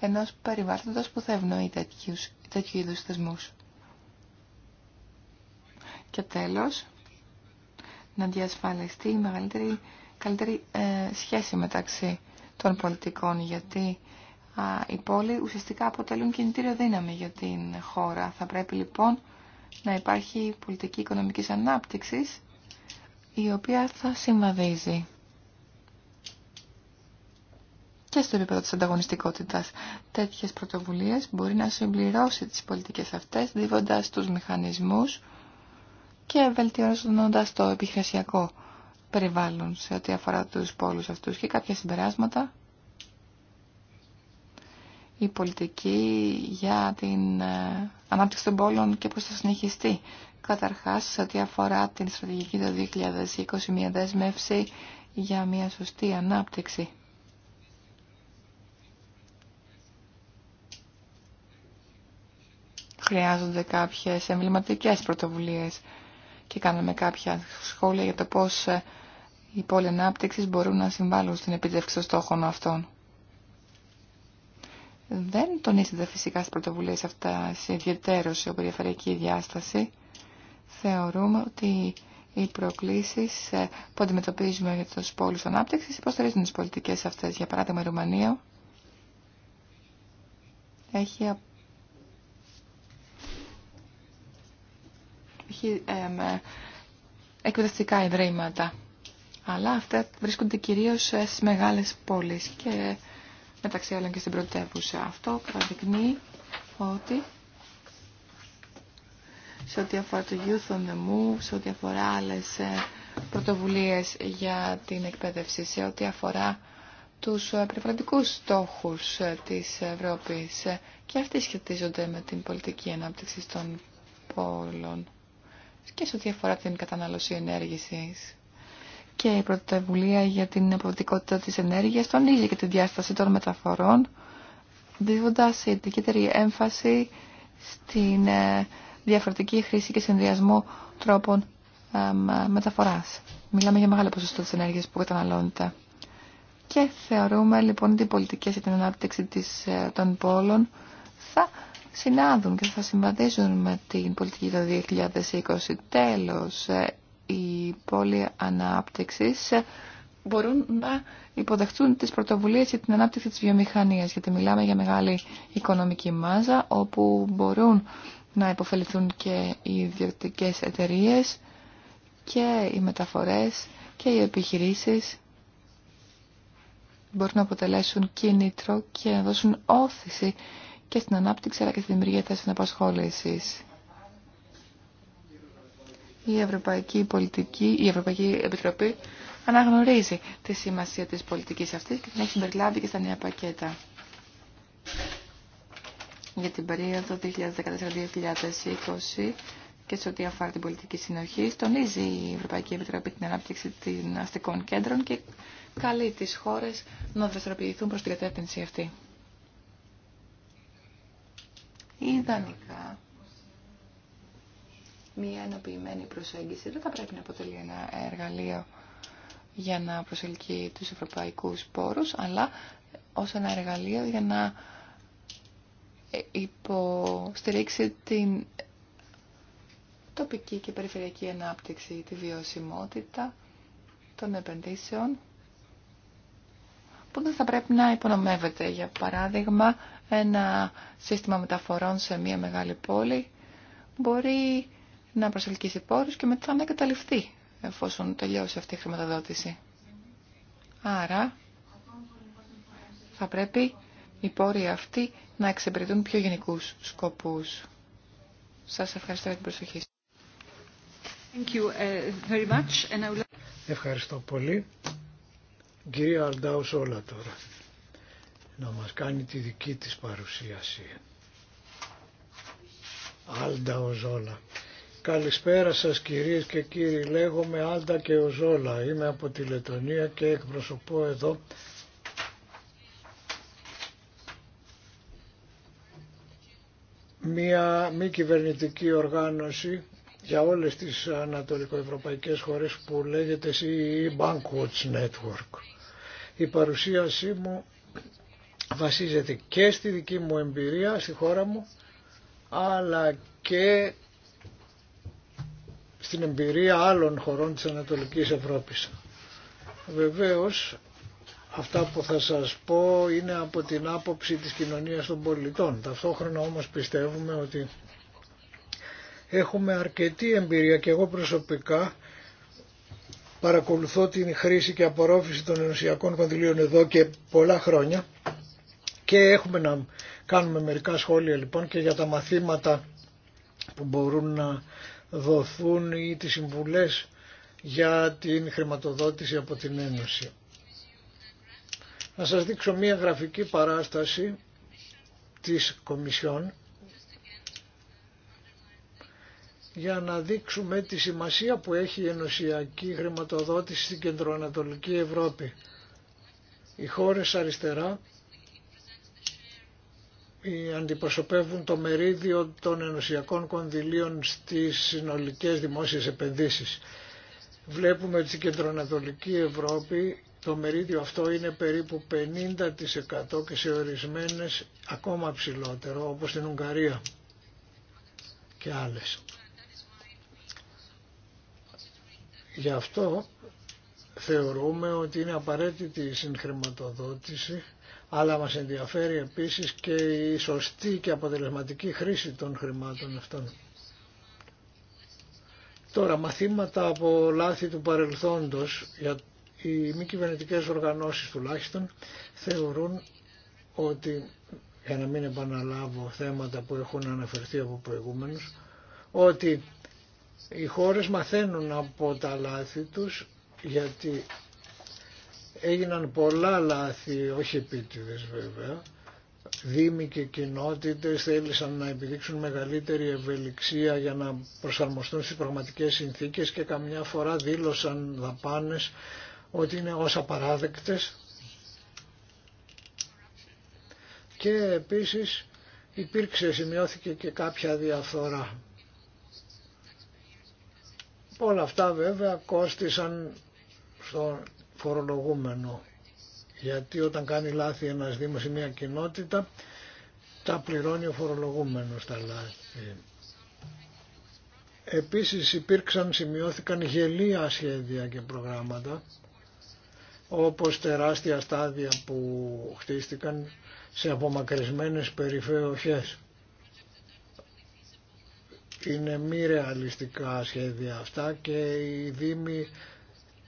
ενός περιβάλλοντος που θα ευνοεί τέτοιου είδους θεσμούς. Και τέλος, να διασφαλιστεί η μεγαλύτερη, καλύτερη ε, σχέση μεταξύ των πολιτικών, γιατί α, οι πόλοι ουσιαστικά αποτελούν κινητήριο δύναμη για την χώρα. Θα πρέπει λοιπόν να υπάρχει πολιτική οικονομικής ανάπτυξης, η οποία θα συμβαδίζει και στο επίπεδο της ανταγωνιστικότητας. Τέτοιες πρωτοβουλίες μπορεί να συμπληρώσει τις πολιτικές αυτές, δίδοντας τους μηχανισμούς και βελτιώνοντα το επιχειρησιακό περιβάλλον σε ό,τι αφορά τους πόλους αυτούς και κάποια συμπεράσματα. Η πολιτική για την ε, ανάπτυξη των πόλων και πώς θα συνεχιστεί. Καταρχάς, σε ό,τι αφορά την στρατηγική το 2020, μια δέσμευση για μια σωστή ανάπτυξη. Χρειάζονται κάποιες εμβληματικές πρωτοβουλίες και κάναμε κάποια σχόλια για το πώς οι ε, πόλοι ανάπτυξης μπορούν να συμβάλλουν στην επιτεύξη των στόχων αυτών. Δεν τονίζεται φυσικά στις πρωτοβουλίες αυτά σε ιδιαίτερο σε περιφερειακή διάσταση. Θεωρούμε ότι οι προκλήσεις ε, που αντιμετωπίζουμε για τους πόλους ανάπτυξης υποστηρίζουν τις πολιτικές αυτές. Για παράδειγμα, η Ρουμανία έχει Ε, εκπαιδευτικά ιδρύματα. Αλλά αυτά βρίσκονται κυρίως στις μεγάλες πόλεις και μεταξύ άλλων και στην πρωτεύουσα. Αυτό καταδεικνύει ότι σε ό,τι αφορά το Youth on the Move, σε ό,τι αφορά άλλες ε, πρωτοβουλίες για την εκπαίδευση, σε ό,τι αφορά τους ε, περιβαλλοντικούς στόχους της Ευρώπης και αυτοί σχετίζονται με την πολιτική ανάπτυξη των πόλων και σε ό,τι αφορά την κατανάλωση ενέργειας Και η πρωτοβουλία για την αποδοτικότητα της ενέργειας τονίζει και τη διάσταση των μεταφορών, δίδοντας ειδικότερη έμφαση στην ε, διαφορετική χρήση και συνδυασμό τρόπων μεταφοράς. Μιλάμε για μεγάλο ποσοστό της ενέργειας που καταναλώνεται. Και θεωρούμε λοιπόν ότι οι πολιτικές για την ανάπτυξη ε, των πόλων θα συνάδουν και θα συμβαδίζουν με την πολιτική το 2020. Τέλος, ε, οι πόλοι ανάπτυξης ε, μπορούν να υποδεχτούν τις πρωτοβουλίες για την ανάπτυξη της βιομηχανίας, γιατί μιλάμε για μεγάλη οικονομική μάζα, όπου μπορούν να υποφεληθούν και οι ιδιωτικές εταιρείες και οι μεταφορές και οι επιχειρήσεις μπορούν να αποτελέσουν κίνητρο και να δώσουν όθηση και στην ανάπτυξη αλλά και στη δημιουργία θέσεων απασχόληση. Η Ευρωπαϊκή Πολιτική, η Ευρωπαϊκή Επιτροπή αναγνωρίζει τη σημασία της πολιτικής αυτής και την έχει συμπεριλάβει και στα νέα πακέτα. Για την περίοδο 2014-2020 και σε ό,τι αφορά την πολιτική συνοχή, τονίζει η Ευρωπαϊκή Επιτροπή την ανάπτυξη των αστικών κέντρων και καλεί τις χώρες να δραστηριοποιηθούν προς την κατεύθυνση αυτή ιδανικά μια ενοποιημένη προσέγγιση δεν θα πρέπει να αποτελεί ένα εργαλείο για να προσελκύει τους ευρωπαϊκούς πόρους, αλλά ως ένα εργαλείο για να υποστηρίξει την τοπική και περιφερειακή ανάπτυξη, τη βιωσιμότητα των επενδύσεων, που δεν θα πρέπει να υπονομεύεται, για παράδειγμα, ένα σύστημα μεταφορών σε μια μεγάλη πόλη μπορεί να προσελκύσει πόρους και μετά να καταληφθεί εφόσον τελειώσει αυτή η χρηματοδότηση. Άρα θα πρέπει οι πόροι αυτοί να εξυπηρετούν πιο γενικούς σκοπούς. Σας ευχαριστώ για την προσοχή. Thank uh, Ευχαριστώ πολύ. Κυρία όλα τώρα να μας κάνει τη δική της παρουσίαση. Άλντα Οζόλα. Καλησπέρα σας κυρίες και κύριοι. Λέγομαι Άλντα και Οζόλα. Είμαι από τη Λετωνία και εκπροσωπώ εδώ μία μη κυβερνητική οργάνωση για όλες τις ανατολικοευρωπαϊκές χώρες που λέγεται CEE Bankwatch Network. Η παρουσίασή μου βασίζεται και στη δική μου εμπειρία στη χώρα μου αλλά και στην εμπειρία άλλων χωρών της Ανατολικής Ευρώπης. Βεβαίως αυτά που θα σας πω είναι από την άποψη της κοινωνίας των πολιτών. Ταυτόχρονα όμως πιστεύουμε ότι έχουμε αρκετή εμπειρία και εγώ προσωπικά παρακολουθώ την χρήση και απορρόφηση των ενωσιακών κονδυλίων εδώ και πολλά χρόνια και έχουμε να κάνουμε μερικά σχόλια λοιπόν και για τα μαθήματα που μπορούν να δοθούν ή τις συμβουλές για την χρηματοδότηση από την Ένωση. Να σας δείξω μία γραφική παράσταση της Κομισιόν για να δείξουμε τη σημασία που έχει η ενωσιακή χρηματοδότηση στην Κεντροανατολική Ευρώπη. Οι χώρες αριστερά αντιπροσωπεύουν το μερίδιο των ενωσιακών κονδυλίων στις συνολικές δημόσιες επενδύσεις. Βλέπουμε ότι στην κεντροανατολική Ευρώπη το μερίδιο αυτό είναι περίπου 50% και σε ορισμένες ακόμα ψηλότερο όπως στην Ουγγαρία και άλλες. Γι' αυτό θεωρούμε ότι είναι απαραίτητη η συγχρηματοδότηση αλλά μας ενδιαφέρει επίσης και η σωστή και αποτελεσματική χρήση των χρημάτων αυτών. Τώρα, μαθήματα από λάθη του παρελθόντος, για οι μη κυβερνητικέ οργανώσεις τουλάχιστον, θεωρούν ότι, για να μην επαναλάβω θέματα που έχουν αναφερθεί από προηγούμενους, ότι οι χώρες μαθαίνουν από τα λάθη τους γιατί έγιναν πολλά λάθη, όχι επίτηδες βέβαια. Δήμοι και κοινότητες θέλησαν να επιδείξουν μεγαλύτερη ευελιξία για να προσαρμοστούν στις πραγματικές συνθήκες και καμιά φορά δήλωσαν δαπάνες ότι είναι ως απαράδεκτες. Και επίσης υπήρξε, σημειώθηκε και κάποια διαφθορά. Όλα αυτά βέβαια κόστησαν στο φορολογούμενο. Γιατί όταν κάνει λάθη ένας Δήμος ή μια κοινότητα, τα πληρώνει ο φορολογούμενος τα λάθη. Επίσης υπήρξαν, σημειώθηκαν γελία σχέδια και προγράμματα, όπως τεράστια στάδια που χτίστηκαν σε απομακρυσμένες περιφέρειες. Είναι μη ρεαλιστικά σχέδια αυτά και οι Δήμοι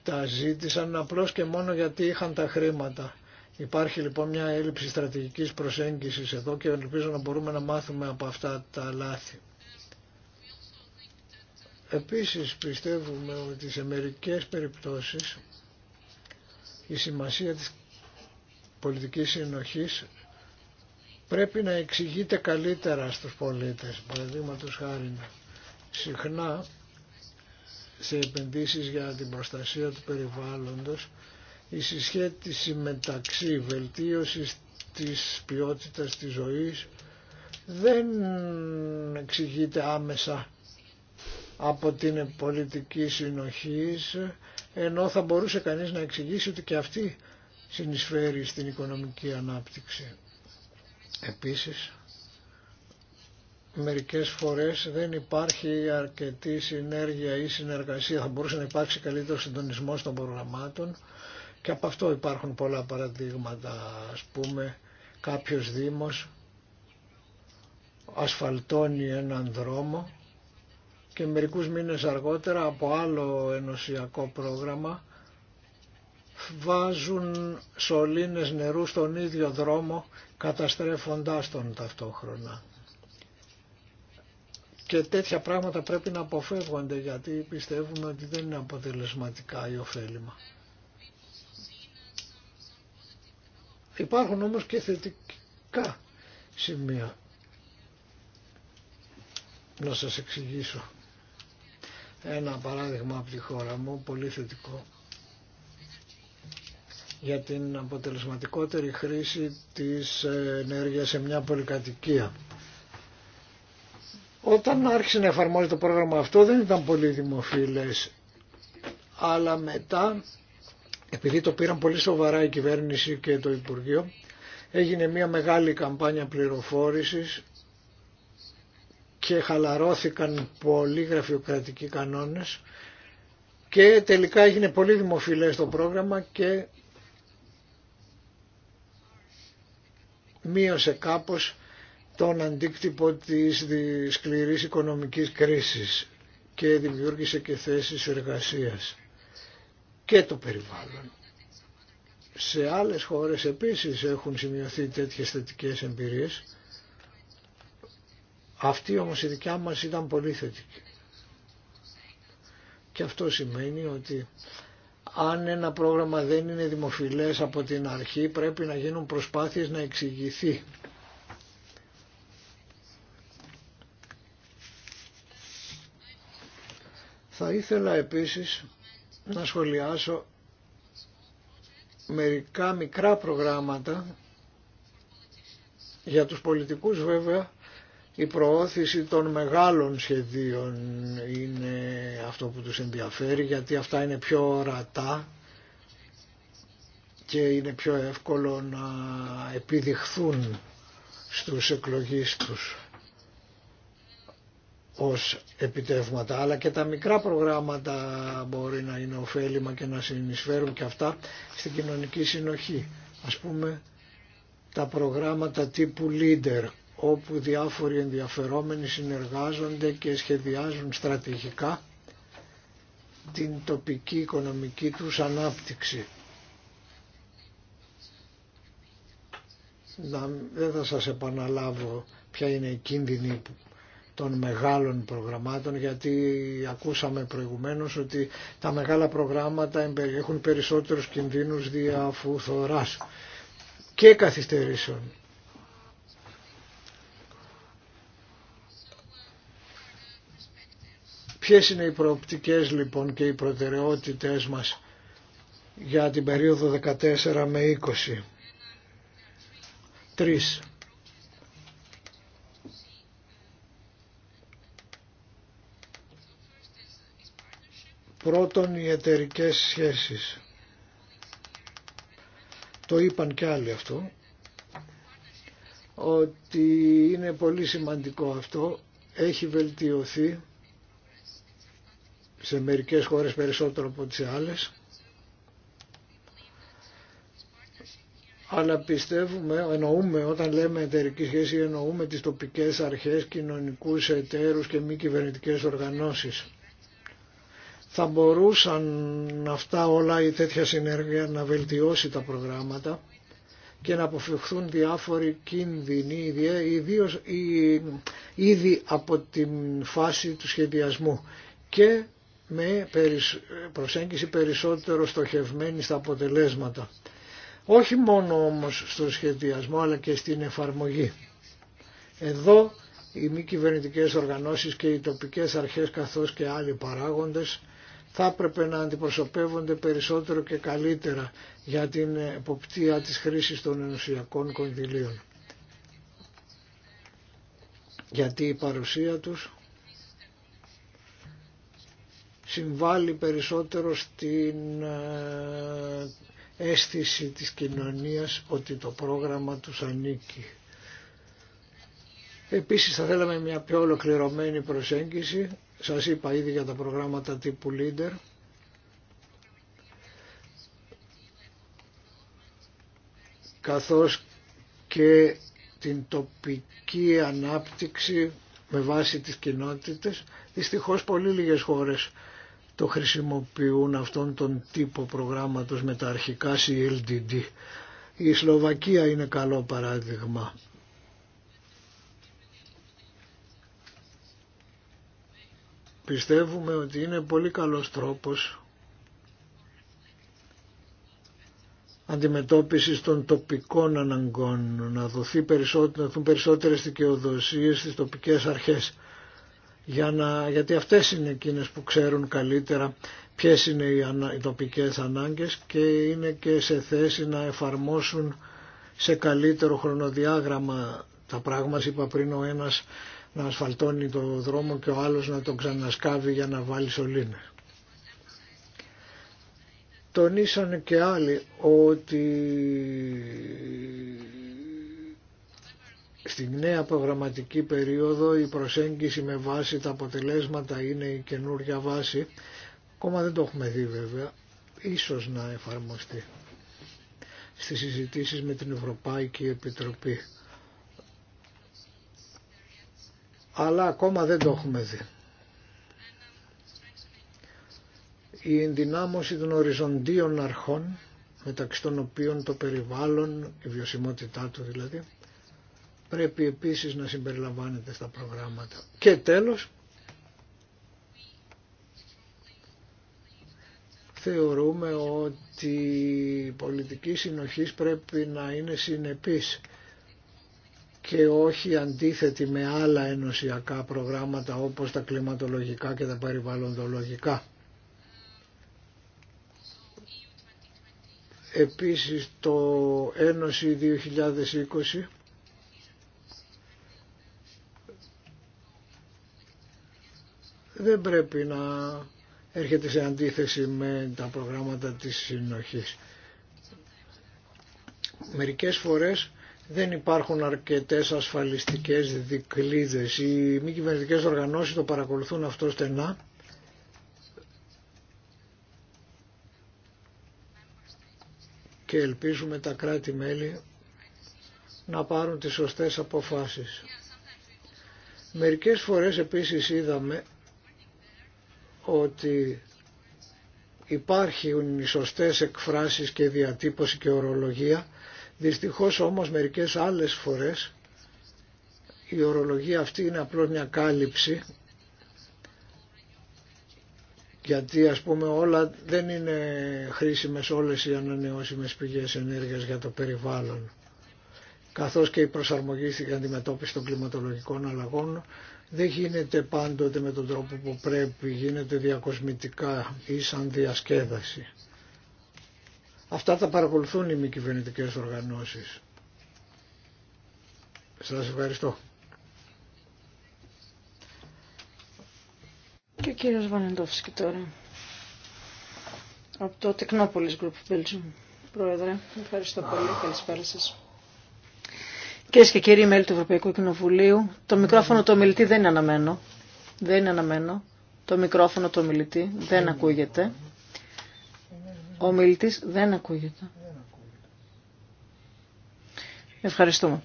τα ζήτησαν απλώς και μόνο γιατί είχαν τα χρήματα. Υπάρχει λοιπόν μια έλλειψη στρατηγικής προσέγγισης εδώ και ελπίζω να μπορούμε να μάθουμε από αυτά τα λάθη. Επίσης πιστεύουμε ότι σε μερικές περιπτώσεις η σημασία της πολιτικής συνοχής πρέπει να εξηγείται καλύτερα στους πολίτες. Παραδείγματο χάρη συχνά σε επενδύσεις για την προστασία του περιβάλλοντος, η συσχέτιση μεταξύ βελτίωσης της ποιότητας της ζωής δεν εξηγείται άμεσα από την πολιτική συνοχής, ενώ θα μπορούσε κανείς να εξηγήσει ότι και αυτή συνεισφέρει στην οικονομική ανάπτυξη. Επίσης, μερικές φορές δεν υπάρχει αρκετή συνέργεια ή συνεργασία. Θα μπορούσε να υπάρξει καλύτερο συντονισμό των προγραμμάτων και από αυτό υπάρχουν πολλά παραδείγματα. Ας πούμε κάποιος δήμος ασφαλτώνει έναν δρόμο και μερικούς μήνες αργότερα από άλλο ενωσιακό πρόγραμμα βάζουν σωλήνες νερού στον ίδιο δρόμο καταστρέφοντάς τον ταυτόχρονα και τέτοια πράγματα πρέπει να αποφεύγονται γιατί πιστεύουμε ότι δεν είναι αποτελεσματικά ή ωφέλιμα. Υπάρχουν όμως και θετικά σημεία. Να σας εξηγήσω ένα παράδειγμα από τη χώρα μου, πολύ θετικό για την αποτελεσματικότερη χρήση της ενέργειας σε μια πολυκατοικία. Όταν άρχισε να εφαρμόζεται το πρόγραμμα αυτό δεν ήταν πολύ δημοφιλές, αλλά μετά, επειδή το πήραν πολύ σοβαρά η κυβέρνηση και το Υπουργείο, έγινε μια μεγάλη καμπάνια πληροφόρησης και χαλαρώθηκαν πολλοί γραφειοκρατικοί κανόνες και τελικά έγινε πολύ δημοφιλές το πρόγραμμα και μείωσε κάπως τον αντίκτυπο της σκληρής οικονομικής κρίσης και δημιούργησε και θέσεις εργασίας και το περιβάλλον. Σε άλλες χώρες επίσης έχουν σημειωθεί τέτοιες θετικές εμπειρίες. Αυτή όμως η δικιά μας ήταν πολύ θετική. Και αυτό σημαίνει ότι αν ένα πρόγραμμα δεν είναι δημοφιλές από την αρχή πρέπει να γίνουν προσπάθειες να εξηγηθεί Θα ήθελα επίσης να σχολιάσω μερικά μικρά προγράμματα για τους πολιτικούς βέβαια η προώθηση των μεγάλων σχεδίων είναι αυτό που τους ενδιαφέρει γιατί αυτά είναι πιο ορατά και είναι πιο εύκολο να επιδειχθούν στους εκλογίστους ως επιτεύγματα, αλλά και τα μικρά προγράμματα μπορεί να είναι ωφέλιμα και να συνεισφέρουν και αυτά στην κοινωνική συνοχή. Ας πούμε τα προγράμματα τύπου Leader, όπου διάφοροι ενδιαφερόμενοι συνεργάζονται και σχεδιάζουν στρατηγικά την τοπική οικονομική τους ανάπτυξη. δεν θα σας επαναλάβω ποια είναι η κίνδυνη των μεγάλων προγραμμάτων γιατί ακούσαμε προηγουμένως ότι τα μεγάλα προγράμματα έχουν περισσότερους κινδύνους διαφουθοράς και καθυστερήσεων. Ποιες είναι οι προοπτικές λοιπόν και οι προτεραιότητες μας για την περίοδο 14 με 20. Τρεις. Πρώτον οι εταιρικέ σχέσεις. Το είπαν και άλλοι αυτό, ότι είναι πολύ σημαντικό αυτό, έχει βελτιωθεί σε μερικές χώρες περισσότερο από τις άλλες, αλλά πιστεύουμε, εννοούμε όταν λέμε εταιρική σχέση, εννοούμε τις τοπικές αρχές, κοινωνικούς εταίρους και μη κυβερνητικές οργανώσεις θα μπορούσαν αυτά όλα η τέτοια συνέργεια να βελτιώσει τα προγράμματα και να αποφευχθούν διάφοροι κίνδυνοι, ιδίω ήδη από την φάση του σχεδιασμού και με προσέγγιση περισσότερο στοχευμένη στα αποτελέσματα. Όχι μόνο όμως στο σχεδιασμό αλλά και στην εφαρμογή. Εδώ οι μη κυβερνητικές οργανώσεις και οι τοπικές αρχές καθώς και άλλοι παράγοντες θα έπρεπε να αντιπροσωπεύονται περισσότερο και καλύτερα για την εποπτεία της χρήσης των ενωσιακών κονδυλίων. Γιατί η παρουσία τους συμβάλλει περισσότερο στην ε, αίσθηση της κοινωνίας ότι το πρόγραμμα τους ανήκει. Επίσης θα θέλαμε μια πιο ολοκληρωμένη προσέγγιση σας είπα ήδη για τα προγράμματα τύπου Leader. καθώς και την τοπική ανάπτυξη με βάση τις κοινότητες. Δυστυχώς πολύ λίγες χώρες το χρησιμοποιούν αυτόν τον τύπο προγράμματος με τα αρχικά CLDD. Η Σλοβακία είναι καλό παράδειγμα. Πιστεύουμε ότι είναι πολύ καλός τρόπος αντιμετώπισης των τοπικών αναγκών, να δοθεί περισσότερο, να δοθούν περισσότερες δικαιοδοσίες στις τοπικές αρχές. Για γιατί αυτές είναι εκείνες που ξέρουν καλύτερα ποιες είναι οι, ανα, τοπικές ανάγκες και είναι και σε θέση να εφαρμόσουν σε καλύτερο χρονοδιάγραμμα τα πράγματα είπα πριν ο ένας να ασφαλτώνει το δρόμο και ο άλλος να τον ξανασκάβει για να βάλει σωλήνε. Τονίσανε και άλλοι ότι στη νέα προγραμματική περίοδο η προσέγγιση με βάση τα αποτελέσματα είναι η καινούργια βάση. Ακόμα δεν το έχουμε δει βέβαια. Ίσως να εφαρμοστεί στις συζητήσεις με την Ευρωπαϊκή Επιτροπή. αλλά ακόμα δεν το έχουμε δει. Η ενδυνάμωση των οριζοντίων αρχών, μεταξύ των οποίων το περιβάλλον, η βιωσιμότητά του δηλαδή, πρέπει επίσης να συμπεριλαμβάνεται στα προγράμματα. Και τέλος, θεωρούμε ότι η πολιτική συνοχής πρέπει να είναι συνεπής και όχι αντίθετη με άλλα ενωσιακά προγράμματα όπως τα κλιματολογικά και τα περιβαλλοντολογικά. Επίσης το Ένωση 2020 δεν πρέπει να έρχεται σε αντίθεση με τα προγράμματα της συνοχής. Μερικές φορές δεν υπάρχουν αρκετές ασφαλιστικές δικλίδες. Οι μη κυβερνητικέ οργανώσεις το παρακολουθούν αυτό στενά. Και ελπίζουμε τα κράτη-μέλη να πάρουν τις σωστές αποφάσεις. Μερικές φορές επίσης είδαμε ότι υπάρχουν οι σωστές εκφράσεις και διατύπωση και ορολογία Δυστυχώς όμως μερικές άλλες φορές η ορολογία αυτή είναι απλώς μια κάλυψη γιατί ας πούμε όλα δεν είναι χρήσιμες όλες οι ανανεώσιμες πηγές ενέργειας για το περιβάλλον καθώς και η προσαρμογή στην αντιμετώπιση των κλιματολογικών αλλαγών δεν γίνεται πάντοτε με τον τρόπο που πρέπει, γίνεται διακοσμητικά ή σαν διασκέδαση. Αυτά τα παρακολουθούν οι μη κυβερνητικέ οργανώσεις. Σας ευχαριστώ. Και ο κύριος Βαλεντόφσκι τώρα. Από το Τεκνόπολης Group Belgium. Πρόεδρε, ευχαριστώ πολύ. Καλησπέρα σας. Κυρίε και κύριοι μέλη του Ευρωπαϊκού Κοινοβουλίου, το μικρόφωνο του ομιλητή δεν είναι αναμένο. Δεν είναι αναμένο. Το μικρόφωνο του ομιλητή δεν ακούγεται. Ο μιλητής δεν ακούγεται. Ευχαριστούμε.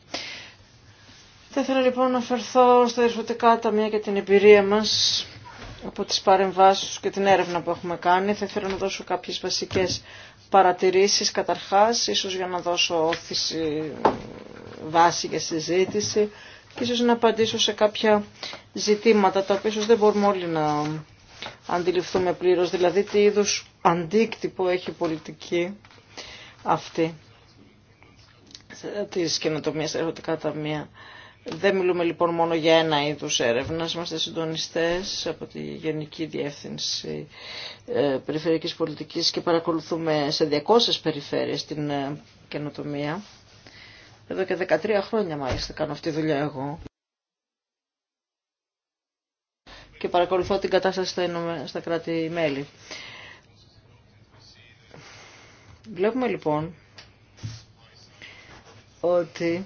Θα ήθελα λοιπόν να φερθώ στα διευθυντικά ταμεία και την εμπειρία μας από τις παρεμβάσεις και την έρευνα που έχουμε κάνει. Θα ήθελα να δώσω κάποιες βασικές παρατηρήσεις καταρχάς, ίσως για να δώσω όθηση, βάση για συζήτηση και ίσως να απαντήσω σε κάποια ζητήματα τα οποία ίσως δεν μπορούμε όλοι να αντιληφθούμε πλήρως, δηλαδή τι είδους αντίκτυπο έχει η πολιτική αυτή της καινοτομίας ερωτικά ταμεία. Δεν μιλούμε λοιπόν μόνο για ένα είδους έρευνας, είμαστε συντονιστές από τη Γενική Διεύθυνση ε, Περιφερειακής Πολιτικής και παρακολουθούμε σε 200 περιφέρειες την ε, καινοτομία. Εδώ και 13 χρόνια μάλιστα κάνω αυτή τη δουλειά εγώ. και παρακολουθώ την κατάσταση στα κράτη-μέλη. Βλέπουμε λοιπόν ότι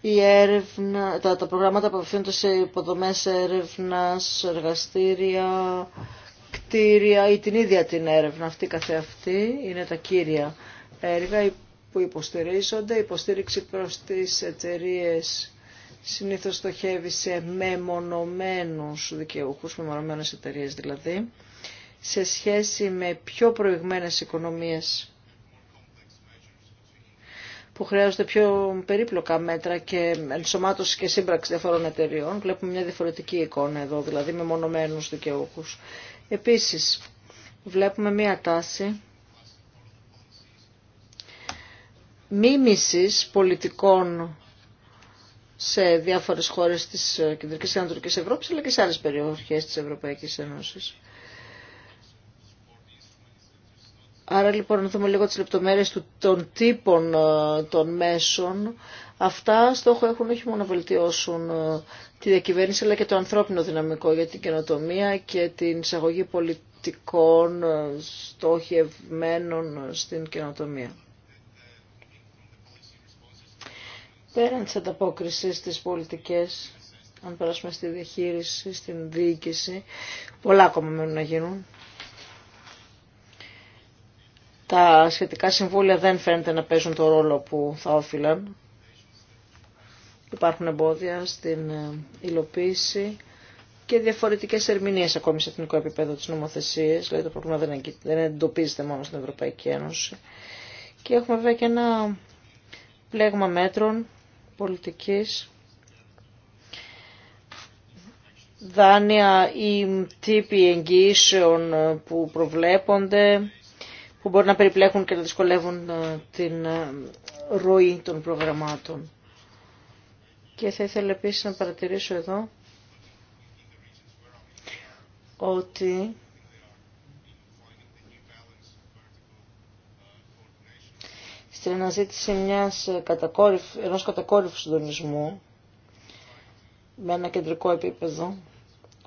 η έρευνα, τα, προγράμματα που απευθύνονται σε υποδομές έρευνας, εργαστήρια, κτίρια ή την ίδια την έρευνα αυτή καθεαυτή είναι τα κύρια έργα που υποστηρίζονται, υποστήριξη προς τις εταιρείες συνήθως στοχεύει σε μεμονωμένους δικαιούχους, μεμονωμένες εταιρείε δηλαδή, σε σχέση με πιο προηγμένες οικονομίες που χρειάζονται πιο περίπλοκα μέτρα και ενσωμάτωση και σύμπραξη διαφορών εταιρείων. Βλέπουμε μια διαφορετική εικόνα εδώ, δηλαδή με μονομένους δικαιούχους. Επίσης, βλέπουμε μια τάση μίμησης πολιτικών σε διάφορες χώρες της Κεντρικής και Ανατολικής Ευρώπης αλλά και σε άλλες περιοχές της Ευρωπαϊκής Ένωσης. Άρα λοιπόν να δούμε λίγο τις λεπτομέρειες του, των τύπων ε, των μέσων. Αυτά στόχο έχουν όχι μόνο να βελτιώσουν ε, τη διακυβέρνηση αλλά και το ανθρώπινο δυναμικό για την καινοτομία και την εισαγωγή πολιτικών ε, στόχευμένων στην καινοτομία. πέραν της ανταπόκρισης στις πολιτικές, αν περάσουμε στη διαχείριση, στην διοίκηση, πολλά ακόμα μένουν να γίνουν. Τα σχετικά συμβούλια δεν φαίνεται να παίζουν το ρόλο που θα όφυλαν. Υπάρχουν εμπόδια στην ε, υλοποίηση και διαφορετικές ερμηνείες ακόμη σε εθνικό επίπεδο της νομοθεσίας, δηλαδή το πρόβλημα δεν εντοπίζεται μόνο στην Ευρωπαϊκή Ένωση. Και έχουμε βέβαια και ένα πλέγμα μέτρων πολιτικής δάνεια ή τύποι εγγυήσεων που προβλέπονται, που μπορεί να περιπλέκουν και να δυσκολεύουν ε, την ε, ροή των προγραμμάτων. Και θα ήθελα επίσης να παρατηρήσω εδώ ότι στην αναζήτηση μιας ενός κατακόρυφου συντονισμού με ένα κεντρικό επίπεδο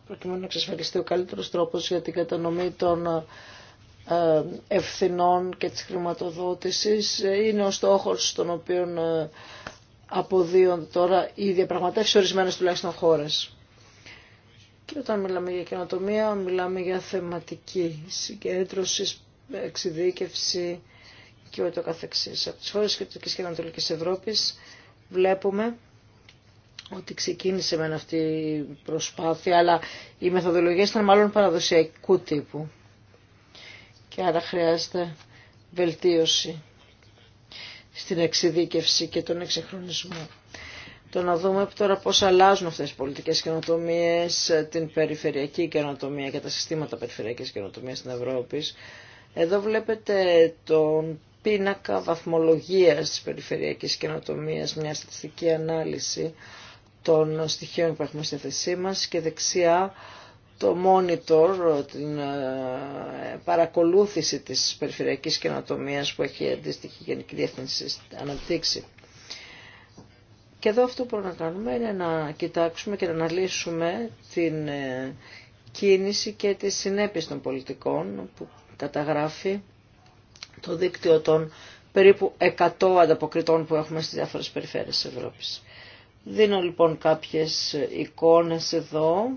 προκειμένου να εξασφαλιστεί ο καλύτερος τρόπος για την κατανομή των ε, ευθυνών και της χρηματοδότησης είναι ο στόχος στον οποίο ε, αποδίονται τώρα οι διαπραγματεύσεις ορισμένες τουλάχιστον χώρες. Και όταν μιλάμε για καινοτομία, μιλάμε για θεματική συγκέντρωση, εξειδίκευση, και ούτω καθεξής. Από τις χώρες και Ανατολικής Ευρώπης βλέπουμε ότι ξεκίνησε με αυτή η προσπάθεια, αλλά οι μεθοδολογίες ήταν μάλλον παραδοσιακού τύπου. Και άρα χρειάζεται βελτίωση στην εξειδίκευση και τον εξεχρονισμό. Το να δούμε τώρα πώς αλλάζουν αυτές οι πολιτικές καινοτομίες, την περιφερειακή καινοτομία και τα συστήματα περιφερειακής καινοτομίας στην Ευρώπη. Εδώ βλέπετε τον πίνακα βαθμολογίας της περιφερειακής καινοτομίας, μια στατιστική ανάλυση των στοιχείων που έχουμε στη θέσή μας και δεξιά το monitor, την ε, παρακολούθηση της περιφερειακής καινοτομίας που έχει αντίστοιχη Γενική Διεύθυνση αναπτύξει. Και εδώ αυτό που μπορούμε να κάνουμε είναι να κοιτάξουμε και να αναλύσουμε την ε, κίνηση και τις συνέπειες των πολιτικών που καταγράφει το δίκτυο των περίπου 100 ανταποκριτών που έχουμε στις διάφορες περιφέρειες της Ευρώπης. Δίνω λοιπόν κάποιες εικόνες εδώ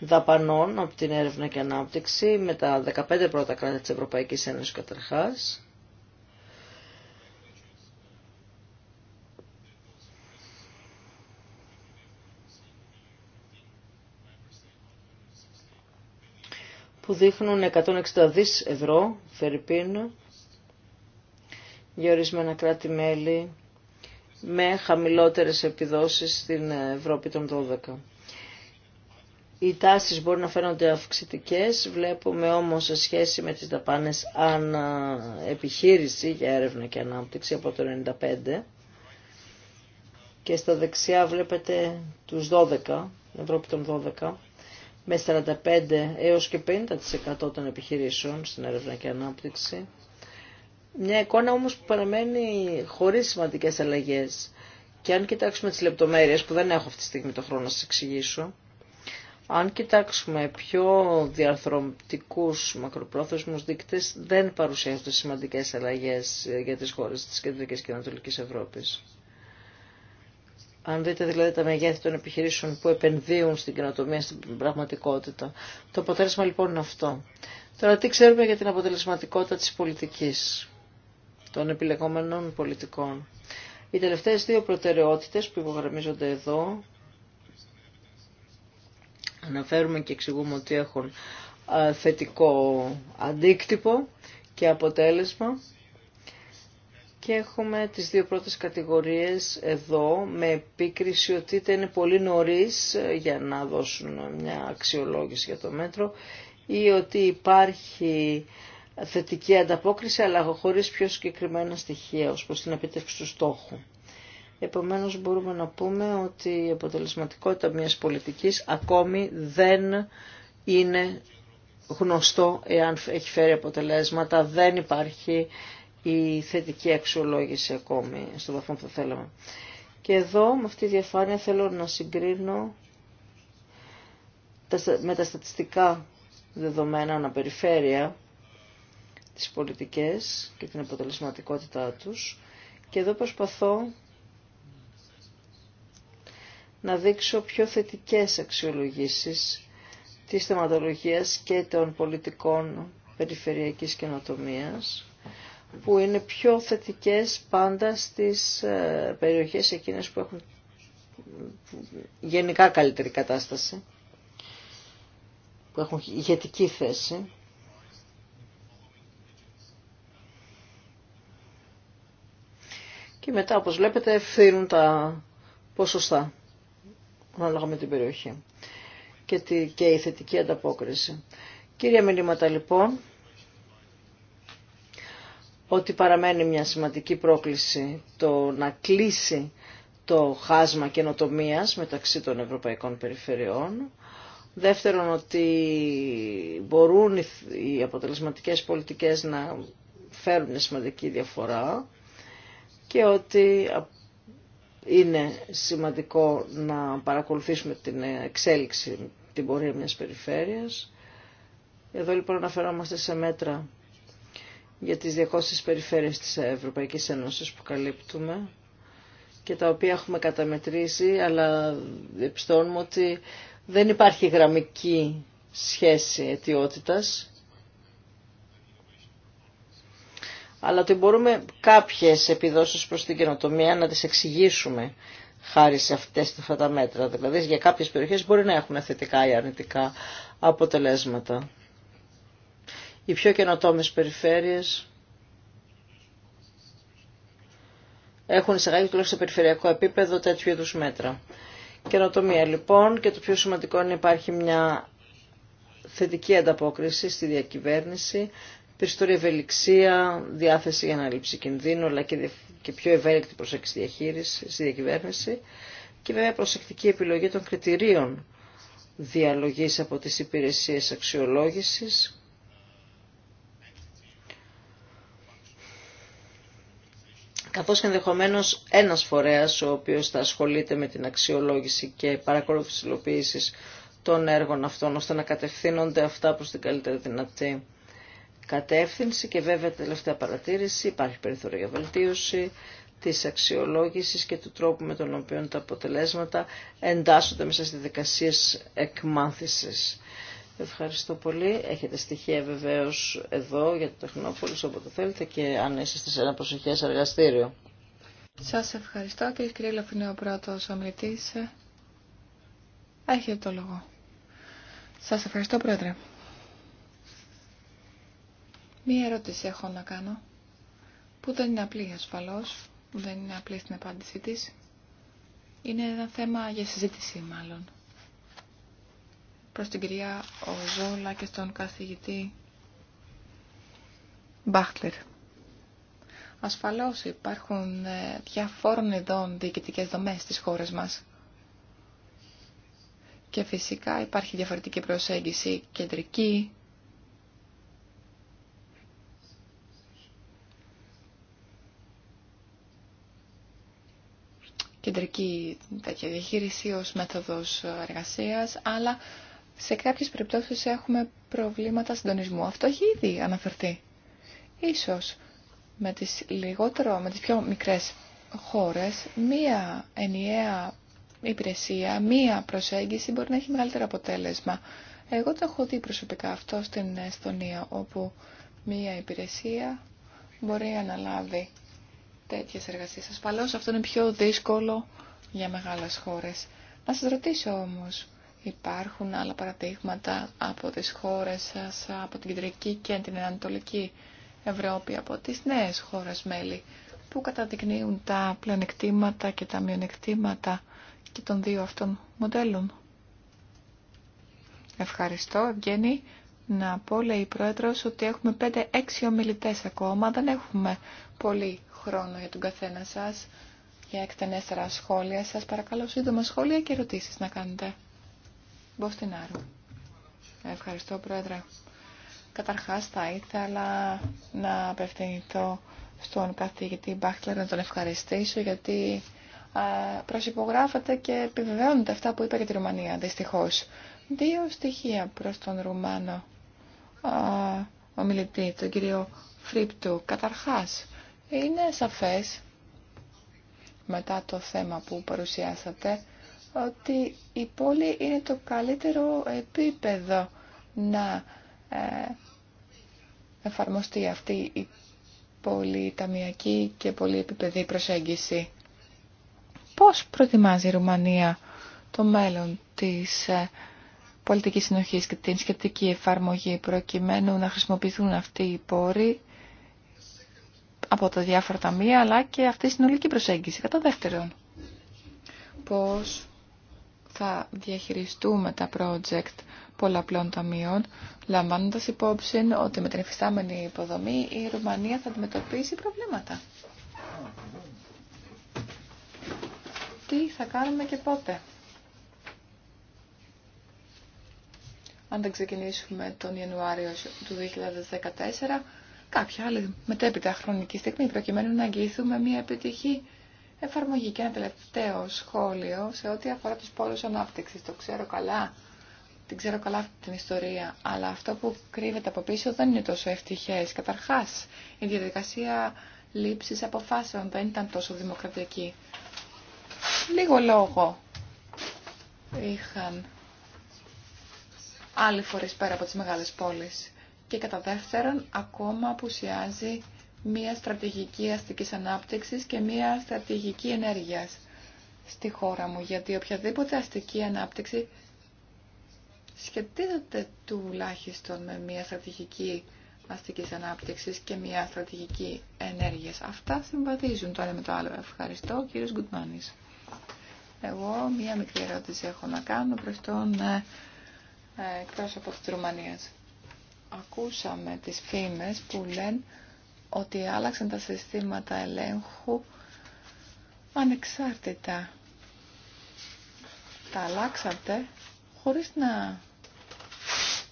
δαπανών από την έρευνα και ανάπτυξη με τα 15 πρώτα κράτη της Ευρωπαϊκής Ένωσης καταρχάς. που δείχνουν 160 δις ευρώ, Φερρυπίν, για ορισμένα κράτη-μέλη με χαμηλότερες επιδόσεις στην Ευρώπη των 12. Οι τάσεις μπορεί να φαίνονται αυξητικές, βλέπουμε όμως σε σχέση με τις δαπάνε αν επιχείρηση για έρευνα και ανάπτυξη από το 95 και στα δεξιά βλέπετε τους 12, Ευρώπη των 12, με 45 έως και 50% των επιχειρήσεων στην έρευνα και ανάπτυξη. Μια εικόνα όμως που παραμένει χωρίς σημαντικές αλλαγές. Και αν κοιτάξουμε τις λεπτομέρειες, που δεν έχω αυτή τη στιγμή το χρόνο να σας εξηγήσω, αν κοιτάξουμε πιο διαρθρωτικούς μακροπρόθεσμους δείκτες, δεν παρουσιάζονται σημαντικές αλλαγές για τις χώρες της Κεντρικής και Ανατολικής Ευρώπης. Αν δείτε δηλαδή τα μεγέθη των επιχειρήσεων που επενδύουν στην κοινοτομία στην πραγματικότητα. Το αποτέλεσμα λοιπόν είναι αυτό. Τώρα τι ξέρουμε για την αποτελεσματικότητα της πολιτικής, των επιλεγόμενων πολιτικών. Οι τελευταίες δύο προτεραιότητες που υπογραμμίζονται εδώ, αναφέρουμε και εξηγούμε ότι έχουν θετικό αντίκτυπο και αποτέλεσμα και έχουμε τις δύο πρώτες κατηγορίες εδώ με επίκριση ότι είναι πολύ νωρίς ε, για να δώσουν μια αξιολόγηση για το μέτρο ή ότι υπάρχει θετική ανταπόκριση αλλά χωρίς πιο συγκεκριμένα στοιχεία ως προς την επίτευξη του στόχου. Επομένως μπορούμε να πούμε ότι η αποτελεσματικότητα μιας πολιτικής ακόμη δεν είναι γνωστό εάν έχει φέρει αποτελέσματα, δεν υπάρχει η θετική αξιολόγηση ακόμη στο βαθμό που θα θέλαμε. Και εδώ με αυτή τη διαφάνεια θέλω να συγκρίνω με τα στατιστικά δεδομένα αναπεριφέρεια τις πολιτικές και την αποτελεσματικότητά τους και εδώ προσπαθώ να δείξω πιο θετικές αξιολογήσεις της θεματολογίας και των πολιτικών περιφερειακής καινοτομίας που είναι πιο θετικές πάντα στις ε, περιοχές εκείνες που έχουν γενικά καλύτερη κατάσταση, που έχουν ηγετική θέση. Και μετά, όπως βλέπετε, ευθύνουν τα ποσοστά, ανάλογα με την περιοχή και, τη, και η θετική ανταπόκριση. Κύρια μηνύματα λοιπόν, ότι παραμένει μια σημαντική πρόκληση το να κλείσει το χάσμα καινοτομία μεταξύ των ευρωπαϊκών περιφερειών. Δεύτερον, ότι μπορούν οι αποτελεσματικές πολιτικές να φέρουν μια σημαντική διαφορά και ότι είναι σημαντικό να παρακολουθήσουμε την εξέλιξη, την πορεία μιας περιφέρειας. Εδώ λοιπόν αναφερόμαστε σε μέτρα για τις 200 περιφέρειες της Ευρωπαϊκής Ένωσης που καλύπτουμε και τα οποία έχουμε καταμετρήσει, αλλά διαπιστώνουμε ότι δεν υπάρχει γραμμική σχέση αιτιότητας, αλλά ότι μπορούμε κάποιες επιδόσεις προς την καινοτομία να τις εξηγήσουμε χάρη σε αυτές τα μέτρα. Δηλαδή για κάποιες περιοχές μπορεί να έχουν θετικά ή αρνητικά αποτελέσματα οι πιο καινοτόμες περιφέρειες έχουν εισαγάγει τουλάχιστον σε περιφερειακό επίπεδο τέτοιου είδους μέτρα. Καινοτομία λοιπόν και το πιο σημαντικό είναι υπάρχει μια θετική ανταπόκριση στη διακυβέρνηση, περισσότερη ευελιξία, διάθεση για ανάληψη κινδύνου, αλλά και πιο ευέλικτη προσέγγιση διαχείριση στη διακυβέρνηση και βέβαια προσεκτική επιλογή των κριτηρίων διαλογής από τις υπηρεσίες αξιολόγησης καθώς και ενδεχομένως ένας φορέας ο οποίος θα ασχολείται με την αξιολόγηση και παρακολούθηση των έργων αυτών, ώστε να κατευθύνονται αυτά προς την καλύτερη δυνατή κατεύθυνση και βέβαια τελευταία παρατήρηση, υπάρχει περιθώριο για βελτίωση της αξιολόγησης και του τρόπου με τον οποίο τα αποτελέσματα εντάσσονται μέσα στις δικασίες εκμάθησης. Ευχαριστώ πολύ. Έχετε στοιχεία βεβαίω εδώ για το Τεχνόπολη όποτε θέλετε και αν είστε σε ένα προσεχέ εργαστήριο. Σα ευχαριστώ κύριε Κυρίλοφ, είναι ο πρώτο ομιλητή. Ε, έχετε το λόγο. Σα ευχαριστώ πρόεδρε. Μία ερώτηση έχω να κάνω που δεν είναι απλή ασφαλώ, δεν είναι απλή στην απάντησή τη. Είναι ένα θέμα για συζήτηση μάλλον προς την κυρία Οζόλα και στον καθηγητή Μπάχτλερ. Ασφαλώς υπάρχουν ε, διαφόρων ειδών διοικητικές δομές στις χώρες μας. Και φυσικά υπάρχει διαφορετική προσέγγιση κεντρική, κεντρική διαχείριση ως μέθοδος εργασίας, αλλά σε κάποιες περιπτώσεις έχουμε προβλήματα συντονισμού. Αυτό έχει ήδη αναφερθεί. Ίσως με τις, λιγότερο, με τις πιο μικρές χώρες, μία ενιαία υπηρεσία, μία προσέγγιση μπορεί να έχει μεγαλύτερο αποτέλεσμα. Εγώ το έχω δει προσωπικά αυτό στην Εστονία, όπου μία υπηρεσία μπορεί να λάβει τέτοιες εργασίες. Ασφαλώς αυτό είναι πιο δύσκολο για μεγάλες χώρες. Να σας ρωτήσω όμως, Υπάρχουν άλλα παραδείγματα από τις χώρες σας, από την Κεντρική και την Ανατολική Ευρώπη, από τις νέες χώρες μέλη, που καταδεικνύουν τα πλεονεκτήματα και τα μειονεκτήματα και των δύο αυτών μοντέλων. Ευχαριστώ, Ευγένη. Να πω, λέει η Πρόεδρος, ότι έχουμε 5-6 ομιλητές ακόμα. Δεν έχουμε πολύ χρόνο για τον καθένα σας, για εκτενέστερα σχόλια σας. Παρακαλώ, σύντομα σχόλια και ερωτήσεις να κάνετε. Μποστινάρου. Ευχαριστώ, Πρόεδρε. Καταρχάς, θα ήθελα να απευθυνθώ στον καθηγητή Μπάχτλερ να τον ευχαριστήσω γιατί προσυπογράφεται και επιβεβαιώνεται αυτά που είπα για τη Ρουμανία, δυστυχώς. Δύο στοιχεία προς τον Ρουμάνο ομιλητή, τον κύριο Φρύπτου. Καταρχάς, είναι σαφές μετά το θέμα που παρουσιάσατε ότι η πόλη είναι το καλύτερο επίπεδο να ε, εφαρμοστεί αυτή η πολυταμιακή και πολυεπιπεδή προσέγγιση. Πώς προετοιμάζει η Ρουμανία το μέλλον της ε, πολιτικής συνοχής και την σχετική εφαρμογή προκειμένου να χρησιμοποιηθούν αυτοί οι πόροι από τα διάφορα ταμεία αλλά και αυτή η συνολική προσέγγιση. Κατά δεύτερον, πώς θα διαχειριστούμε τα project πολλαπλών ταμείων, λαμβάνοντας υπόψη ότι με την εφιστάμενη υποδομή η Ρουμανία θα αντιμετωπίσει προβλήματα. Τι θα κάνουμε και πότε. Αν δεν ξεκινήσουμε τον Ιανουάριο του 2014, κάποια άλλη μετέπειτα χρονική στιγμή, προκειμένου να αγγίθουμε μια επιτυχή εφαρμογή. Και ένα τελευταίο σχόλιο σε ό,τι αφορά τους πόλους ανάπτυξης. Το ξέρω καλά, την ξέρω καλά αυτή την ιστορία, αλλά αυτό που κρύβεται από πίσω δεν είναι τόσο ευτυχές. Καταρχάς, η διαδικασία λήψης αποφάσεων δεν ήταν τόσο δημοκρατική. Λίγο λόγο είχαν άλλοι φορείς πέρα από τις μεγάλες πόλεις. Και κατά δεύτερον, ακόμα απουσιάζει μία στρατηγική αστικής ανάπτυξης και μία στρατηγική ενέργειας στη χώρα μου, γιατί οποιαδήποτε αστική ανάπτυξη σχετίζεται τουλάχιστον με μία στρατηγική αστικής ανάπτυξης και μία στρατηγική ενέργειας. Αυτά συμβαδίζουν το ένα με το άλλο. Ευχαριστώ, κύριος Γκουτμάνης. Εγώ μία μικρή ερώτηση έχω να κάνω προς τον ε, από ε, της Ρουμανίας. Ακούσαμε τις φήμες που λένε ότι άλλαξαν τα συστήματα ελέγχου ανεξάρτητα. Τα αλλάξατε χωρίς να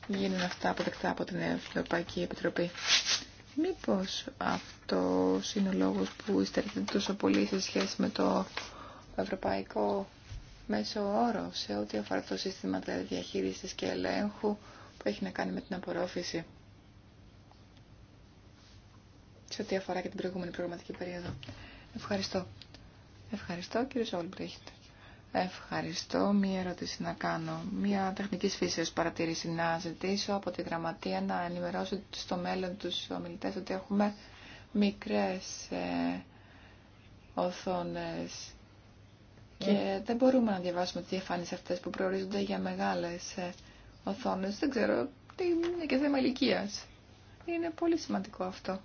γίνουν αυτά αποδεκτά από την Ευρωπαϊκή Επιτροπή. Μήπως αυτό είναι ο λόγος που υστερείται τόσο πολύ σε σχέση με το ευρωπαϊκό μέσο όρο σε ό,τι αφορά το σύστημα διαχείρισης και ελέγχου που έχει να κάνει με την απορρόφηση σε ό,τι αφορά και την προηγούμενη προγραμματική περίοδο. Ευχαριστώ. Ευχαριστώ κύριε Σόλμπριχτ. Ευχαριστώ. Μία ερώτηση να κάνω. Μία τεχνική φύσεως παρατήρηση να ζητήσω από τη γραμματεία να ενημερώσω στο μέλλον του ομιλητέ ότι έχουμε μικρέ ε, οθόνες και ε. δεν μπορούμε να διαβάσουμε τι εμφάνισε αυτέ που προορίζονται για μεγάλε ε, οθόνες. Δεν ξέρω τι είναι και θέμα ηλικία. Είναι πολύ σημαντικό αυτό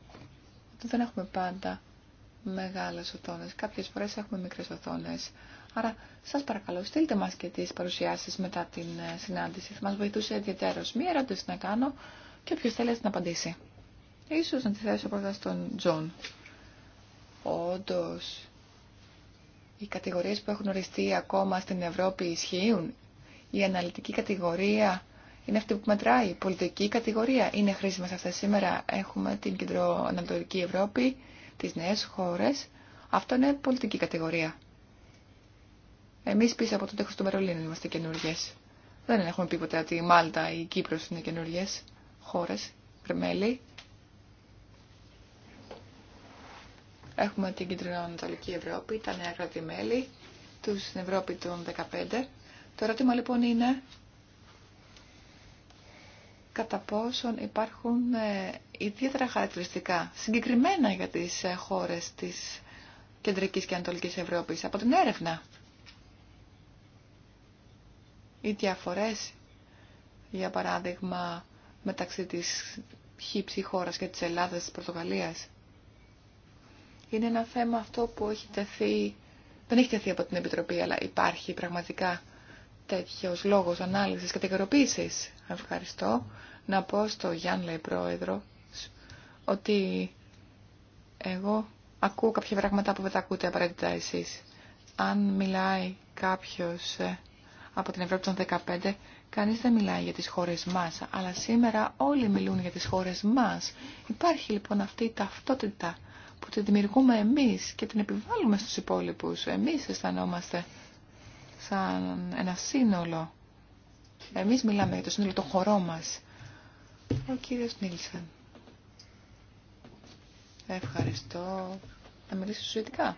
δεν έχουμε πάντα μεγάλες οθόνες. Κάποιες φορές έχουμε μικρές οθόνες. Άρα σας παρακαλώ στείλτε μας και τις παρουσιάσεις μετά την ε, συνάντηση. Θα μας βοηθούσε ιδιαίτερος. Μία ερώτηση να κάνω και όποιος θέλει να απαντήσει. Ίσως να τη θέσω πρώτα στον Τζον. Όντως, οι κατηγορίες που έχουν οριστεί ακόμα στην Ευρώπη ισχύουν. Η αναλυτική κατηγορία είναι αυτή που μετράει. Η πολιτική κατηγορία είναι χρήσιμα σε αυτά. Σήμερα έχουμε την κεντροανατολική Ευρώπη, τι νέε χώρε. Αυτό είναι πολιτική κατηγορία. Εμεί πίσω από το τέχος του Μερολίνου είμαστε καινούργιε. Δεν έχουμε πει ποτέ ότι η Μάλτα ή η Κύπρος είναι καινούργιε χώρε, μέλη. Έχουμε την κεντροανατολική Ευρώπη, τα νέα κράτη-μέλη, του στην Ευρώπη των 15. Το ερώτημα λοιπόν είναι κατά πόσον υπάρχουν ε, ιδιαίτερα χαρακτηριστικά συγκεκριμένα για τις ε, χώρες της Κεντρικής και Ανατολικής Ευρώπης από την έρευνα. Οι διαφορές, για παράδειγμα, μεταξύ της χύψη χώρας και της Ελλάδας, της Πορτογαλίας. Είναι ένα θέμα αυτό που έχει τεθεί, δεν έχει τεθεί από την Επιτροπή, αλλά υπάρχει πραγματικά τέτοιος λόγος ανάλυσης κατηγοροποίησης Ευχαριστώ. Να πω στο Γιάννη λέει πρόεδρο ότι εγώ ακούω κάποια πράγματα που δεν τα ακούτε απαραίτητα εσείς. Αν μιλάει κάποιος ε, από την Ευρώπη των 15, κανείς δεν μιλάει για τις χώρες μας, αλλά σήμερα όλοι μιλούν για τις χώρες μας. Υπάρχει λοιπόν αυτή η ταυτότητα που τη δημιουργούμε εμείς και την επιβάλλουμε στους υπόλοιπους. Εμείς αισθανόμαστε σαν ένα σύνολο εμείς μιλάμε για το σύνολο των χωρών μας. Ο κύριος Νίλσεν. Ευχαριστώ. Θα μιλήσω ειδικά.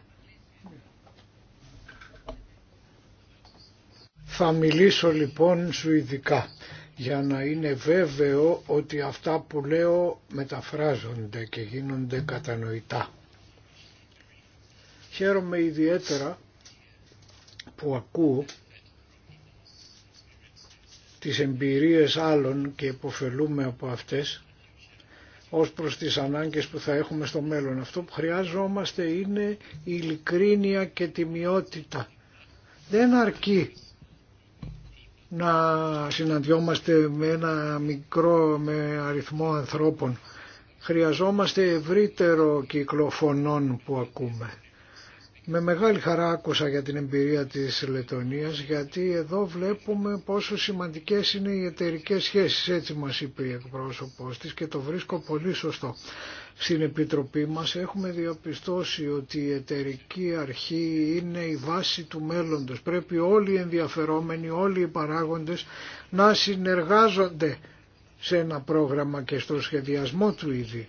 Θα μιλήσω λοιπόν σου ειδικά. για να είναι βέβαιο ότι αυτά που λέω μεταφράζονται και γίνονται κατανοητά. Χαίρομαι ιδιαίτερα που ακούω τις εμπειρίες άλλων και υποφελούμε από αυτές ως προς τις ανάγκες που θα έχουμε στο μέλλον. Αυτό που χρειάζομαστε είναι η ειλικρίνεια και τιμιότητα. Δεν αρκεί να συναντιόμαστε με ένα μικρό με αριθμό ανθρώπων. Χρειαζόμαστε ευρύτερο κυκλοφωνών που ακούμε. Με μεγάλη χαρά άκουσα για την εμπειρία της Λετωνίας γιατί εδώ βλέπουμε πόσο σημαντικές είναι οι εταιρικές σχέσεις. Έτσι μας είπε η εκπρόσωπος της και το βρίσκω πολύ σωστό. Στην Επιτροπή μας έχουμε διαπιστώσει ότι η εταιρική αρχή είναι η βάση του μέλλοντος. Πρέπει όλοι οι ενδιαφερόμενοι, όλοι οι παράγοντες να συνεργάζονται σε ένα πρόγραμμα και στο σχεδιασμό του ήδη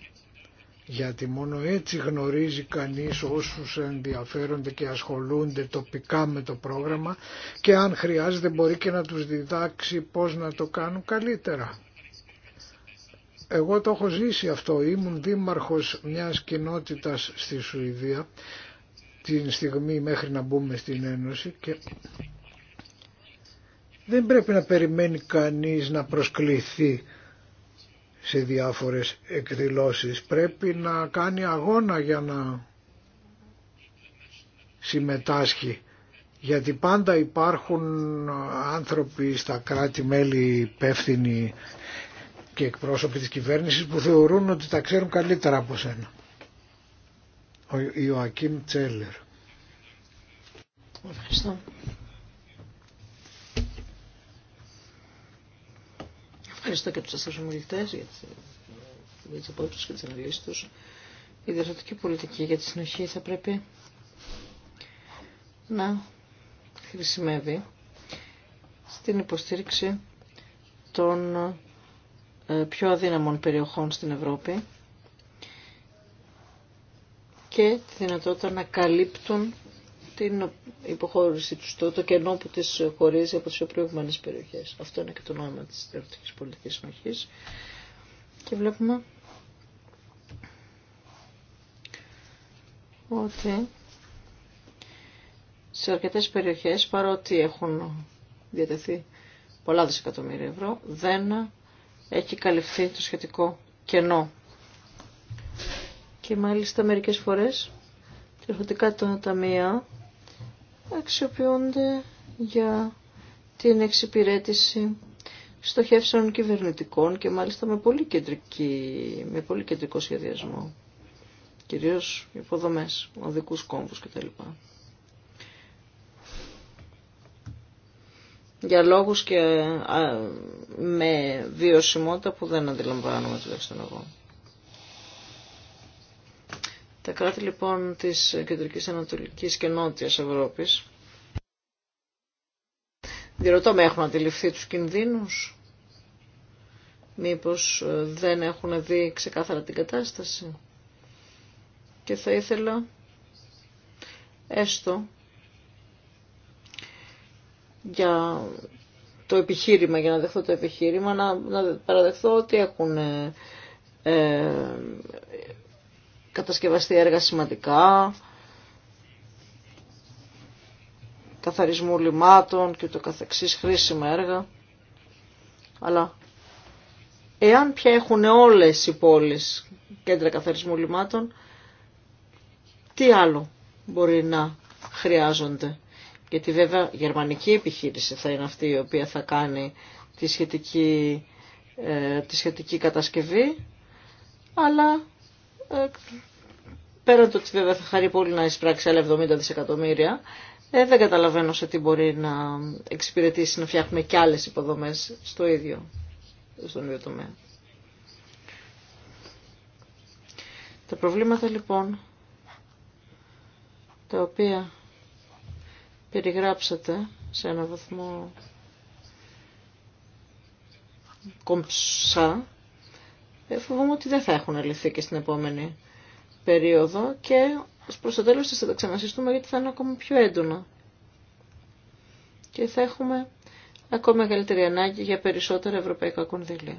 γιατί μόνο έτσι γνωρίζει κανείς όσους ενδιαφέρονται και ασχολούνται τοπικά με το πρόγραμμα και αν χρειάζεται μπορεί και να τους διδάξει πώς να το κάνουν καλύτερα. Εγώ το έχω ζήσει αυτό, ήμουν δήμαρχος μιας κοινότητας στη Σουηδία την στιγμή μέχρι να μπούμε στην Ένωση και δεν πρέπει να περιμένει κανείς να προσκληθεί σε διάφορες εκδηλώσεις. Πρέπει να κάνει αγώνα για να συμμετάσχει. Γιατί πάντα υπάρχουν άνθρωποι στα κράτη-μέλη υπεύθυνοι και εκπρόσωποι της κυβέρνησης που θεωρούν ότι τα ξέρουν καλύτερα από σένα. Ο Ιωακίμ Τσέλερ. Ευχαριστώ. Ευχαριστώ και τους σα ομιλητές για τις, απόψεις και τις αναλύσεις τους. Η διευθυντική πολιτική για τη συνοχή θα πρέπει να χρησιμεύει στην υποστήριξη των ε, πιο αδύναμων περιοχών στην Ευρώπη και τη δυνατότητα να καλύπτουν την υποχώρηση του, το, κενό που τις χωρίζει από τις προηγούμενες περιοχές. Αυτό είναι και το νόημα της τελευταία Πολιτικής Συνοχής. Και βλέπουμε ότι σε αρκετές περιοχές, παρότι έχουν διατεθεί πολλά δισεκατομμύρια ευρώ, δεν έχει καλυφθεί το σχετικό κενό. Και μάλιστα μερικές φορές τελευταία ερχονται τα ταμεία αξιοποιούνται για την εξυπηρέτηση στοχεύσεων κυβερνητικών και μάλιστα με πολύ, κεντρική, με πολύ κεντρικό σχεδιασμό. Κυρίως υποδομές, οδικούς κόμβους κτλ. Για λόγους και με βιωσιμότητα που δεν αντιλαμβάνομαι τουλάχιστον εγώ. Τα κράτη λοιπόν της Κεντρικής Ανατολικής και Νότιας Ευρώπης διερωτώ με έχουν αντιληφθεί τους κινδύνους μήπως ε, δεν έχουν δει ξεκάθαρα την κατάσταση και θα ήθελα έστω για το επιχείρημα, για να δεχθώ το επιχείρημα, να, να παραδεχθώ ότι έχουν ε, κατασκευαστεί έργα σημαντικά, καθαρισμού λιμάτων και το καθεξής χρήσιμα έργα. Αλλά εάν πια έχουν όλες οι πόλεις κέντρα καθαρισμού λιμάτων, τι άλλο μπορεί να χρειάζονται. Γιατί βέβαια η γερμανική επιχείρηση θα είναι αυτή η οποία θα κάνει τη σχετική, ε, τη σχετική κατασκευή, αλλά ε, πέραν το ότι βέβαια θα χαρεί πολύ να εισπράξει άλλα 70 δισεκατομμύρια, ε, δεν καταλαβαίνω σε τι μπορεί να εξυπηρετήσει να φτιάχνουμε και άλλες υποδομές στο ίδιο, στον ίδιο τομέα. Τα προβλήματα λοιπόν, τα οποία περιγράψατε σε ένα βαθμό κομψά, ε, φοβούμαι ότι δεν θα έχουν λυθεί και στην επόμενη περίοδο και προς το τέλος θα ξανασυστούμε γιατί θα είναι ακόμα πιο έντονα. Και θα έχουμε ακόμα μεγαλύτερη ανάγκη για περισσότερα ευρωπαϊκά κονδύλια.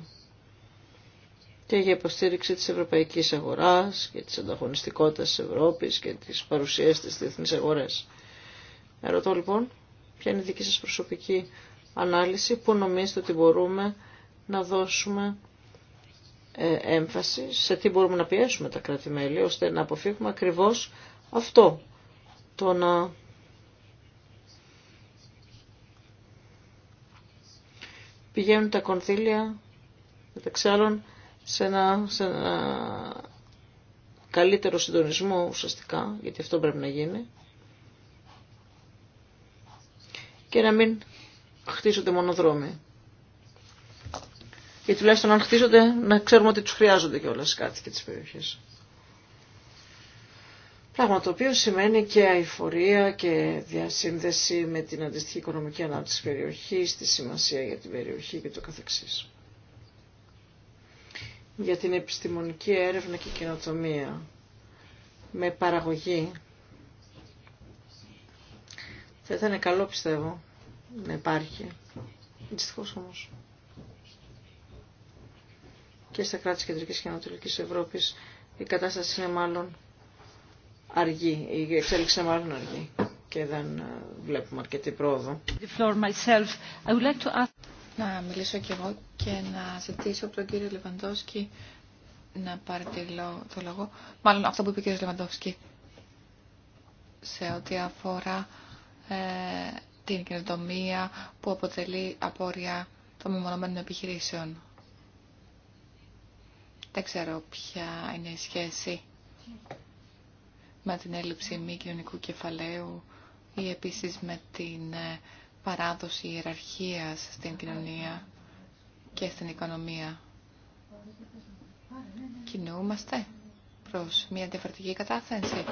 Και για υποστήριξη της ευρωπαϊκής αγοράς και της ανταγωνιστικότητας της Ευρώπης και της παρουσίας της διεθνής αγορές. Ερωτώ λοιπόν, ποια είναι η δική σας προσωπική ανάλυση, που νομίζετε ότι μπορούμε να δώσουμε ε, έμφαση σε τι μπορούμε να πιέσουμε τα κράτη-μέλη ώστε να αποφύγουμε ακριβώς αυτό. Το να πηγαίνουν τα κονδύλια μεταξύ άλλων σε ένα, σε ένα καλύτερο συντονισμό ουσιαστικά, γιατί αυτό πρέπει να γίνει, και να μην χτίζονται μονοδρόμοι. Και τουλάχιστον αν χτίζονται να ξέρουμε ότι τους χρειάζονται και όλα κάτι και τις περιοχές. Πράγμα το οποίο σημαίνει και αηφορία και διασύνδεση με την αντίστοιχη οικονομική ανάπτυξη της περιοχής, τη σημασία για την περιοχή και το καθεξής. Για την επιστημονική έρευνα και καινοτομία με παραγωγή θα ήταν καλό πιστεύω να υπάρχει. Δυστυχώς όμως και στα κράτη κεντρική και ανατολική Ευρώπης η κατάσταση είναι μάλλον αργή, η εξέλιξη είναι μάλλον αργή και δεν ε, βλέπουμε αρκετή πρόοδο. Να μιλήσω κι εγώ και να ζητήσω από τον κύριο Λεβαντόσκι να πάρει το λόγο. Μάλλον αυτό που είπε ο κύριος Λεβαντόσκι σε ό,τι αφορά ε, την κοινοτομία που αποτελεί απόρρια των μεμονωμένων επιχειρήσεων. Δεν ξέρω ποια είναι η σχέση με την έλλειψη μη κοινωνικού κεφαλαίου ή επίσης με την ε, παράδοση ιεραρχίας στην κοινωνία και στην οικονομία. Κινούμαστε προς μια διαφορετική κατάθεση.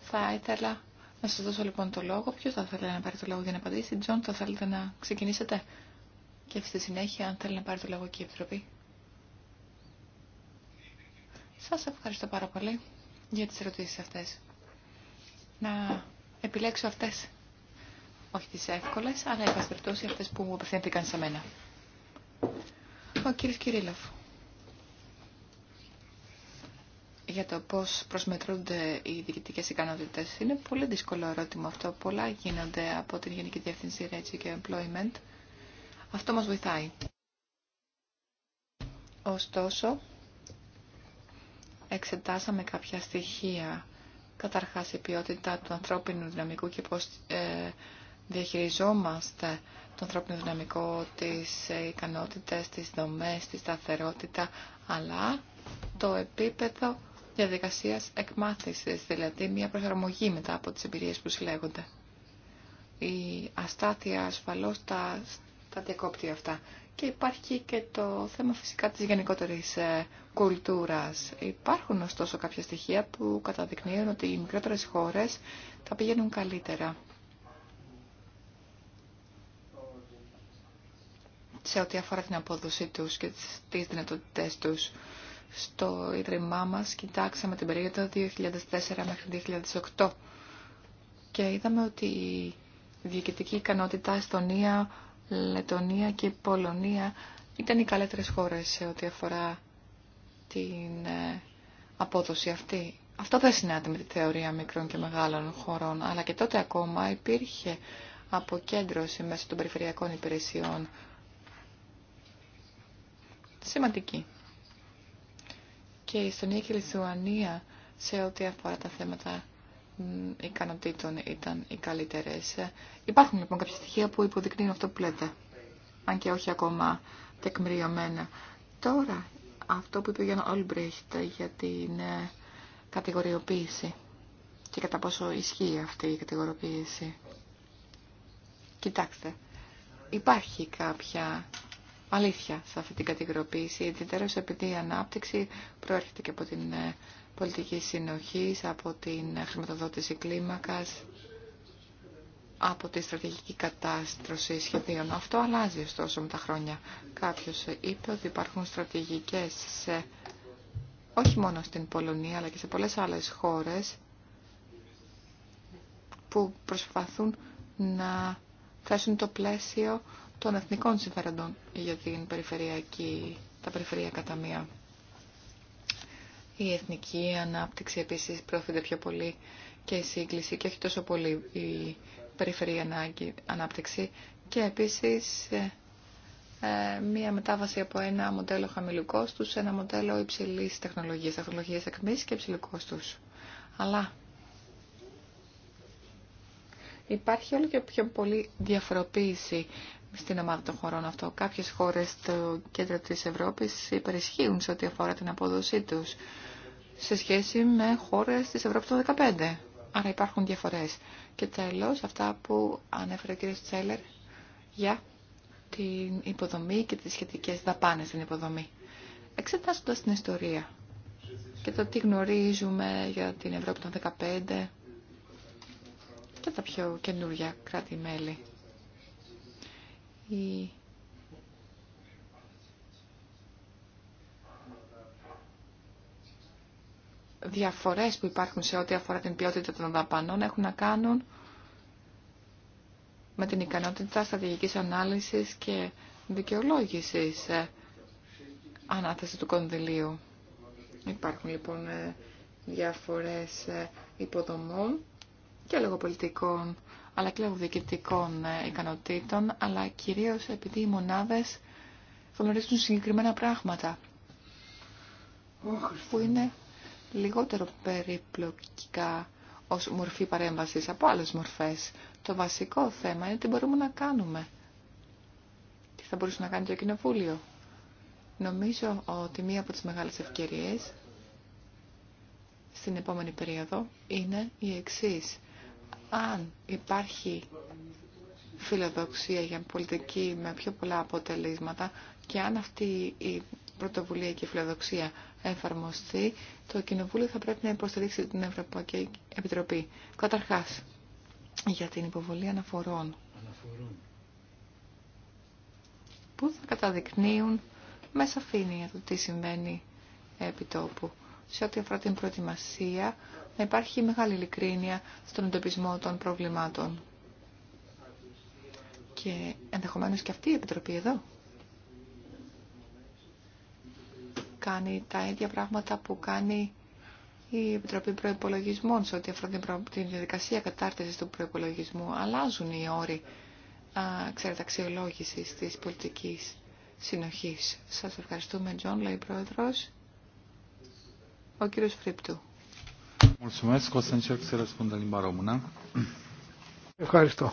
Θα ήθελα να σας δώσω λοιπόν το λόγο. Ποιος θα θέλει να πάρει το λόγο για να απαντήσει. Τζον, θα θέλετε να ξεκινήσετε. Και στη συνέχεια, αν θέλει να πάρει το λόγο και η Επιτροπή. Σας ευχαριστώ πάρα πολύ για τις ερωτήσεις αυτές. Να επιλέξω αυτές, όχι τις εύκολες, αλλά επαστρεπτώσει αυτές που μου απευθύνθηκαν σε μένα. Ο κύριος Κυρίλοφ. Για το πώς προσμετρούνται οι διοικητικές ικανότητες. Είναι πολύ δύσκολο ερώτημα αυτό. Πολλά γίνονται από την Γενική Διεύθυνση Ρέτσι και Employment. Αυτό μας βοηθάει. Ωστόσο, εξετάσαμε κάποια στοιχεία. Καταρχάς η ποιότητα του ανθρώπινου δυναμικού και πώς ε, διαχειριζόμαστε το ανθρώπινο δυναμικό, τις ε, ικανότητες, τις δομές, τη σταθερότητα, αλλά το επίπεδο διαδικασίας εκμάθησης, δηλαδή μια προσαρμογή μετά από τις εμπειρίες που συλλέγονται. Η αστάθεια ασφαλώς τα, τα διακόπτει αυτά και υπάρχει και το θέμα φυσικά της γενικότερης ε, κουλτούρας. Υπάρχουν ωστόσο κάποια στοιχεία που καταδεικνύουν ότι οι μικρότερες χώρες τα πηγαίνουν καλύτερα. σε ό,τι αφορά την απόδοσή τους και τις δυνατότητές τους. Στο Ίδρυμά μας κοιτάξαμε την περίοδο 2004 μέχρι 2008 και είδαμε ότι η διοικητική ικανότητα Εστονία, Λετωνία και Πολωνία ήταν οι καλύτερες χώρες σε ό,τι αφορά την ε, απόδοση αυτή. Αυτό δεν συνάδει με τη θεωρία μικρών και μεγάλων χωρών, αλλά και τότε ακόμα υπήρχε αποκέντρωση μέσω των περιφερειακών υπηρεσιών. Σημαντική. Και η Ιστονία και η Λιθουανία σε ό,τι αφορά τα θέματα ικανοτήτων ήταν οι καλύτερε. Υπάρχουν λοιπόν κάποια στοιχεία που υποδεικνύουν αυτό που λέτε, αν και όχι ακόμα τεκμηριωμένα. Τώρα, αυτό που είπε ο Γιάννα Όλμπριχτ για την ε, κατηγοριοποίηση και κατά πόσο ισχύει αυτή η κατηγοριοποίηση. Κοιτάξτε, υπάρχει κάποια αλήθεια σε αυτή την κατηγοριοποίηση, ιδιαίτερα επειδή η ανάπτυξη προέρχεται και από την ε, πολιτικής συνοχής, από την χρηματοδότηση κλίμακας, από τη στρατηγική κατάστρωση σχεδίων. Αυτό αλλάζει ωστόσο με τα χρόνια. Κάποιος είπε ότι υπάρχουν στρατηγικές σε, όχι μόνο στην Πολωνία αλλά και σε πολλές άλλες χώρες που προσπαθούν να θέσουν το πλαίσιο των εθνικών συμφέροντων για την περιφερειακή, τα περιφερειακά ταμεία. Η εθνική ανάπτυξη επίσης προωθείται πιο πολύ και η σύγκληση και όχι τόσο πολύ η περιφερειακή ανάπτυξη και επίσης ε, ε, μία μετάβαση από ένα μοντέλο χαμηλού κόστους σε ένα μοντέλο υψηλής τεχνολογίας, τεχνολογίας ακμής και υψηλού κόστους. Αλλά υπάρχει όλο και πιο πολύ διαφοροποίηση στην ομάδα των χωρών αυτό. Κάποιες χώρες στο κέντρο της Ευρώπης υπερισχύουν σε ό,τι αφορά την απόδοσή τους σε σχέση με χώρες της Ευρώπης των 15. Άρα υπάρχουν διαφορές. Και τέλος, αυτά που ανέφερε ο κ. Τσέλερ για την υποδομή και τις σχετικές δαπάνες στην υποδομή. Εξετάζοντας την ιστορία και το τι γνωρίζουμε για την Ευρώπη των 15, και τα πιο καινούργια κράτη-μέλη. Η... Διαφορές που υπάρχουν σε ό,τι αφορά την ποιότητα των δαπανών έχουν να κάνουν με την ικανότητα στρατηγικής ανάλυσης και δικαιολόγησης ε, ανάθεση του κονδυλίου. Υπάρχουν λοιπόν ε, διάφορες ε, υποδομών και λόγω πολιτικών αλλά και λόγω διοικητικών ε, ικανοτήτων, αλλά κυρίως επειδή οι μονάδες γνωρίζουν συγκεκριμένα πράγματα που είναι λιγότερο περιπλοκικά ως μορφή παρέμβασης από άλλες μορφές. Το βασικό θέμα είναι τι μπορούμε να κάνουμε. Τι θα μπορούσε να κάνει το Κοινοβούλιο. Νομίζω ότι μία από τις μεγάλες ευκαιρίες στην επόμενη περίοδο είναι η εξής αν υπάρχει φιλοδοξία για πολιτική με πιο πολλά αποτελέσματα και αν αυτή η πρωτοβουλία και η φιλοδοξία εφαρμοστεί, το Κοινοβούλιο θα πρέπει να υποστηρίξει την Ευρωπαϊκή Επιτροπή. Καταρχάς, για την υποβολή αναφορών. αναφορών. Που θα καταδεικνύουν με σαφήνεια το τι συμβαίνει επί τόπου. Σε ό,τι αφορά την προετοιμασία να υπάρχει μεγάλη ειλικρίνεια στον εντοπισμό των προβλημάτων. Και ενδεχομένως και αυτή η Επιτροπή εδώ κάνει τα ίδια πράγματα που κάνει η Επιτροπή Προϋπολογισμών σε ό,τι αφορά την διαδικασία κατάρτισης του προϋπολογισμού. Αλλάζουν οι όροι ξέρετε, αξιολόγησης της πολιτικής συνοχής. Σας ευχαριστούμε, Τζον, λέει πρόεδρος. Ο κύριος Φρύπτου. Ευχαριστώ.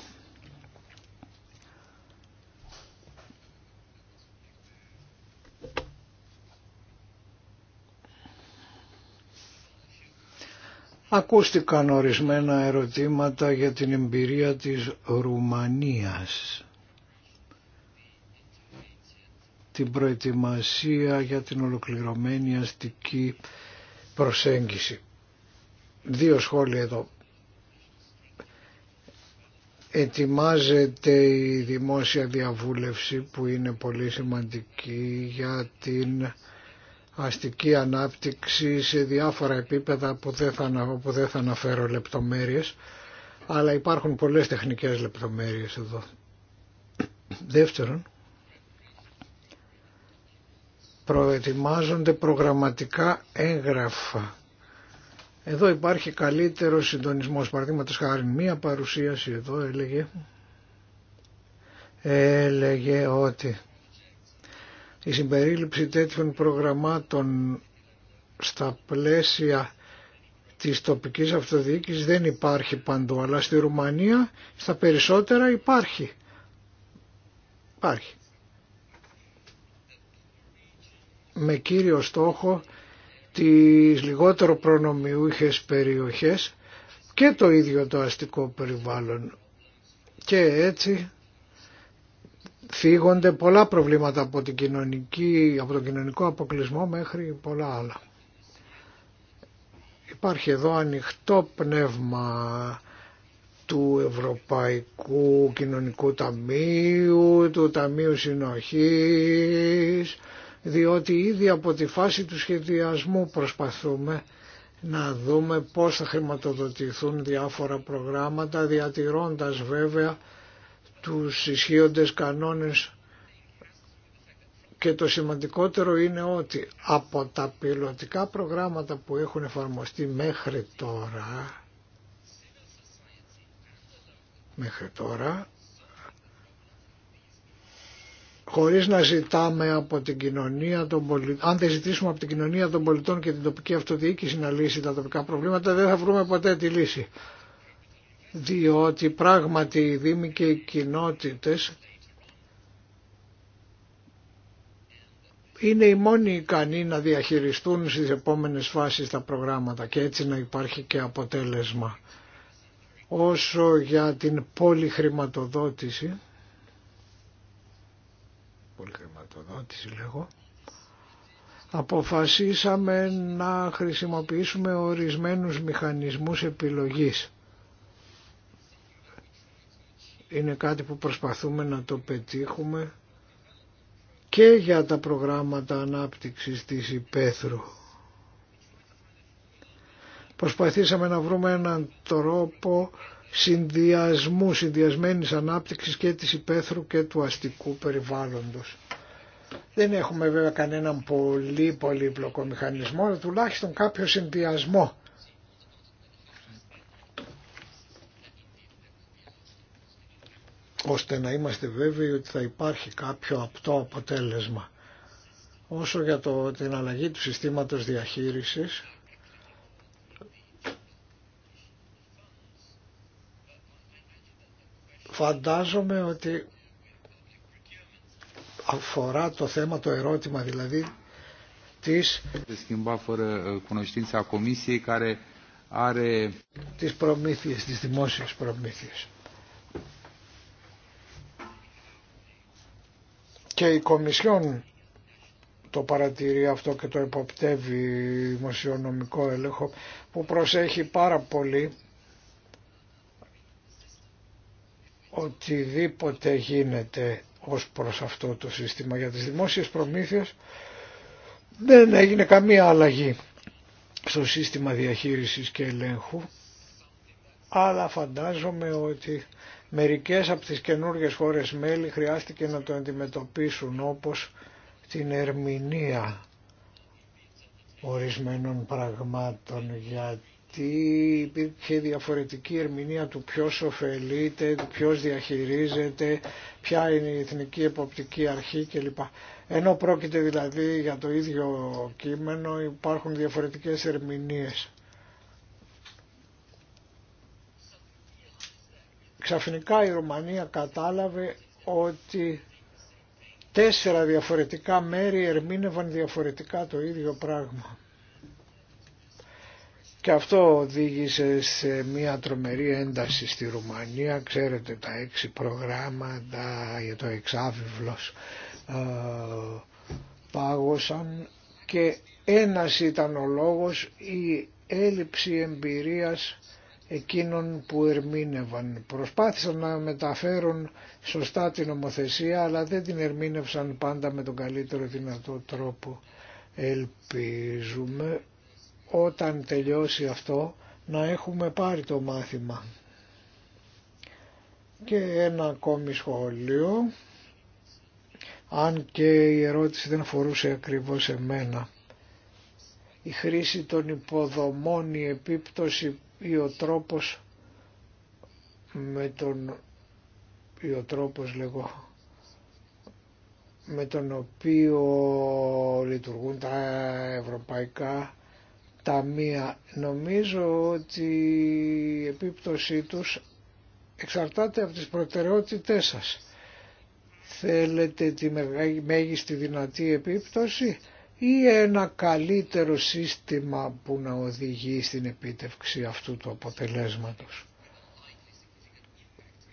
Ακούστηκαν ορισμένα ερωτήματα για την εμπειρία της Ρουμανίας. Την προετοιμασία για την ολοκληρωμένη αστική προσέγγιση. Δύο σχόλια εδώ. Ετοιμάζεται η δημόσια διαβούλευση που είναι πολύ σημαντική για την αστική ανάπτυξη σε διάφορα επίπεδα που δεν θα, που θα αναφέρω λεπτομέρειες αλλά υπάρχουν πολλές τεχνικές λεπτομέρειες εδώ. Δεύτερον, προετοιμάζονται προγραμματικά έγγραφα εδώ υπάρχει καλύτερο συντονισμό Παραδείγματο χάρη μία παρουσίαση εδώ έλεγε, έλεγε ότι η συμπερίληψη τέτοιων προγραμμάτων στα πλαίσια της τοπικής αυτοδιοίκησης δεν υπάρχει παντού, αλλά στη Ρουμανία στα περισσότερα υπάρχει. Υπάρχει. Με κύριο στόχο τις λιγότερο προνομιούχες περιοχές και το ίδιο το αστικό περιβάλλον. Και έτσι φύγονται πολλά προβλήματα από, την κοινωνική, από τον κοινωνικό αποκλεισμό μέχρι πολλά άλλα. Υπάρχει εδώ ανοιχτό πνεύμα του Ευρωπαϊκού Κοινωνικού Ταμείου, του Ταμείου Συνοχής, διότι ήδη από τη φάση του σχεδιασμού προσπαθούμε να δούμε πώς θα χρηματοδοτηθούν διάφορα προγράμματα διατηρώντας βέβαια τους ισχύοντες κανόνες και το σημαντικότερο είναι ότι από τα πιλωτικά προγράμματα που έχουν εφαρμοστεί μέχρι τώρα μέχρι τώρα χωρίς να ζητάμε από την κοινωνία των πολιτών, αν δεν ζητήσουμε από την κοινωνία των πολιτών και την τοπική αυτοδιοίκηση να λύσει τα τοπικά προβλήματα, δεν θα βρούμε ποτέ τη λύση. Διότι πράγματι οι Δήμοι και οι κοινότητες είναι οι μόνοι ικανοί να διαχειριστούν στις επόμενες φάσεις τα προγράμματα και έτσι να υπάρχει και αποτέλεσμα. Όσο για την πολυχρηματοδότηση, λέγω, αποφασίσαμε να χρησιμοποιήσουμε ορισμένους μηχανισμούς επιλογής. Είναι κάτι που προσπαθούμε να το πετύχουμε και για τα προγράμματα ανάπτυξης της υπαίθρου. Προσπαθήσαμε να βρούμε έναν τρόπο συνδυασμού, συνδυασμένης ανάπτυξης και της υπαίθρου και του αστικού περιβάλλοντος. Δεν έχουμε βέβαια κανέναν πολύ πολύπλοκο μηχανισμό, αλλά τουλάχιστον κάποιο συνδυασμό. ώστε να είμαστε βέβαιοι ότι θα υπάρχει κάποιο απτό αποτέλεσμα. Όσο για το, την αλλαγή του συστήματος διαχείρισης, Φαντάζομαι ότι αφορά το θέμα, το ερώτημα δηλαδή της schimba fără uh, cunoștința comisiei care Και η Κομισιόν το παρατηρεί αυτό και το εποπτεύει δημοσιονομικό έλεγχο που προσέχει πάρα πολύ οτιδήποτε γίνεται ως προς αυτό το σύστημα για τις δημόσιες προμήθειες δεν έγινε καμία αλλαγή στο σύστημα διαχείρισης και ελέγχου αλλά φαντάζομαι ότι μερικές από τις καινούργιες χώρες μέλη χρειάστηκε να το αντιμετωπίσουν όπως την ερμηνεία ορισμένων πραγμάτων για γιατί υπήρχε διαφορετική ερμηνεία του ποιος ωφελείται, ποιος διαχειρίζεται, ποια είναι η Εθνική Εποπτική Αρχή κλπ. Ενώ πρόκειται δηλαδή για το ίδιο κείμενο υπάρχουν διαφορετικές ερμηνείες. Ξαφνικά η Ρουμανία κατάλαβε ότι τέσσερα διαφορετικά μέρη ερμήνευαν διαφορετικά το ίδιο πράγμα. Και αυτό οδήγησε σε μια τρομερή ένταση στη Ρουμανία. Ξέρετε τα έξι προγράμματα για το εξάβιβλος ε, πάγωσαν και ένας ήταν ο λόγος η έλλειψη εμπειρίας εκείνων που ερμήνευαν. Προσπάθησαν να μεταφέρουν σωστά την ομοθεσία αλλά δεν την ερμήνευσαν πάντα με τον καλύτερο δυνατό τρόπο. Ελπίζουμε όταν τελειώσει αυτό να έχουμε πάρει το μάθημα. Και ένα ακόμη σχόλιο, αν και η ερώτηση δεν αφορούσε ακριβώς εμένα. Η χρήση των υποδομών, η επίπτωση ή ο τρόπος με τον ή ο τρόπος λέγω με τον οποίο λειτουργούν τα ευρωπαϊκά μία, Νομίζω ότι η επίπτωσή τους εξαρτάται από τις προτεραιότητές σας. Θέλετε τη μέγιστη δυνατή επίπτωση ή ένα καλύτερο σύστημα που να οδηγεί στην επίτευξη αυτού του αποτελέσματος.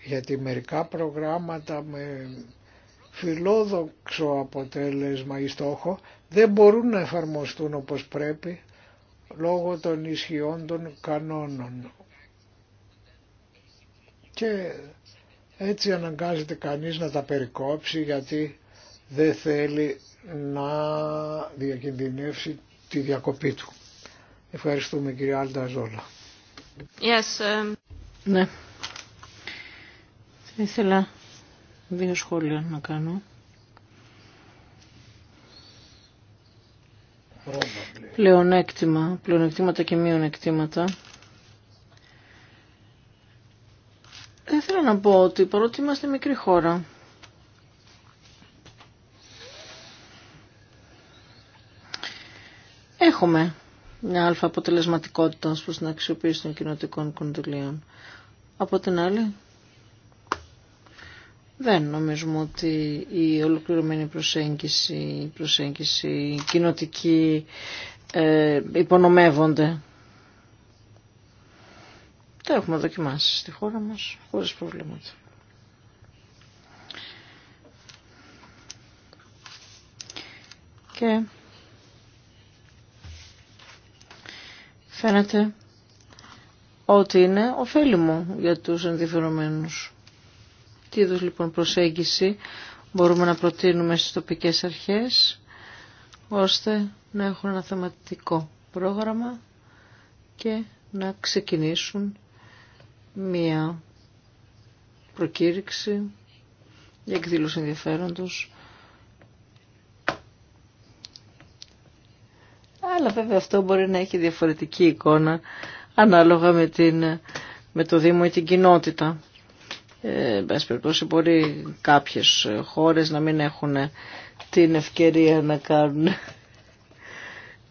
Γιατί μερικά προγράμματα με φιλόδοξο αποτέλεσμα ή στόχο δεν μπορούν να εφαρμοστούν όπως πρέπει λόγω των ισχυών των κανόνων. Και έτσι αναγκάζεται κανείς να τα περικόψει γιατί δεν θέλει να διακινδυνεύσει τη διακοπή του. Ευχαριστούμε κύριε Άλτα Ζόλα. Yes, ε, Ναι. Θα ήθελα δύο σχόλια να κάνω πλεονέκτημα, πλεονεκτήματα και μειονεκτήματα. Δεν θέλω να πω ότι παρότι είμαστε μικρή χώρα, έχουμε μια αλφα αποτελεσματικότητα προ προς την αξιοποίηση των κοινοτικών κονδυλίων. Από την άλλη, δεν νομίζουμε ότι η ολοκληρωμένη προσέγγιση, η προσέγγιση κοινοτική ε, υπονομεύονται. Τα έχουμε δοκιμάσει στη χώρα μας χωρίς προβλήματα. Και φαίνεται ότι είναι ωφέλιμο για τους ενδιαφερομένους. Τι είδους λοιπόν προσέγγιση μπορούμε να προτείνουμε στις τοπικές αρχές ώστε να έχουν ένα θεματικό πρόγραμμα και να ξεκινήσουν μία προκήρυξη για εκδήλωση ενδιαφέροντος. Αλλά βέβαια αυτό μπορεί να έχει διαφορετική εικόνα ανάλογα με, την, με το Δήμο ή την κοινότητα. Ε, μπορεί κάποιες χώρες να μην έχουν την ευκαιρία να κάνουν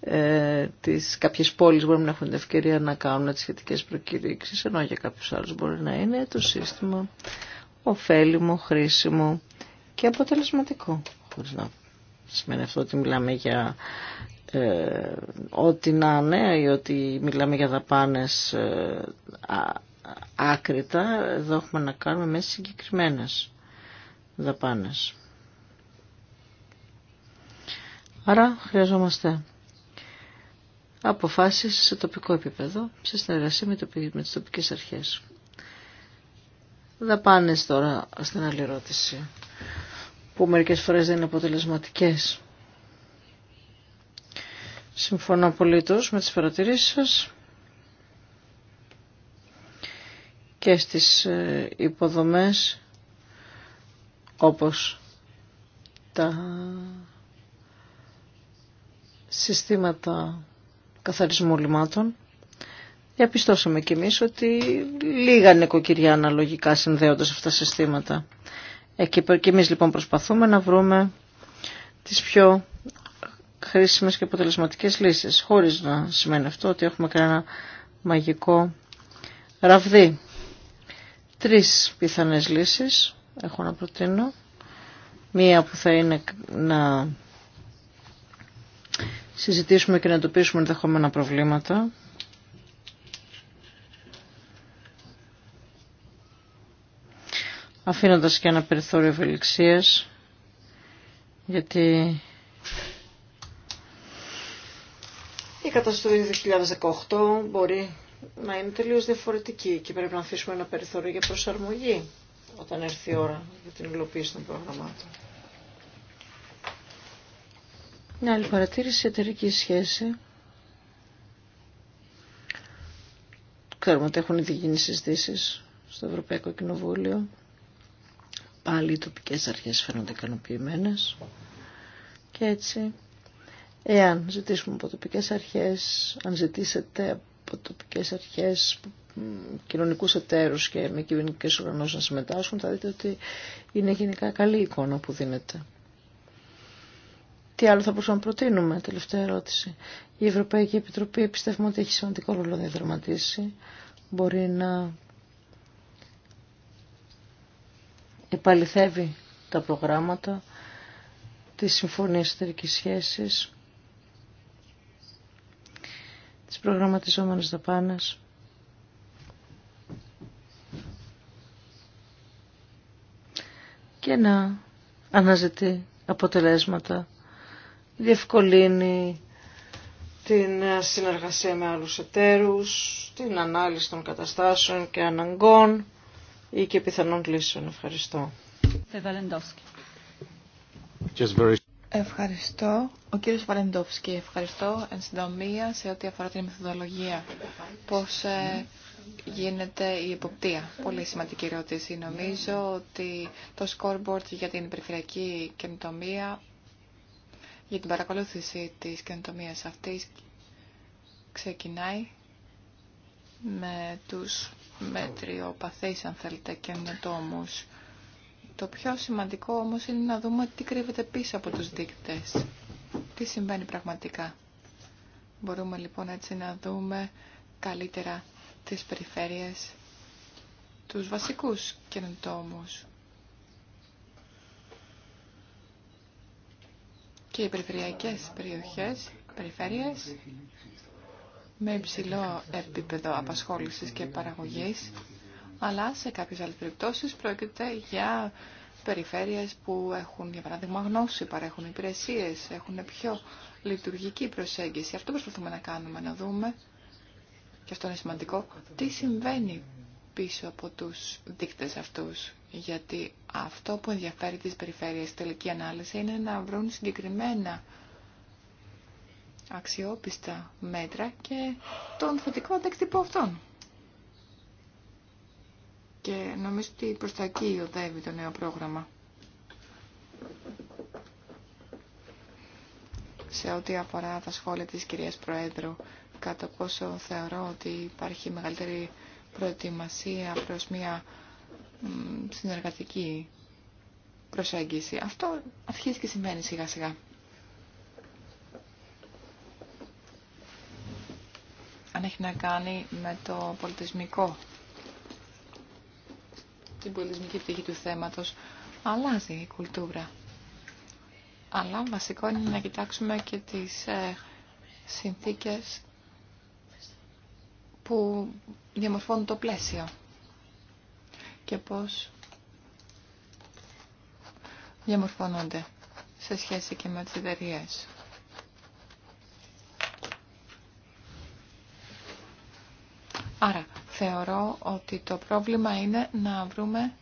ε, τις, κάποιες πόλεις μπορεί να έχουν την ευκαιρία να κάνουν τις σχετικές προκηρύξεις, ενώ για κάποιους άλλους μπορεί να είναι το σύστημα ωφέλιμο, χρήσιμο και αποτελεσματικό. Χωρίς να σημαίνει αυτό ότι μιλάμε για ε, ό,τι να είναι ή ότι μιλάμε για δαπάνες ε, άκρητα, εδώ έχουμε να κάνουμε με συγκεκριμένε δαπάνες. Άρα χρειαζόμαστε αποφάσεις σε τοπικό επίπεδο, σε συνεργασία με, με τις τοπικές αρχές. τώρα στην άλλη ερώτηση, που μερικές φορές δεν είναι αποτελεσματικές. Συμφωνώ απολύτως με τις παρατηρήσεις σας και στις ε, υποδομές όπως τα συστήματα καθαρισμού λιμάτων, διαπιστώσαμε κι εμείς ότι λίγα νοικοκυριά αναλογικά συνδέονται αυτά τα συστήματα. Εκεί και εμείς λοιπόν προσπαθούμε να βρούμε τις πιο χρήσιμες και αποτελεσματικές λύσεις, χωρίς να σημαίνει αυτό ότι έχουμε κανένα μαγικό ραβδί. Τρεις πιθανές λύσεις έχω να προτείνω. Μία που θα είναι να συζητήσουμε και να εντοπίσουμε ενδεχόμενα προβλήματα. Αφήνοντας και ένα περιθώριο ευελιξίας, γιατί η καταστροφή του 2018 μπορεί να είναι τελείως διαφορετική και πρέπει να αφήσουμε ένα περιθώριο για προσαρμογή όταν έρθει η ώρα για την υλοποίηση των προγραμμάτων. Μια άλλη παρατήρηση, εταιρική σχέση. Ξέρουμε ότι έχουν ήδη γίνει συζητήσει στο Ευρωπαϊκό Κοινοβούλιο. Πάλι οι τοπικές αρχές φαίνονται ικανοποιημένε. Και έτσι, εάν ζητήσουμε από τοπικές αρχές, αν ζητήσετε από τοπικές αρχές κοινωνικού εταίρους και με κυβερνικές οργανώσεις να συμμετάσχουν, θα δείτε ότι είναι γενικά καλή εικόνα που δίνεται. Τι άλλο θα μπορούσαμε να προτείνουμε, τελευταία ερώτηση. Η Ευρωπαϊκή Επιτροπή πιστεύουμε ότι έχει σημαντικό ρόλο να διαδραματίσει. Μπορεί να επαληθεύει τα προγράμματα της Συμφωνίας Εταιρικής Σχέσης, της προγραμματιζόμενες δαπάνες. και να αναζητεί αποτελέσματα διευκολύνει την συνεργασία με άλλους εταίρους, την ανάλυση των καταστάσεων και αναγκών ή και πιθανών λύσεων. Ευχαριστώ. Ευχαριστώ. Ο κύριος Βαλεντόφσκι, ευχαριστώ εν συντομία σε ό,τι αφορά την μεθοδολογία. Πώς ε, γίνεται η εποπτεία. Πολύ σημαντική αφορα την μεθοδολογια πως γινεται η υποπτία. πολυ ότι το scoreboard για την περιφερειακή καινοτομία για την παρακολούθηση της καινοτομίας αυτής ξεκινάει με τους μετριοπαθείς αν θέλετε καινοτόμους. Το πιο σημαντικό όμως είναι να δούμε τι κρύβεται πίσω από τους δείκτες. Τι συμβαίνει πραγματικά. Μπορούμε λοιπόν έτσι να δούμε καλύτερα τις περιφέρειες, τους βασικούς καινοτόμους. και οι περιφερειακές περιοχές, περιφέρειες, με υψηλό επίπεδο απασχόλησης και παραγωγής, αλλά σε κάποιες άλλες περιπτώσεις πρόκειται για περιφέρειες που έχουν, για παράδειγμα, γνώση, παρέχουν υπηρεσίες, έχουν πιο λειτουργική προσέγγιση. Αυτό προσπαθούμε να κάνουμε, να δούμε, και αυτό είναι σημαντικό, τι συμβαίνει πίσω από τους δείκτες αυτούς. Γιατί αυτό που ενδιαφέρει τις περιφέρειες στη τελική ανάλυση είναι να βρουν συγκεκριμένα αξιόπιστα μέτρα και τον θετικό αντέκτυπο αυτών. Και νομίζω ότι προς τα εκεί οδεύει το νέο πρόγραμμα. Σε ό,τι αφορά τα σχόλια της κυρίας Προέδρου, κατά πόσο θεωρώ ότι υπάρχει μεγαλύτερη προετοιμασία προς μια συνεργατική προσέγγιση. Αυτό αρχίζει και συμβαίνει σιγά σιγά. Αν έχει να κάνει με το πολιτισμικό, την πολιτισμική πτυχή του θέματος, αλλάζει η κουλτούρα. Αλλά βασικό είναι να κοιτάξουμε και τις ε, συνθήκες που διαμορφώνουν το πλαίσιο και πώς διαμορφώνονται σε σχέση και με τις εταιρείε. Άρα, θεωρώ ότι το πρόβλημα είναι να βρούμε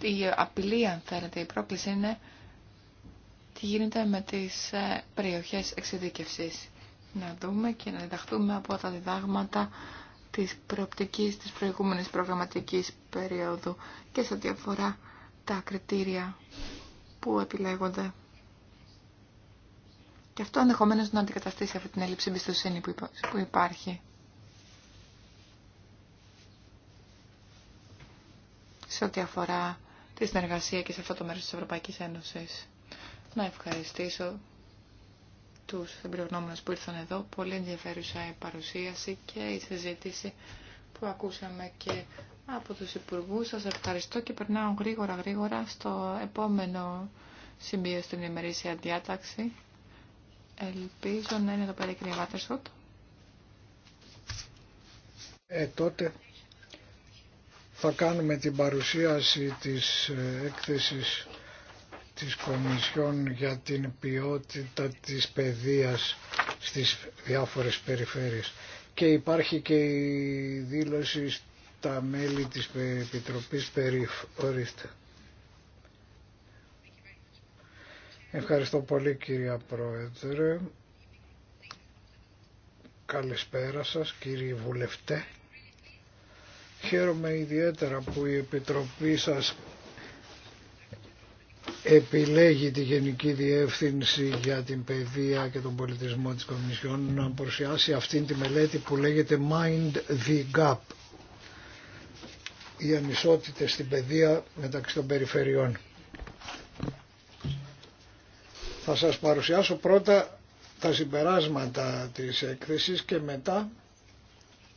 η απειλή, αν θέλετε, η πρόκληση είναι τι γίνεται με τις ε, περιοχές εξειδίκευσης να δούμε και να διδαχτούμε από τα διδάγματα της προοπτικής της προηγούμενης προγραμματικής περίοδου και σε ό,τι αφορά τα κριτήρια που επιλέγονται. Και αυτό ενδεχομένως να αντικαταστήσει αυτή την έλλειψη εμπιστοσύνη που υπάρχει. σε ό,τι αφορά τη συνεργασία και σε αυτό το μέρος της Ευρωπαϊκής Ένωσης. Να ευχαριστήσω τους εμπειρογνώμενους που ήρθαν εδώ. Πολύ ενδιαφέρουσα η παρουσίαση και η συζήτηση που ακούσαμε και από τους υπουργούς. Σας ευχαριστώ και περνάω γρήγορα γρήγορα στο επόμενο σημείο στην ημερήσια διάταξη. Ελπίζω να είναι το πέρα κύριε Βάτερσοτ. Ε, τότε θα κάνουμε την παρουσίαση της ε, έκθεσης της Κομισιόν για την ποιότητα της παιδείας στις διάφορες περιφέρειες. Και υπάρχει και η δήλωση στα μέλη της Επιτροπής Περίφ. Ευχαριστώ πολύ κυρία Πρόεδρε. Καλησπέρα σας κύριε βουλευτέ. Χαίρομαι ιδιαίτερα που η Επιτροπή σας επιλέγει τη Γενική Διεύθυνση για την Παιδεία και τον Πολιτισμό της Κομισιόν να παρουσιάσει αυτήν τη μελέτη που λέγεται Mind the Gap οι ανισότητες στην παιδεία μεταξύ των περιφερειών. Θα σας παρουσιάσω πρώτα τα συμπεράσματα της έκθεσης και μετά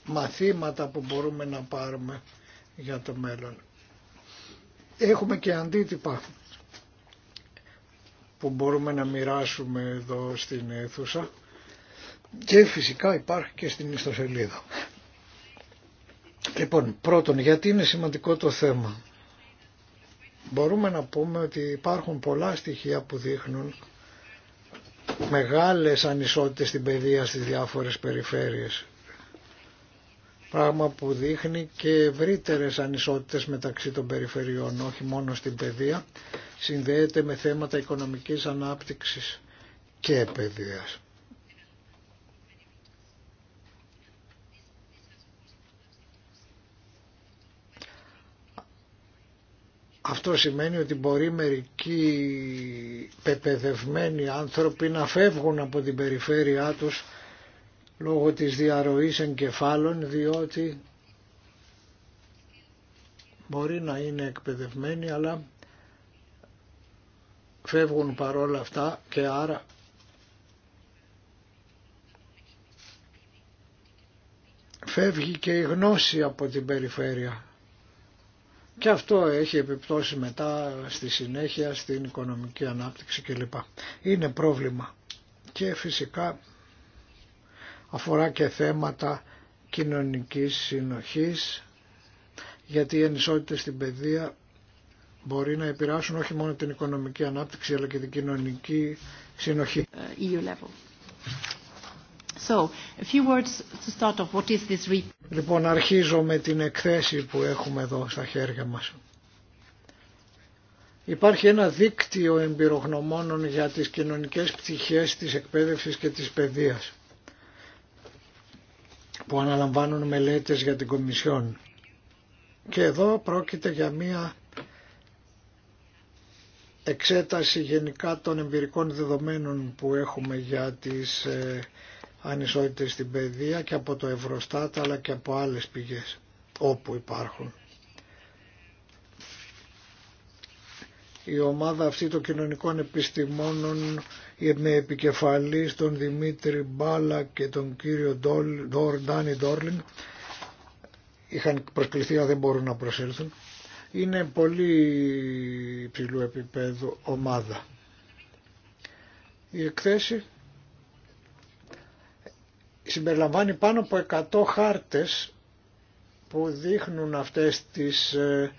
μαθήματα που μπορούμε να πάρουμε για το μέλλον. Έχουμε και αντίτυπα που μπορούμε να μοιράσουμε εδώ στην αίθουσα και φυσικά υπάρχει και στην ιστοσελίδα. Λοιπόν, πρώτον, γιατί είναι σημαντικό το θέμα. Μπορούμε να πούμε ότι υπάρχουν πολλά στοιχεία που δείχνουν μεγάλες ανισότητες στην παιδεία στις διάφορες περιφέρειες πράγμα που δείχνει και ευρύτερε ανισότητες μεταξύ των περιφερειών, όχι μόνο στην παιδεία, συνδέεται με θέματα οικονομικής ανάπτυξης και παιδείας. Αυτό σημαίνει ότι μπορεί μερικοί πεπαιδευμένοι άνθρωποι να φεύγουν από την περιφέρειά τους λόγω της διαρροής εγκεφάλων διότι μπορεί να είναι εκπαιδευμένοι αλλά φεύγουν παρόλα αυτά και άρα φεύγει και η γνώση από την περιφέρεια. Και αυτό έχει επιπτώσει μετά στη συνέχεια στην οικονομική ανάπτυξη κλπ. Είναι πρόβλημα. Και φυσικά αφορά και θέματα κοινωνικής συνοχής γιατί οι ενισότητες στην παιδεία μπορεί να επηρεάσουν όχι μόνο την οικονομική ανάπτυξη αλλά και την κοινωνική συνοχή. Ε, e so, a Λοιπόν, αρχίζω με την εκθέση που έχουμε εδώ στα χέρια μας. Υπάρχει ένα δίκτυο εμπειρογνωμόνων για τις κοινωνικές πτυχές της εκπαίδευσης και της παιδείας που αναλαμβάνουν μελέτες για την Κομισιόν. Και εδώ πρόκειται για μία εξέταση γενικά των εμπειρικών δεδομένων που έχουμε για τις ε, ανισότητες στην παιδεία και από το Ευρωστάτ αλλά και από άλλες πηγές όπου υπάρχουν. Η ομάδα αυτή των κοινωνικών επιστημόνων με επικεφαλή τον Δημήτρη Μπάλα και τον κύριο Ντάνι Ντόρλινγκ είχαν προσκληθεί αλλά δεν μπορούν να προσέλθουν είναι πολύ υψηλού επίπεδου ομάδα η εκθέση συμπεριλαμβάνει πάνω από 100 χάρτες που δείχνουν αυτές τις ε,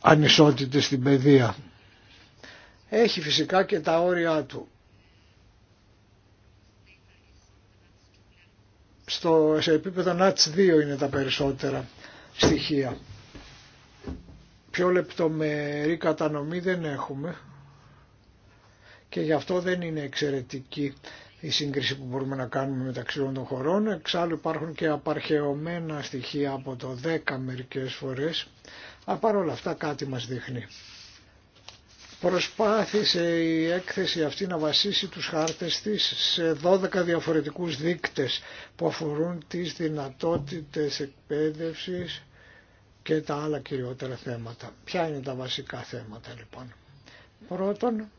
ανισότητες στην παιδεία έχει φυσικά και τα όρια του. Στο, σε επίπεδο ΝΑΤΣ 2 είναι τα περισσότερα στοιχεία. Πιο λεπτομερή κατανομή δεν έχουμε και γι' αυτό δεν είναι εξαιρετική η σύγκριση που μπορούμε να κάνουμε μεταξύ των χωρών. Εξάλλου υπάρχουν και απαρχαιωμένα στοιχεία από το 10 μερικές φορές. Αλλά όλα αυτά κάτι μας δείχνει. Προσπάθησε η έκθεση αυτή να βασίσει τους χάρτες της σε 12 διαφορετικούς δείκτες που αφορούν τις δυνατότητες εκπαίδευσης και τα άλλα κυριότερα θέματα. Ποια είναι τα βασικά θέματα λοιπόν. Πρώτον,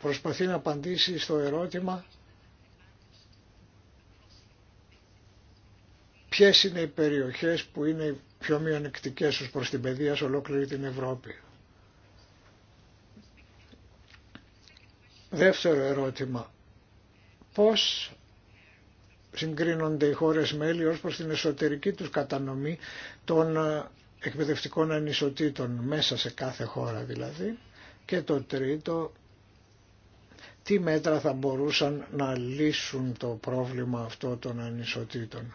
προσπαθεί να απαντήσει στο ερώτημα ποιες είναι οι περιοχές που είναι πιο μειονεκτικές ως προς την παιδεία σε ολόκληρη την Ευρώπη. Δεύτερο ερώτημα. Πώς συγκρίνονται οι χώρες μέλη ως προς την εσωτερική τους κατανομή των ε, εκπαιδευτικών ανισοτήτων μέσα σε κάθε χώρα δηλαδή. Και το τρίτο, τι μέτρα θα μπορούσαν να λύσουν το πρόβλημα αυτό των ανισοτήτων.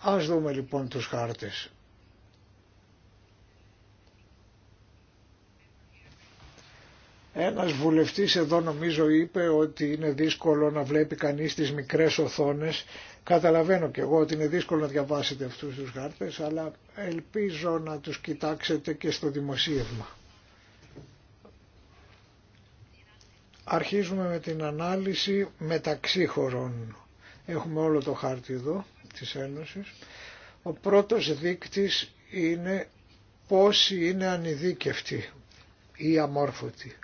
Ας δούμε λοιπόν τους χάρτες. Ένας βουλευτής εδώ νομίζω είπε ότι είναι δύσκολο να βλέπει κανείς τις μικρές οθόνες. Καταλαβαίνω και εγώ ότι είναι δύσκολο να διαβάσετε αυτούς τους χάρτες, αλλά ελπίζω να τους κοιτάξετε και στο δημοσίευμα. Αρχίζουμε με την ανάλυση μεταξύ χωρών. Έχουμε όλο το χάρτη εδώ της Ένωσης. Ο πρώτος δείκτης είναι πόσοι είναι ανειδίκευτοι ή αμόρφωτοι.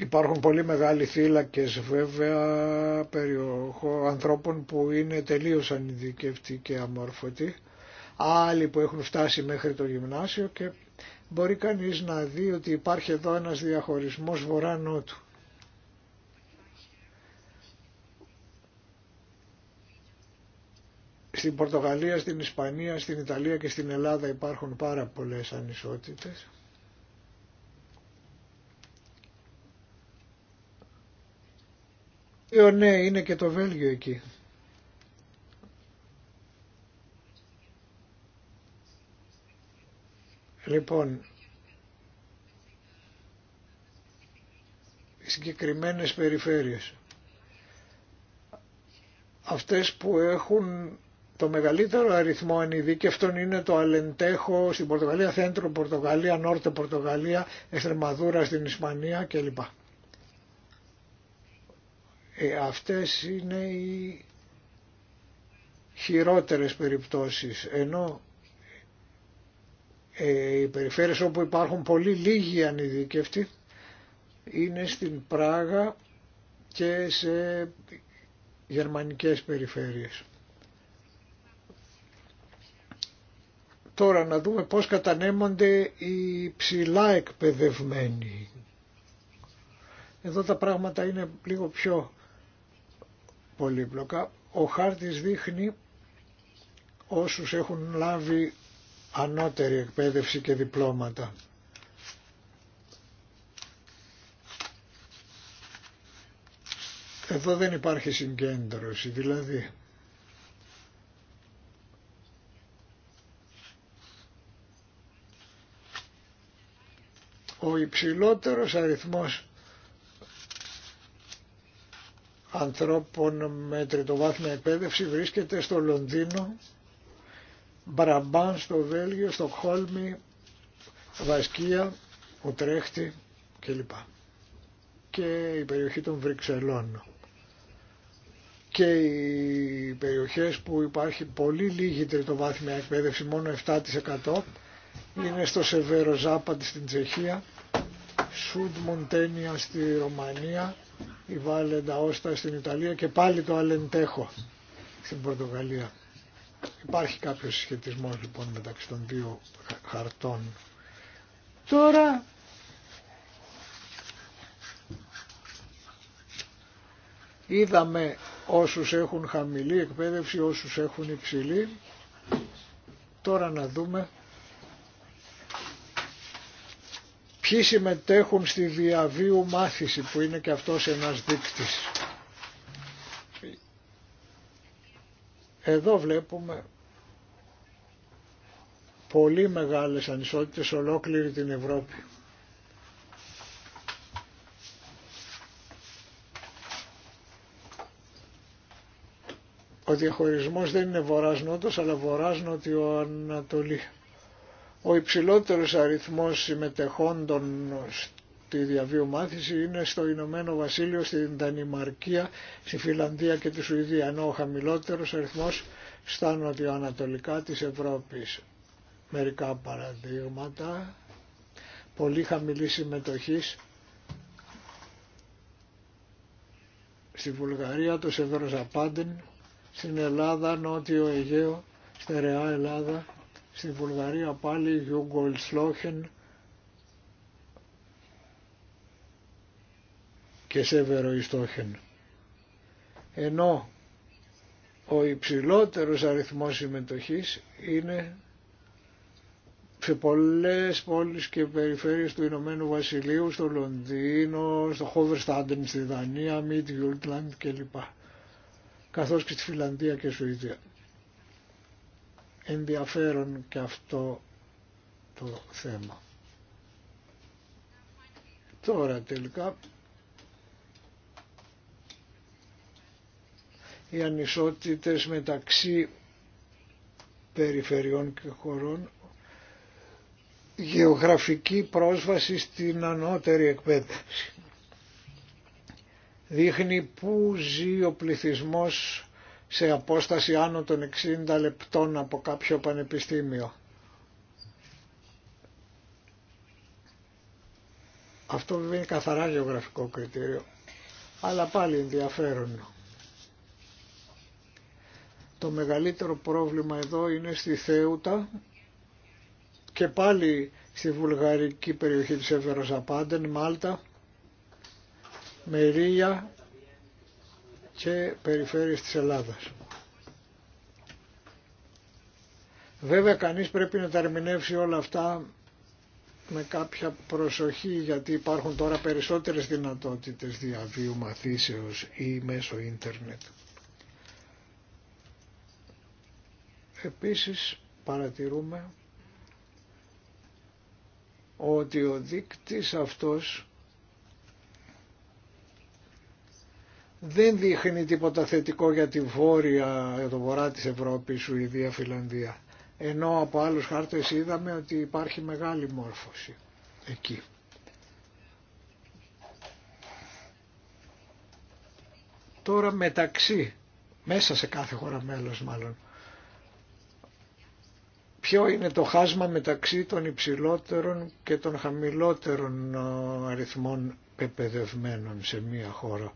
Υπάρχουν πολύ μεγάλοι θύλακε, βέβαια περιοχών ανθρώπων που είναι τελείως ανειδικευτοί και αμόρφωτοι, άλλοι που έχουν φτάσει μέχρι το γυμνάσιο και μπορεί κανείς να δει ότι υπάρχει εδώ ένας διαχωρισμός βορρά-νότου. Στην Πορτογαλία, στην Ισπανία, στην Ιταλία και στην Ελλάδα υπάρχουν πάρα πολλές ανισότητες. ναι, είναι και το Βέλγιο εκεί. Λοιπόν, συγκεκριμένες περιφέρειες. Αυτές που έχουν το μεγαλύτερο αριθμό ανειδίκευτων είναι το Αλεντέχο στην Πορτογαλία, Θέντρο Πορτογαλία, Νόρτε Πορτογαλία, Εστρεμαδούρα στην Ισπανία κλπ. Ε, αυτές είναι οι χειρότερες περιπτώσεις, ενώ ε, οι περιφέρειες όπου υπάρχουν πολύ λίγοι ανειδικευτοί είναι στην Πράγα και σε γερμανικές περιφέρειες. Τώρα να δούμε πώς κατανέμονται οι ψηλά εκπαιδευμένοι. Εδώ τα πράγματα είναι λίγο πιο πολύπλοκα. Ο χάρτης δείχνει όσους έχουν λάβει ανώτερη εκπαίδευση και διπλώματα. Εδώ δεν υπάρχει συγκέντρωση, δηλαδή ο υψηλότερος αριθμός ανθρώπων με τριτοβάθμια εκπαίδευση βρίσκεται στο Λονδίνο, Μπραμπάν στο Βέλγιο, στο Χόλμη, Βασκία, Οτρέχτη κλπ. Και η περιοχή των Βρυξελών. Και οι περιοχές που υπάρχει πολύ λίγη τριτοβάθμια εκπαίδευση, μόνο 7% είναι στο Σεβέρο Ζάπαντ στην Τσεχία Σουντ Μοντένια στη Ρωμανία, η Βάλεντα Όστα στην Ιταλία και πάλι το Αλεντέχο στην Πορτογαλία. Υπάρχει κάποιος σχετισμός λοιπόν μεταξύ των δύο χαρτών. Τώρα είδαμε όσους έχουν χαμηλή εκπαίδευση, όσους έχουν υψηλή. Τώρα να δούμε ποιοι συμμετέχουν στη διαβίου μάθηση που είναι και αυτός ένας δείκτης. Εδώ βλέπουμε πολύ μεγάλες ανισότητες ολόκληρη την Ευρώπη. Ο διαχωρισμός δεν είναι βορράς-νότος, αλλά βορράς-νότιο-ανατολή. Ο υψηλότερος αριθμός συμμετεχόντων στη διαβίου μάθηση είναι στο Ηνωμένο Βασίλειο, στην Δανημαρκία, στη Φιλανδία και τη Σουηδία, ενώ ο χαμηλότερος αριθμός στα νοτιοανατολικά της Ευρώπης. Μερικά παραδείγματα, πολύ χαμηλή συμμετοχή στη Βουλγαρία, το Σεβροζαπάντιν, στην Ελλάδα, Νότιο Αιγαίο, στερεά Ελλάδα, Στη Βουλγαρία πάλι Γιουγκολτσλόχεν Σλόχεν και Σέβερο Ιστόχεν. Ενώ ο υψηλότερος αριθμός συμμετοχής είναι σε πολλές πόλεις και περιφέρειες του Ηνωμένου Βασιλείου, στο Λονδίνο, στο Χόβερστάντεν στη Δανία, Μιτ Γιούλτλαντ κλπ. Καθώς και στη Φιλανδία και Σουηδία ενδιαφέρον και αυτό το θέμα. Τώρα τελικά οι ανισότητες μεταξύ περιφερειών και χωρών γεωγραφική πρόσβαση στην ανώτερη εκπαίδευση. Δείχνει πού ζει ο πληθυσμός σε απόσταση άνω των 60 λεπτών από κάποιο πανεπιστήμιο. Αυτό βέβαια είναι καθαρά γεωγραφικό κριτήριο, αλλά πάλι ενδιαφέρον. Το μεγαλύτερο πρόβλημα εδώ είναι στη Θέουτα και πάλι στη βουλγαρική περιοχή της Εύερος Μάλτα, Μερία και περιφέρειες της Ελλάδας. Βέβαια κανείς πρέπει να τα όλα αυτά με κάποια προσοχή γιατί υπάρχουν τώρα περισσότερες δυνατότητες διαβίου μαθήσεως ή μέσω ίντερνετ. Επίσης παρατηρούμε ότι ο δείκτης αυτός δεν δείχνει τίποτα θετικό για τη βόρεια, για το βορρά της Ευρώπης, Σουηδία, Φιλανδία. Ενώ από άλλους χάρτες είδαμε ότι υπάρχει μεγάλη μόρφωση εκεί. Τώρα μεταξύ, μέσα σε κάθε χώρα μέλος μάλλον, ποιο είναι το χάσμα μεταξύ των υψηλότερων και των χαμηλότερων αριθμών πεπαιδευμένων σε μία χώρα.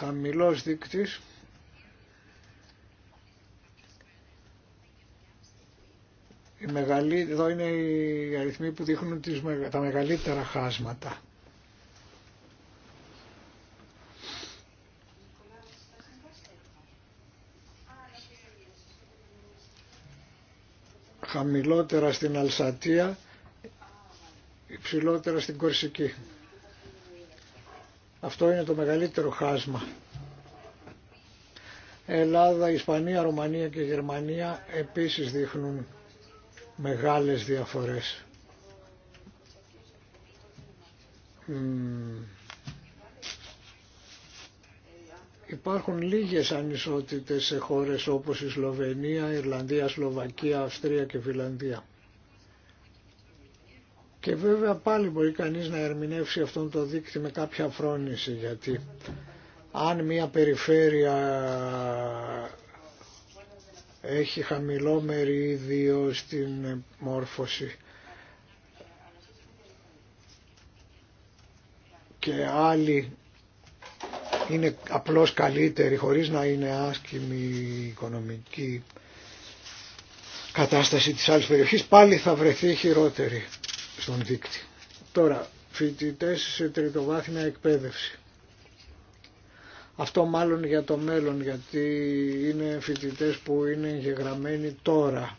χαμηλός δείκτης η εδώ είναι οι αριθμοί που δείχνουν τις, τα μεγαλύτερα χάσματα χαμηλότερα στην Αλσατία υψηλότερα στην Κορσική αυτό είναι το μεγαλύτερο χάσμα. Ελλάδα, Ισπανία, Ρουμανία και Γερμανία επίσης δείχνουν μεγάλες διαφορές. Υπάρχουν λίγες ανισότητες σε χώρες όπως η Σλοβενία, Ιρλανδία, Σλοβακία, Αυστρία και Φιλανδία. Και βέβαια πάλι μπορεί κανείς να ερμηνεύσει αυτόν το δίκτυ με κάποια φρόνηση γιατί αν μια περιφέρεια έχει χαμηλό μερίδιο στην μόρφωση και άλλη είναι απλώς καλύτερη χωρίς να είναι άσκημη η οικονομική κατάσταση της άλλης περιοχής πάλι θα βρεθεί χειρότερη στον Τώρα, φοιτητέ σε τριτοβάθμια εκπαίδευση. Αυτό μάλλον για το μέλλον, γιατί είναι φοιτητέ που είναι εγγεγραμμένοι τώρα.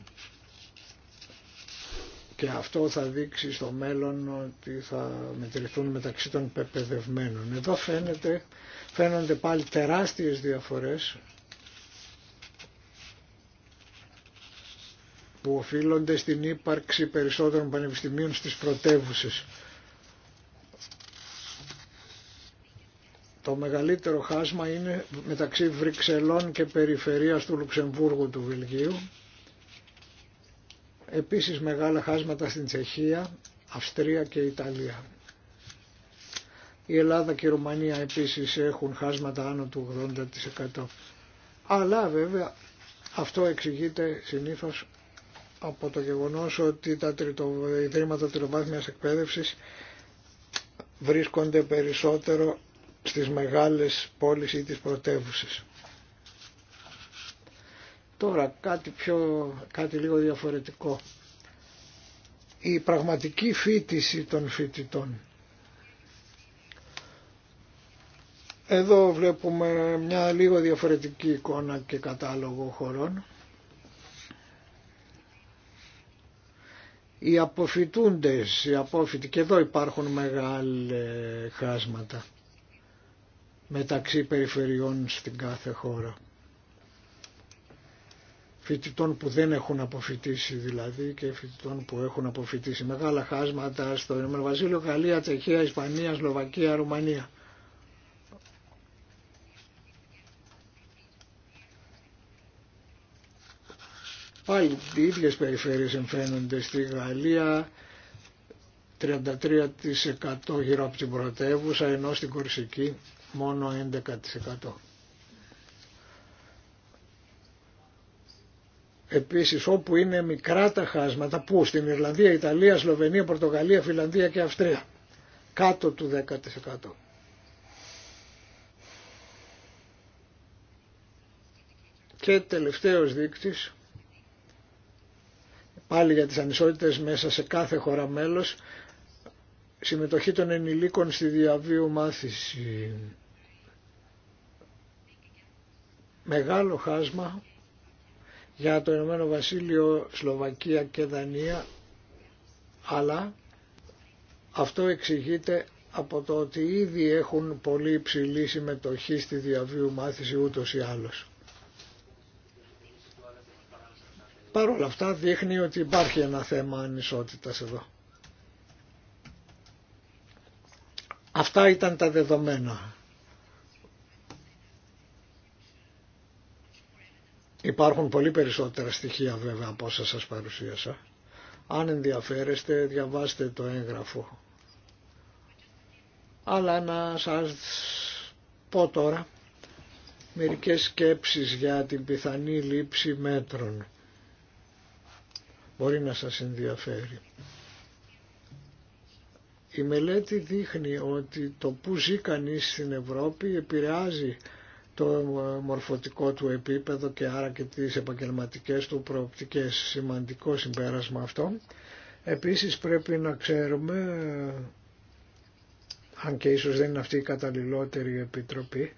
Και αυτό θα δείξει στο μέλλον ότι θα μετρηθούν μεταξύ των πεπαιδευμένων. Εδώ φαίνεται, φαίνονται πάλι τεράστιες διαφορές που οφείλονται στην ύπαρξη περισσότερων πανεπιστημίων στις πρωτεύουσες. Το μεγαλύτερο χάσμα είναι μεταξύ Βρυξελών και περιφερίας του Λουξεμβούργου του Βελγίου. Επίσης μεγάλα χάσματα στην Τσεχία, Αυστρία και Ιταλία. Η Ελλάδα και η Ρουμανία επίσης έχουν χάσματα άνω του 80%. Αλλά βέβαια αυτό εξηγείται συνήθως από το γεγονός ότι τα ιδρύματα τριτοβάθμιας εκπαίδευσης βρίσκονται περισσότερο στις μεγάλες πόλεις ή τις πρωτεύουσες. Τώρα κάτι, πιο, κάτι λίγο διαφορετικό. Η πραγματική φίτηση των φοιτητών. Εδώ βλέπουμε μια λίγο διαφορετική εικόνα και κατάλογο χωρών. οι αποφυτούντες, οι απόφοιτοι και εδώ υπάρχουν μεγάλα χάσματα μεταξύ περιφερειών στην κάθε χώρα. Φοιτητών που δεν έχουν αποφοιτήσει δηλαδή και φοιτητών που έχουν αποφοιτήσει. Μεγάλα χάσματα στο Ηνωμένο Βασίλειο, Γαλλία, Τσεχία, Ισπανία, Σλοβακία, Ρουμανία. Πάλι οι ίδιες περιφέρειες εμφαίνονται στη Γαλλία, 33% γύρω από την πρωτεύουσα, ενώ στην Κορσική μόνο 11%. Επίσης όπου είναι μικρά τα χάσματα, που στην Ιρλανδία, Ιταλία, Σλοβενία, Πορτογαλία, Φιλανδία και Αυστρία, κάτω του 10%. Και τελευταίος δείκτης πάλι για τις ανισότητες μέσα σε κάθε χώρα μέλος, συμμετοχή των ενηλίκων στη διαβίου μάθηση. Μεγάλο χάσμα για το Ηνωμένο Βασίλειο, Σλοβακία και Δανία, αλλά αυτό εξηγείται από το ότι ήδη έχουν πολύ υψηλή συμμετοχή στη διαβίου μάθηση ούτως ή άλλως. Παρ' όλα αυτά δείχνει ότι υπάρχει ένα θέμα ανισότητας εδώ. Αυτά ήταν τα δεδομένα. Υπάρχουν πολύ περισσότερα στοιχεία βέβαια από όσα σας παρουσίασα. Αν ενδιαφέρεστε διαβάστε το έγγραφο. Αλλά να σας πω τώρα μερικές σκέψεις για την πιθανή λήψη μέτρων μπορεί να σας ενδιαφέρει. Η μελέτη δείχνει ότι το που ζει κανείς στην Ευρώπη επηρεάζει το μορφωτικό του επίπεδο και άρα και τις επαγγελματικές του προοπτικές. Σημαντικό συμπέρασμα αυτό. Επίσης πρέπει να ξέρουμε, αν και ίσως δεν είναι αυτή η καταλληλότερη επιτροπή,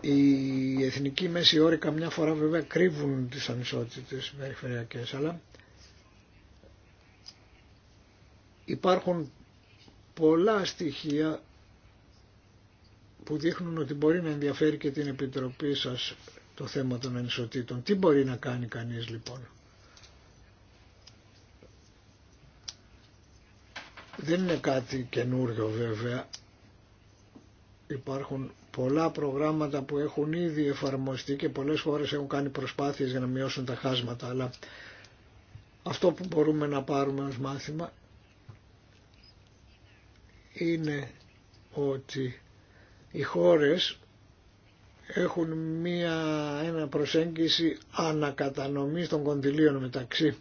Οι εθνικοί μέση όροι καμιά φορά βέβαια κρύβουν τις ανισότητες περιφερειακές, αλλά υπάρχουν πολλά στοιχεία που δείχνουν ότι μπορεί να ενδιαφέρει και την Επιτροπή σας το θέμα των ανισοτήτων. Τι μπορεί να κάνει κανείς λοιπόν. Δεν είναι κάτι καινούριο βέβαια. Υπάρχουν πολλά προγράμματα που έχουν ήδη εφαρμοστεί και πολλές φορές έχουν κάνει προσπάθειες για να μειώσουν τα χάσματα, αλλά αυτό που μπορούμε να πάρουμε ως μάθημα είναι ότι οι χώρες έχουν μία, ένα προσέγγιση ανακατανομής των κονδυλίων μεταξύ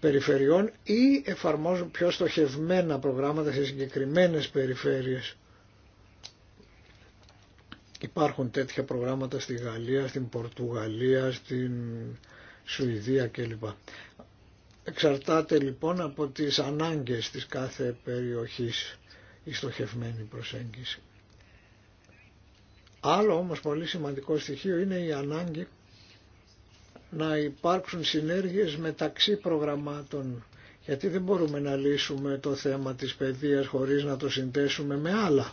περιφερειών ή εφαρμόζουν πιο στοχευμένα προγράμματα σε συγκεκριμένες περιφέρειες Υπάρχουν τέτοια προγράμματα στη Γαλλία, στην Πορτογαλία, στην Σουηδία κλπ. Εξαρτάται λοιπόν από τις ανάγκες της κάθε περιοχής η στοχευμένη προσέγγιση. Άλλο όμως πολύ σημαντικό στοιχείο είναι η ανάγκη να υπάρξουν συνέργειες μεταξύ προγραμμάτων γιατί δεν μπορούμε να λύσουμε το θέμα της παιδείας χωρίς να το συνδέσουμε με άλλα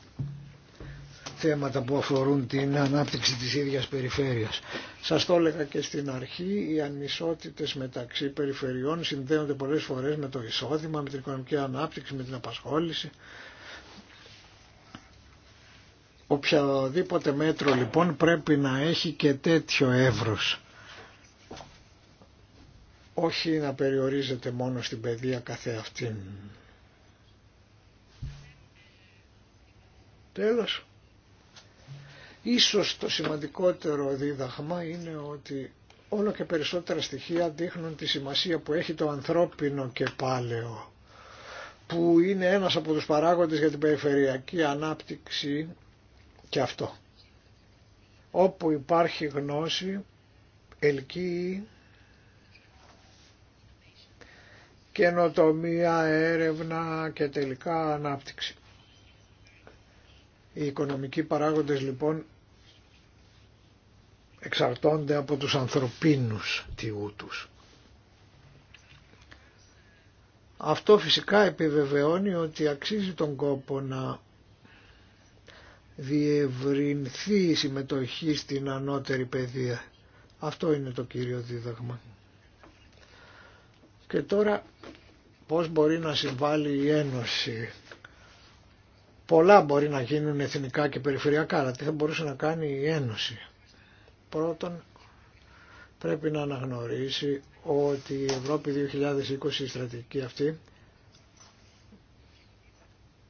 θέματα που αφορούν την ανάπτυξη της ίδιας περιφέρειας. Σας το έλεγα και στην αρχή, οι ανισότητες μεταξύ περιφερειών συνδέονται πολλές φορές με το εισόδημα, με την οικονομική ανάπτυξη, με την απασχόληση. Οποιαδήποτε μέτρο λοιπόν πρέπει να έχει και τέτοιο εύρος. Όχι να περιορίζεται μόνο στην παιδεία καθεαυτήν. Τέλος. Ίσως το σημαντικότερο δίδαγμα είναι ότι όλο και περισσότερα στοιχεία δείχνουν τη σημασία που έχει το ανθρώπινο κεπάλαιο που είναι ένας από τους παράγοντες για την περιφερειακή ανάπτυξη και αυτό. Όπου υπάρχει γνώση, ελκύει καινοτομία, έρευνα και τελικά ανάπτυξη. Οι οικονομικοί παράγοντες λοιπόν εξαρτώνται από τους ανθρωπίνους τους. Αυτό φυσικά επιβεβαιώνει ότι αξίζει τον κόπο να διευρυνθεί η συμμετοχή στην ανώτερη παιδεία. Αυτό είναι το κύριο δίδαγμα. Και τώρα πώς μπορεί να συμβάλλει η Ένωση. Πολλά μπορεί να γίνουν εθνικά και περιφερειακά, αλλά τι θα μπορούσε να κάνει η Ένωση. Πρώτον, πρέπει να αναγνωρίσει ότι η Ευρώπη 2020 η στρατηγική αυτή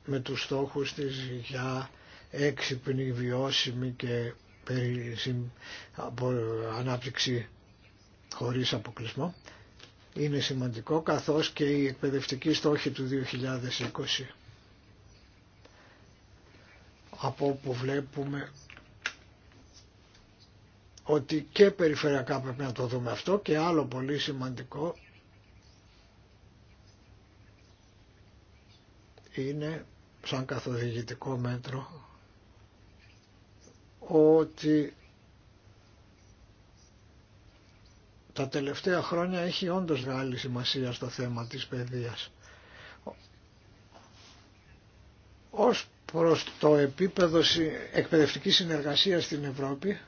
με τους στόχους της για έξυπνη, βιώσιμη και ανάπτυξη χωρίς αποκλεισμό είναι σημαντικό καθώς και η εκπαιδευτική στόχη του 2020 από όπου βλέπουμε ότι και περιφερειακά πρέπει να το δούμε αυτό και άλλο πολύ σημαντικό είναι σαν καθοδηγητικό μέτρο ότι τα τελευταία χρόνια έχει όντως μεγάλη σημασία στο θέμα της παιδείας. Ως προς το επίπεδο εκπαιδευτικής συνεργασίας στην Ευρώπη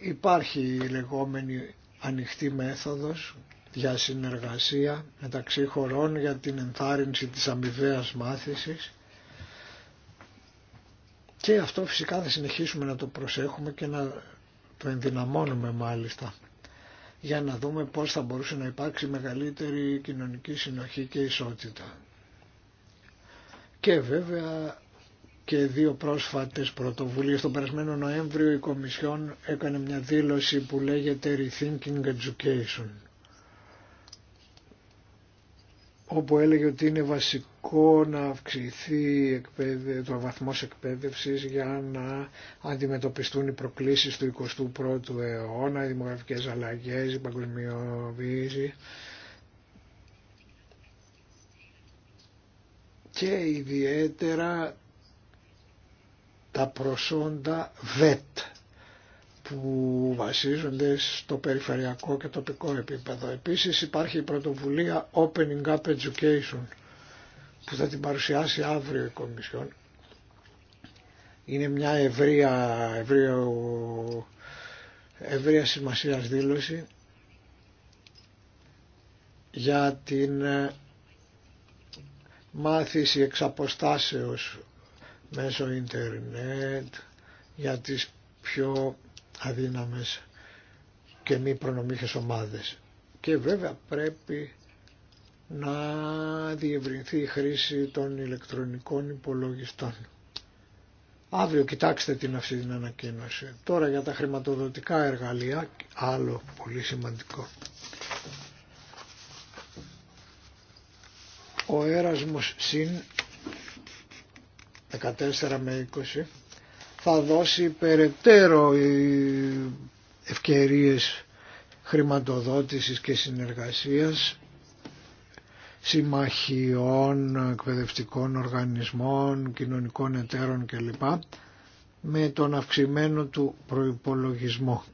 Υπάρχει η λεγόμενη ανοιχτή μέθοδος για συνεργασία μεταξύ χωρών για την ενθάρρυνση της αμοιβαίας μάθησης και αυτό φυσικά θα συνεχίσουμε να το προσέχουμε και να το ενδυναμώνουμε μάλιστα για να δούμε πώς θα μπορούσε να υπάρξει μεγαλύτερη κοινωνική συνοχή και ισότητα. Και βέβαια και δύο πρόσφατες πρωτοβουλίες. το περασμένο Νοέμβριο η Κομισιόν έκανε μια δήλωση που λέγεται Rethinking Education όπου έλεγε ότι είναι βασικό να αυξηθεί το βαθμός εκπαίδευσης για να αντιμετωπιστούν οι προκλήσεις του 21ου αιώνα, οι δημογραφικές αλλαγές, η παγκοσμιοποίηση και ιδιαίτερα τα προσόντα ΒΕΤ που βασίζονται στο περιφερειακό και τοπικό επίπεδο. Επίσης υπάρχει η πρωτοβουλία Opening Up Education που θα την παρουσιάσει αύριο η Κομισιόν. Είναι μια ευρεία, ευρεία, ευρεία σημασίας δήλωση για την ε, μάθηση εξ μέσω ίντερνετ για τις πιο αδύναμες και μη προνομίχες ομάδες. Και βέβαια πρέπει να διευρυνθεί η χρήση των ηλεκτρονικών υπολογιστών. Αύριο κοιτάξτε την αυτή την ανακοίνωση. Τώρα για τα χρηματοδοτικά εργαλεία, άλλο πολύ σημαντικό. Ο έρασμος συν 14 με 20 θα δώσει περαιτέρω ευκαιρίες χρηματοδότησης και συνεργασίας συμμαχιών, εκπαιδευτικών οργανισμών, κοινωνικών εταίρων κλπ. με τον αυξημένο του προϋπολογισμό.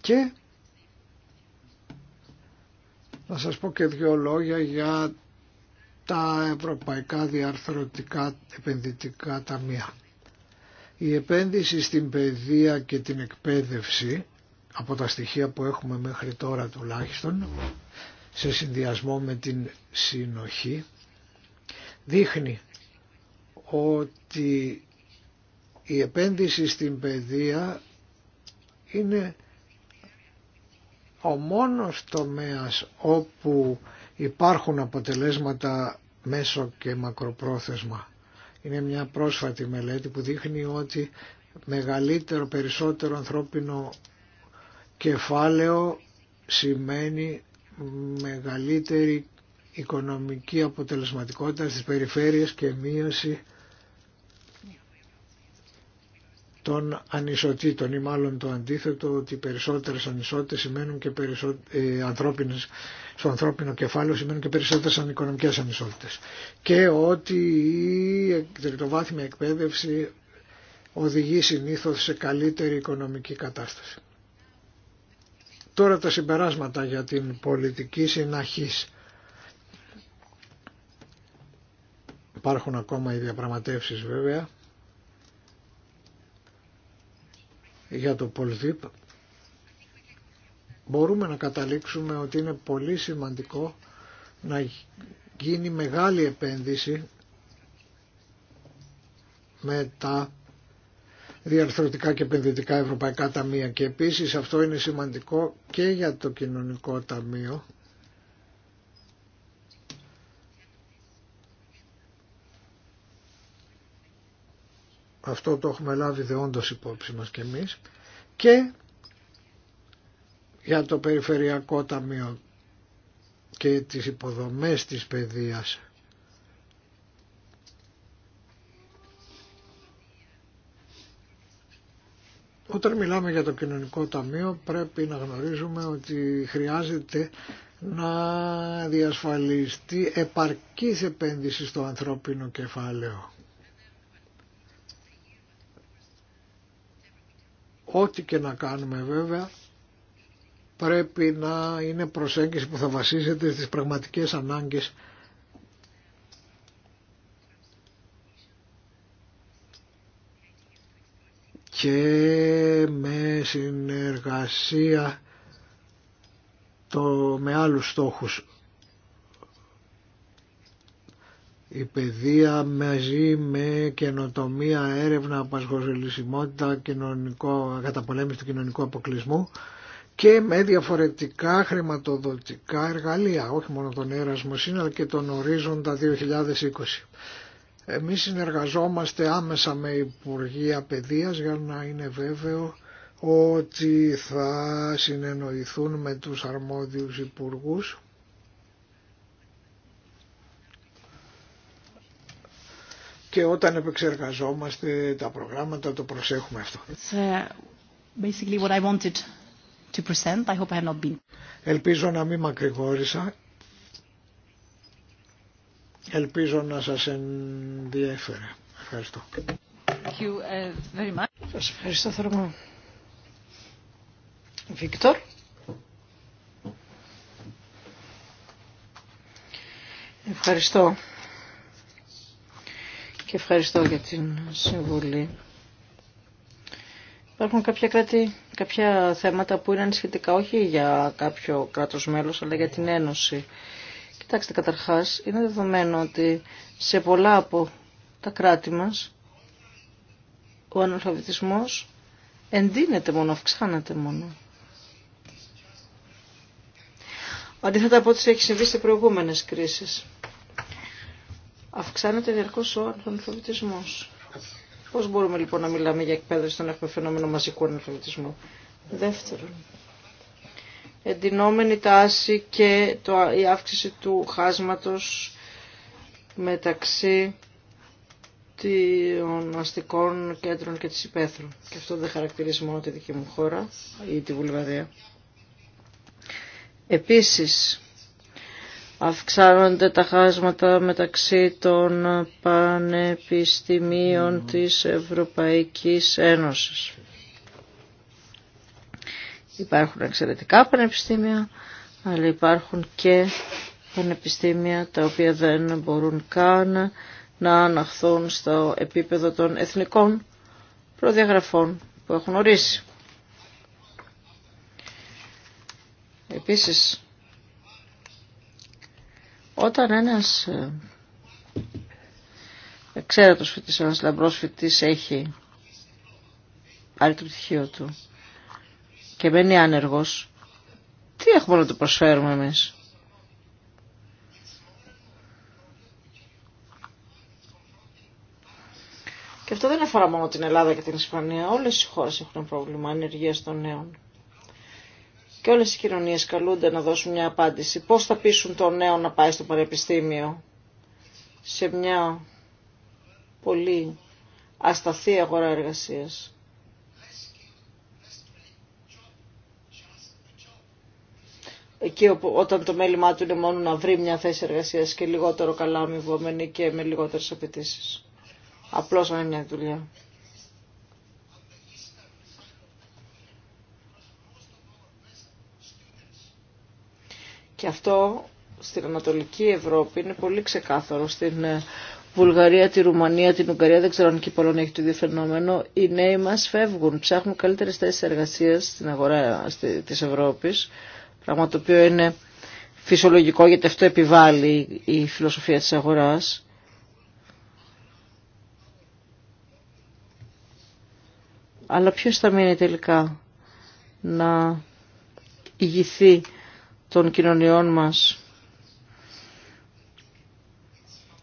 Και να σας πω και δύο λόγια για τα ευρωπαϊκά διαρθρωτικά επενδυτικά ταμεία. Η επένδυση στην παιδεία και την εκπαίδευση, από τα στοιχεία που έχουμε μέχρι τώρα τουλάχιστον, σε συνδυασμό με την συνοχή, δείχνει ότι η επένδυση στην παιδεία είναι ο μόνος τομέας όπου υπάρχουν αποτελέσματα μέσω και μακροπρόθεσμα. Είναι μια πρόσφατη μελέτη που δείχνει ότι μεγαλύτερο, περισσότερο ανθρώπινο κεφάλαιο σημαίνει μεγαλύτερη οικονομική αποτελεσματικότητα στις περιφέρειες και μείωση των ανισοτήτων ή μάλλον το αντίθετο ότι περισσότερες ανισότητες σημαίνουν και περισσότε... ε, ανθρώπινες, στο ανθρώπινο κεφάλαιο σημαίνουν και περισσότερες οικονομικές ανισότητες και ότι η τριτοβάθμια και περισσοτερες στο ανθρωπινο οδηγεί συνήθως σε καλύτερη οικονομική κατάσταση. Τώρα τα συμπεράσματα για την πολιτική συναχής. Υπάρχουν ακόμα οι διαπραγματεύσεις βέβαια για το Πολδίπ μπορούμε να καταλήξουμε ότι είναι πολύ σημαντικό να γίνει μεγάλη επένδυση με τα διαρθρωτικά και επενδυτικά ευρωπαϊκά ταμεία και επίσης αυτό είναι σημαντικό και για το κοινωνικό ταμείο Αυτό το έχουμε λάβει δεόντως υπόψη μας και εμείς. Και για το Περιφερειακό Ταμείο και τις υποδομές της παιδείας. Όταν μιλάμε για το κοινωνικό ταμείο πρέπει να γνωρίζουμε ότι χρειάζεται να διασφαλιστεί επαρκής επένδυση στο ανθρώπινο κεφάλαιο. Ό,τι και να κάνουμε βέβαια πρέπει να είναι προσέγγιση που θα βασίζεται στις πραγματικές ανάγκες και με συνεργασία το, με άλλους στόχους η παιδεία μαζί με καινοτομία, έρευνα, απασχολησιμότητα, κοινωνικό, καταπολέμηση του κοινωνικού αποκλεισμού και με διαφορετικά χρηματοδοτικά εργαλεία, όχι μόνο τον έρασμο αλλά και τον ορίζοντα 2020. Εμείς συνεργαζόμαστε άμεσα με Υπουργεία Παιδείας για να είναι βέβαιο ότι θα συνεννοηθούν με τους αρμόδιους υπουργούς και όταν επεξεργαζόμαστε τα προγράμματα το προσέχουμε αυτό. Uh, basically what I wanted to present. I hope I have not been. Ελπίζω να μην μακρηγόρησα. Ελπίζω να σας ενδιέφερε. Ευχαριστώ. Thank you uh, very much. Σας ευχαριστώ θερμά. Βίκτορ. Ευχαριστώ και ευχαριστώ για την συμβουλή. Υπάρχουν κάποια, κράτη, κάποια θέματα που είναι σχετικά όχι για κάποιο κράτος μέλος, αλλά για την Ένωση. Κοιτάξτε, καταρχάς, είναι δεδομένο ότι σε πολλά από τα κράτη μας ο αναλφαβητισμός εντείνεται μόνο, αυξάνεται μόνο. Αντίθετα από ό,τι έχει συμβεί σε προηγούμενες κρίσεις. Αυξάνεται διαρκώ ο αναλφαβητισμό. Πώς μπορούμε λοιπόν να μιλάμε για εκπαίδευση όταν έχουμε φαινόμενο μαζικού αναλφαβητισμού. Δεύτερον, εντυνόμενη τάση και το, η αύξηση του χάσματος μεταξύ των αστικών κέντρων και της υπαίθρου. Και αυτό δεν χαρακτηρίζει μόνο τη δική μου χώρα ή τη Βουλγαρία. Επίσης, αυξάνονται τα χάσματα μεταξύ των πανεπιστημίων mm. της Ευρωπαϊκής Ένωσης. Υπάρχουν εξαιρετικά πανεπιστήμια, αλλά υπάρχουν και πανεπιστήμια τα οποία δεν μπορούν καν να αναχθούν στο επίπεδο των εθνικών προδιαγραφών που έχουν ορίσει. Επίσης, όταν ένας ε, εξαίρετος φοιτής, ένας λαμπρός φοιτής έχει πάρει το πτυχίο του και μένει άνεργος, τι έχουμε να του προσφέρουμε εμείς. Και αυτό δεν αφορά μόνο την Ελλάδα και την Ισπανία. Όλες οι χώρες έχουν πρόβλημα ανεργίας των νέων και όλες οι κοινωνίες καλούνται να δώσουν μια απάντηση. Πώς θα πείσουν τον νέο να πάει στο πανεπιστήμιο σε μια πολύ ασταθή αγορά εργασίας. Εκεί όταν το μέλημά του είναι μόνο να βρει μια θέση εργασίας και λιγότερο καλά αμοιβόμενη και με λιγότερες απαιτήσει. Απλώς να είναι μια δουλειά. Και αυτό στην Ανατολική Ευρώπη είναι πολύ ξεκάθαρο. Στην ε, Βουλγαρία, τη Ρουμανία, την Ουγγαρία, δεν ξέρω αν και η Πολωνία έχει το ίδιο φαινόμενο. Οι νέοι μα φεύγουν, ψάχνουν καλύτερε θέσει εργασία στην αγορά τη Ευρώπη. Πράγμα το οποίο είναι φυσιολογικό γιατί αυτό επιβάλλει η φιλοσοφία της αγοράς. Αλλά ποιος θα μείνει τελικά να ηγηθεί των κοινωνιών μας,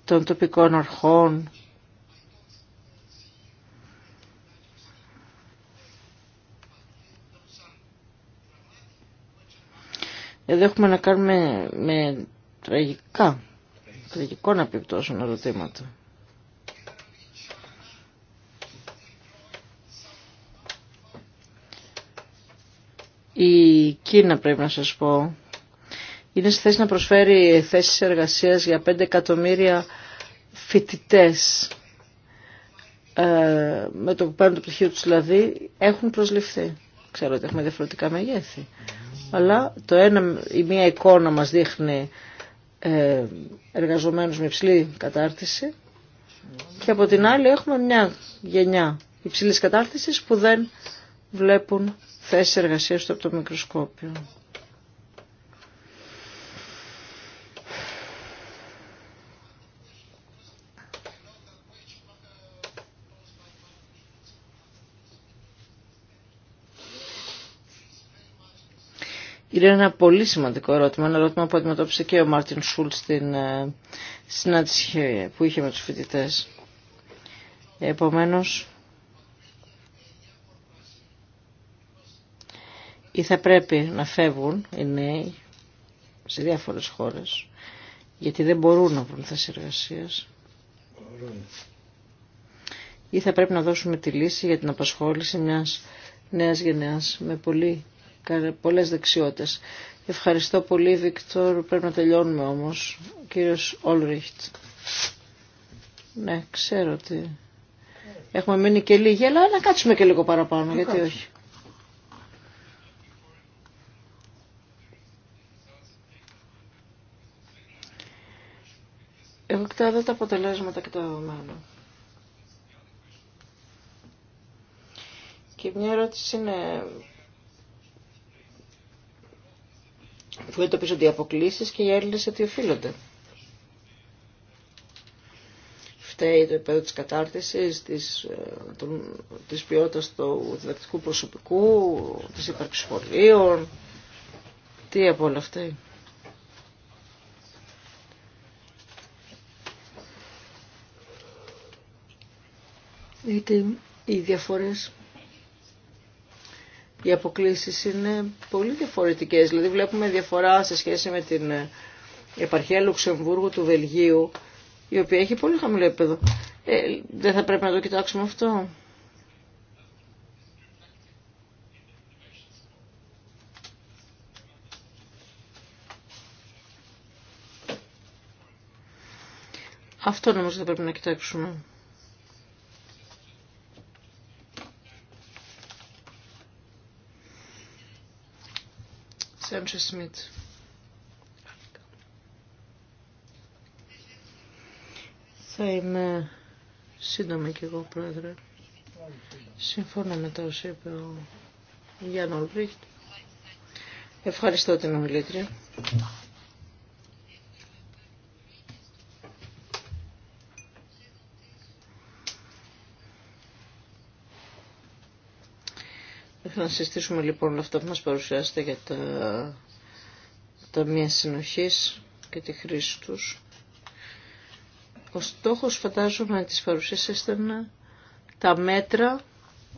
των τοπικών αρχών, Εδώ έχουμε να κάνουμε με τραγικά, τραγικών επιπτώσεων ερωτήματα. Η Κίνα πρέπει να σας πω είναι στη θέση να προσφέρει θέσεις εργασίας για 5 εκατομμύρια φοιτητές ε, με το που παίρνουν το πτυχίο τους δηλαδή έχουν προσληφθεί. Ξέρω ότι έχουμε διαφορετικά μεγέθη. Αλλά το ένα, η μία εικόνα μας δείχνει ε, εργαζομένους με υψηλή κατάρτιση και από την άλλη έχουμε μια γενιά υψηλής κατάρτισης που δεν βλέπουν θέσεις εργασίας του από το μικροσκόπιο. Είναι ένα πολύ σημαντικό ερώτημα, ένα ερώτημα που αντιμετώπισε και ο Μάρτιν Σούλτ στην ε, συνάντηση που είχε με τους φοιτητέ. Επομένως, ή θα πρέπει να φεύγουν οι νέοι σε διάφορες χώρες, γιατί δεν μπορούν να βρουν θέσεις εργασίας. Ή θα πρέπει να δώσουμε τη λύση για την απασχόληση μιας νέας γενιάς με πολύ πολλές δεξιότητες. Ευχαριστώ πολύ, Βίκτορ. Πρέπει να τελειώνουμε όμως. Ο κύριος Όλριχτ. Ναι, ξέρω ότι έχουμε μείνει και λίγοι, αλλά να κάτσουμε και λίγο παραπάνω, γιατί όχι. Εγώ κοιτάω τα αποτελέσματα και τα δεδομένα. Και μια ερώτηση είναι αφού εντοπίζονται οι αποκλήσεις και οι Έλληνες τι οφείλονται. Φταίει το επίπεδο τη κατάρτιση, τη ε, ποιότητα του διδακτικού προσωπικού, τη ύπαρξη σχολείων, τι από όλα αυτά. Γιατί οι διαφορές οι αποκλήσεις είναι πολύ διαφορετικές. Δηλαδή βλέπουμε διαφορά σε σχέση με την ε, επαρχία Λουξεμβούργου του Βελγίου, η οποία έχει πολύ χαμηλό επίπεδο. Ε, δεν θα πρέπει να το κοιτάξουμε αυτό. Αυτό νομίζω θα πρέπει να κοιτάξουμε. Θα είμαι σύντομη κι εγώ, Πρόεδρε. Συμφωνώ με το όσο είπε ο Γιάννο Ολβρίχτ. Ευχαριστώ την ομιλήτρια. Θα συστήσουμε λοιπόν αυτό που μας παρουσιάσετε για τα μία συνοχής και τη χρήση τους. Ο στόχος φαντάζομαι της παρουσίες ήταν τα μέτρα,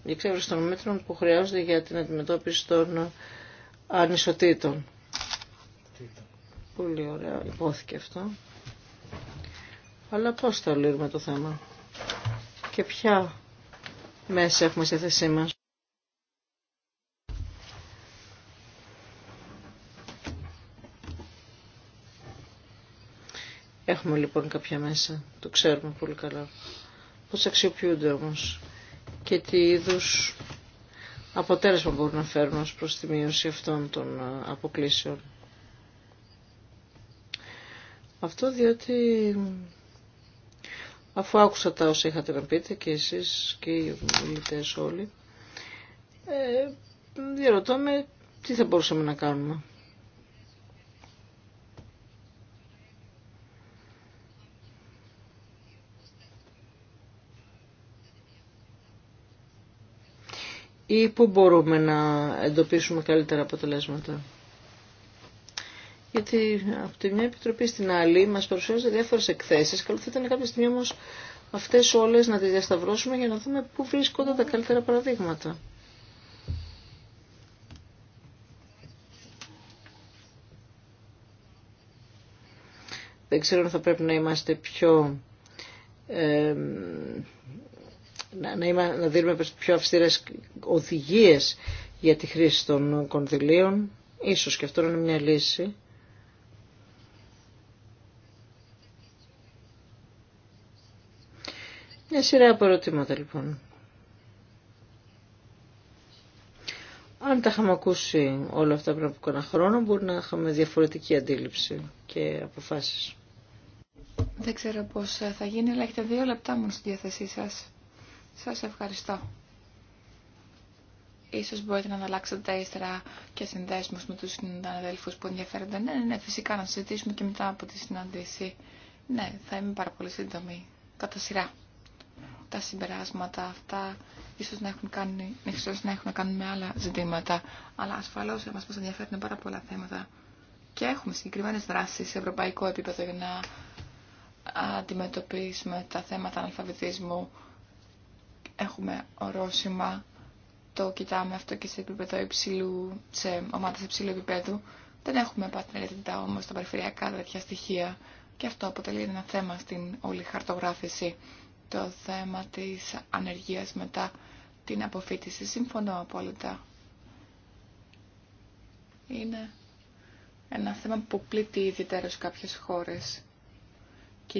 η εξέβρεση των μέτρων που χρειάζονται για την αντιμετώπιση των ανισοτήτων. Πολύ ωραία, υπόθηκε αυτό. Αλλά πώς θα λύνουμε το θέμα και ποια μέσα έχουμε σε θέση μας. Έχουμε λοιπόν κάποια μέσα, το ξέρουμε πολύ καλά. Πώς αξιοποιούνται όμως και τι είδους αποτέλεσμα μπορούν να φέρουν ως προς τη μείωση αυτών των ε, αποκλήσεων. Αυτό διότι αφού άκουσα τα όσα είχατε να πείτε και εσείς και οι ομιλητές όλοι, ε, διαρωτώ με τι θα μπορούσαμε να κάνουμε. ή πού μπορούμε να εντοπίσουμε καλύτερα αποτελέσματα. Γιατί από τη μια επιτροπή στην άλλη μας παρουσιάζονται διάφορε εκθέσεις. Καλό θα ήταν κάποια στιγμή όμω αυτές όλες να τις διασταυρώσουμε για να δούμε πού βρίσκονται τα καλύτερα παραδείγματα. Δεν ξέρω αν θα πρέπει να είμαστε πιο ε, να, να, να δίνουμε πιο αυστηρές οδηγίες για τη χρήση των κονδυλίων. Ίσως και αυτό είναι μια λύση. Μια σειρά από ερωτήματα λοιπόν. Αν τα είχαμε ακούσει όλα αυτά πριν από κανένα χρόνο, μπορεί να είχαμε διαφορετική αντίληψη και αποφάσεις. Δεν ξέρω πώς θα γίνει, αλλά έχετε δύο λεπτά μόνο στη διάθεσή σας. Σας ευχαριστώ. Ίσως μπορείτε να αλλάξετε ύστερα και συνδέσμους με τους συναδέλφους που ενδιαφέρονται. Ναι, ναι, ναι, φυσικά να συζητήσουμε και μετά από τη συνάντηση. Ναι, θα είμαι πάρα πολύ σύντομη. Κατά σειρά. Τα συμπεράσματα αυτά ίσως να έχουν, κάνει, ίσως να έχουν με άλλα ζητήματα. Αλλά ασφαλώς μας μας ενδιαφέρουν πάρα πολλά θέματα. Και έχουμε συγκεκριμένε δράσεις σε ευρωπαϊκό επίπεδο για να αντιμετωπίσουμε τα θέματα αναλφαβητισμού έχουμε ορόσημα, το κοιτάμε αυτό και σε επίπεδο υψηλού, σε ομάδες υψηλού επίπεδου. Δεν έχουμε πατρελαιτητά όμω τα περιφερειακά τέτοια στοιχεία και αυτό αποτελεί ένα θέμα στην όλη χαρτογράφηση. Το θέμα τη ανεργία μετά την αποφύτιση. Συμφωνώ απόλυτα. Είναι ένα θέμα που πλήττει ιδιαίτερα σε κάποιες χώρες.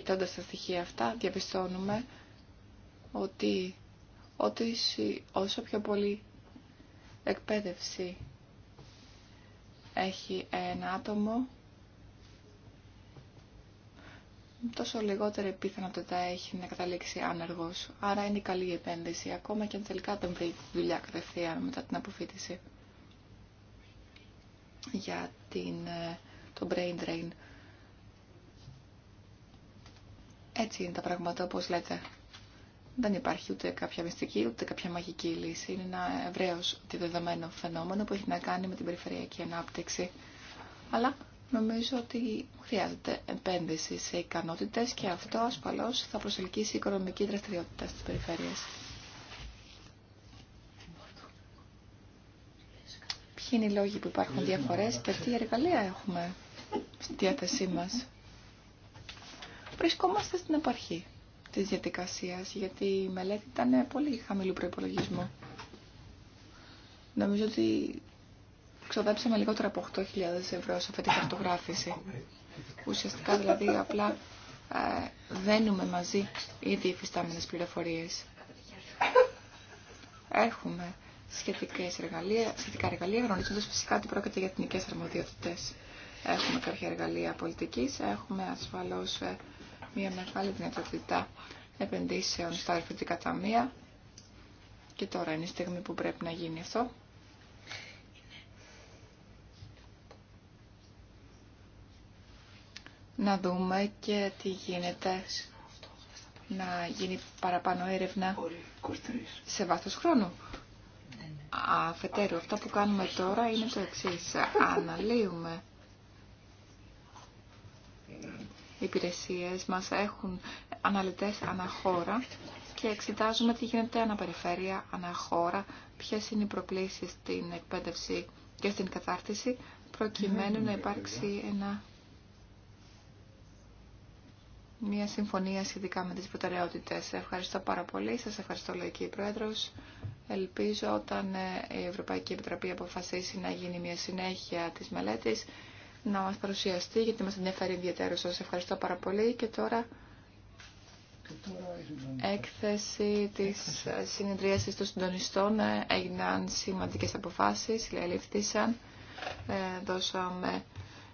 τα στοιχεία αυτά, διαπιστώνουμε ότι ότι όσο πιο πολύ εκπαίδευση έχει ένα άτομο, τόσο λιγότερη πιθανότητα έχει να καταλήξει άνεργος. Άρα είναι η καλή επένδυση, ακόμα και αν τελικά δεν βρει δουλειά κατευθείαν μετά την αποφύτιση. Για την, ε, το brain drain. Έτσι είναι τα πράγματα όπως λέτε. Δεν υπάρχει ούτε κάποια μυστική, ούτε κάποια μαγική λύση. Είναι ένα ευρέω δεδομένο φαινόμενο που έχει να κάνει με την περιφερειακή ανάπτυξη. Αλλά νομίζω ότι χρειάζεται επένδυση σε ικανότητε και αυτό ασφαλώ θα προσελκύσει οικονομική δραστηριότητα στι περιφέρειες. Ποιοι είναι οι λόγοι που υπάρχουν διαφορέ και τι εργαλεία έχουμε στη διάθεσή μα. Βρισκόμαστε στην επαρχή της διαδικασία γιατί η μελέτη ήταν πολύ χαμηλού προϋπολογισμού. Νομίζω ότι ξοδέψαμε λιγότερο από 8.000 ευρώ σε αυτή τη χαρτογράφηση. Ουσιαστικά δηλαδή απλά ε, δένουμε μαζί ήδη υφιστάμενες πληροφορίες. Έχουμε σχετικές εργαλεία, σχετικά εργαλεία, γνωρίζοντας φυσικά ότι πρόκειται για εθνικές αρμοδιότητες. Έχουμε κάποια εργαλεία πολιτικής, έχουμε ασφαλώς ε, μια μεγάλη δυνατότητα επενδύσεων στα ερευνητικά ταμεία και τώρα είναι η στιγμή που πρέπει να γίνει αυτό. Να δούμε και τι γίνεται να γίνει παραπάνω έρευνα σε βάθος χρόνου. Αφετέρου, αυτά που κάνουμε τώρα είναι το εξής. Αναλύουμε υπηρεσίες μας έχουν αναλυτές αναχώρα και εξετάζουμε τι γίνεται αναπεριφέρεια, αναχώρα, ποιες είναι οι προκλήσεις στην εκπαίδευση και στην κατάρτιση, προκειμένου να υπάρξει ένα... μια συμφωνία σχετικά με τις προτεραιότητες. Ευχαριστώ πάρα πολύ. Σας ευχαριστώ, Λαϊκή Πρόεδρος. Ελπίζω όταν ε, η Ευρωπαϊκή Επιτροπή αποφασίσει να γίνει μια συνέχεια της μελέτης, να μας παρουσιαστεί γιατί μας ενδιαφέρει ιδιαίτερο. Σας ευχαριστώ πάρα πολύ και τώρα έκθεση της συνεδρίασης των συντονιστών έγιναν σημαντικές αποφάσεις, Ε, Δώσαμε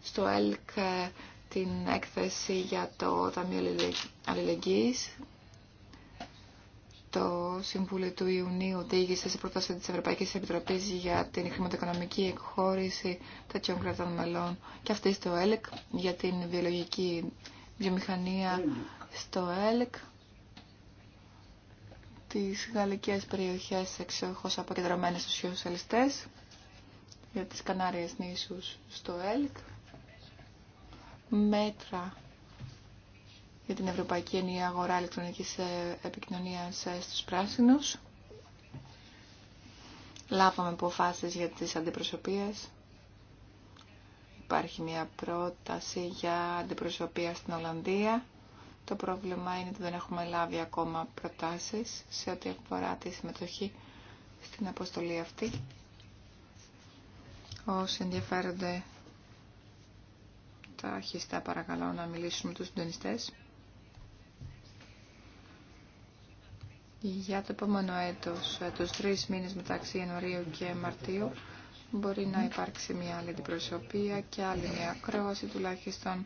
στο ΕΛΚ ε, την έκθεση για το Ταμείο Αλληλεγγύης το Συμβούλιο του Ιουνίου οδήγησε σε πρόταση της Ευρωπαϊκής Επιτροπής για την χρηματοοικονομική εκχώρηση τέτοιων κρατών μελών και αυτή στο ΕΛΚ για την βιολογική βιομηχανία στο ΕΛΚ τις γαλλικές περιοχές εξοχώς αποκεντρωμένες στους σοσιαλιστές για τις Κανάριες νήσους στο ΕΛΚ μέτρα για την Ευρωπαϊκή Ενία Αγορά Ηλεκτρονικής ε, Επικοινωνίας ε, στους πράσινους. Λάβαμε αποφάσεις για τις αντιπροσωπείες. Υπάρχει μια πρόταση για αντιπροσωπεία στην Ολλανδία. Το πρόβλημα είναι ότι δεν έχουμε λάβει ακόμα προτάσεις σε ό,τι αφορά τη συμμετοχή στην αποστολή αυτή. Όσοι ενδιαφέρονται τα αρχιστά παρακαλώ να μιλήσουμε τους συντονιστές. για το επόμενο έτος, τους τρεις μήνες μεταξύ Ιανουαρίου και Μαρτίου, μπορεί να υπάρξει μια άλλη αντιπροσωπεία και άλλη μια ακρόαση τουλάχιστον.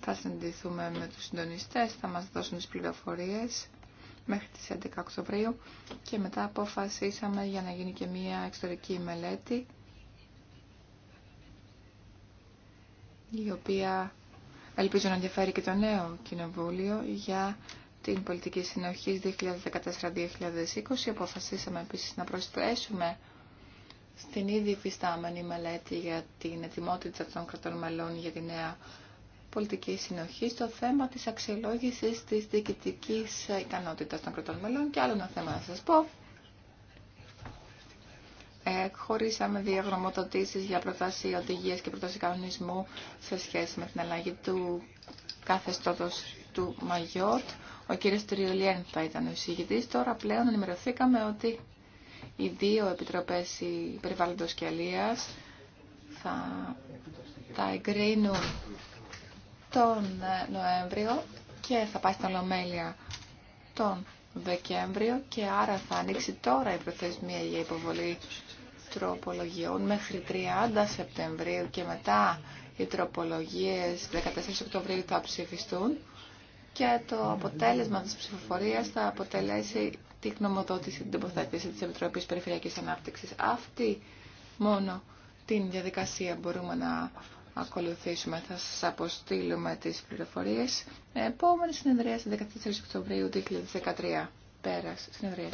Θα συναντηθούμε με τους συντονιστές, θα μας δώσουν τις πληροφορίες μέχρι τις 11 Οκτωβρίου και μετά αποφασίσαμε για να γίνει και μια εξωτερική μελέτη η οποία ελπίζω να ενδιαφέρει και το νέο κοινοβούλιο για την πολιτική συνοχή 2014-2020 αποφασίσαμε επίσης να προσθέσουμε στην ήδη υφιστάμενη μελέτη για την ετοιμότητα των κρατών μελών για τη νέα πολιτική συνοχή στο θέμα της αξιολόγησης της διοικητικής ικανότητας των κρατών μελών και άλλο ένα θέμα να σας πω. Χωρίσαμε διαγνωμοτοτήσει για προτάσει οδηγία και προτάσει κανονισμού σε σχέση με την αλλαγή του καθεστώτος του Μαγιότ ο κύριος Τριουλιέν θα ήταν ο εισηγητή. Τώρα πλέον ενημερωθήκαμε ότι οι δύο επιτροπέ η και θα τα εγκρίνουν τον ε, Νοέμβριο και θα πάει στα Λομέλια τον Δεκέμβριο και άρα θα ανοίξει τώρα η προθεσμία για υποβολή τροπολογιών μέχρι 30 Σεπτεμβρίου και μετά οι τροπολογίες 14 Οκτωβρίου θα ψηφιστούν και το αποτέλεσμα της ψηφοφορίας θα αποτελέσει τη γνωμοδότηση, την τοποθέτηση της Επιτροπής Περιφερειακής Ανάπτυξης. Αυτή μόνο την διαδικασία μπορούμε να ακολουθήσουμε. Θα σας αποστείλουμε τις πληροφορίες. Επόμενη συνεδρία στις 14 Οκτωβρίου 2013. Πέρας συνεδρία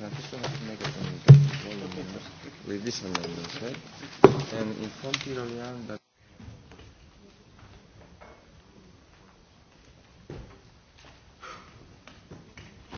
can just to make a communication with this amendment, right? And inform Tirolian that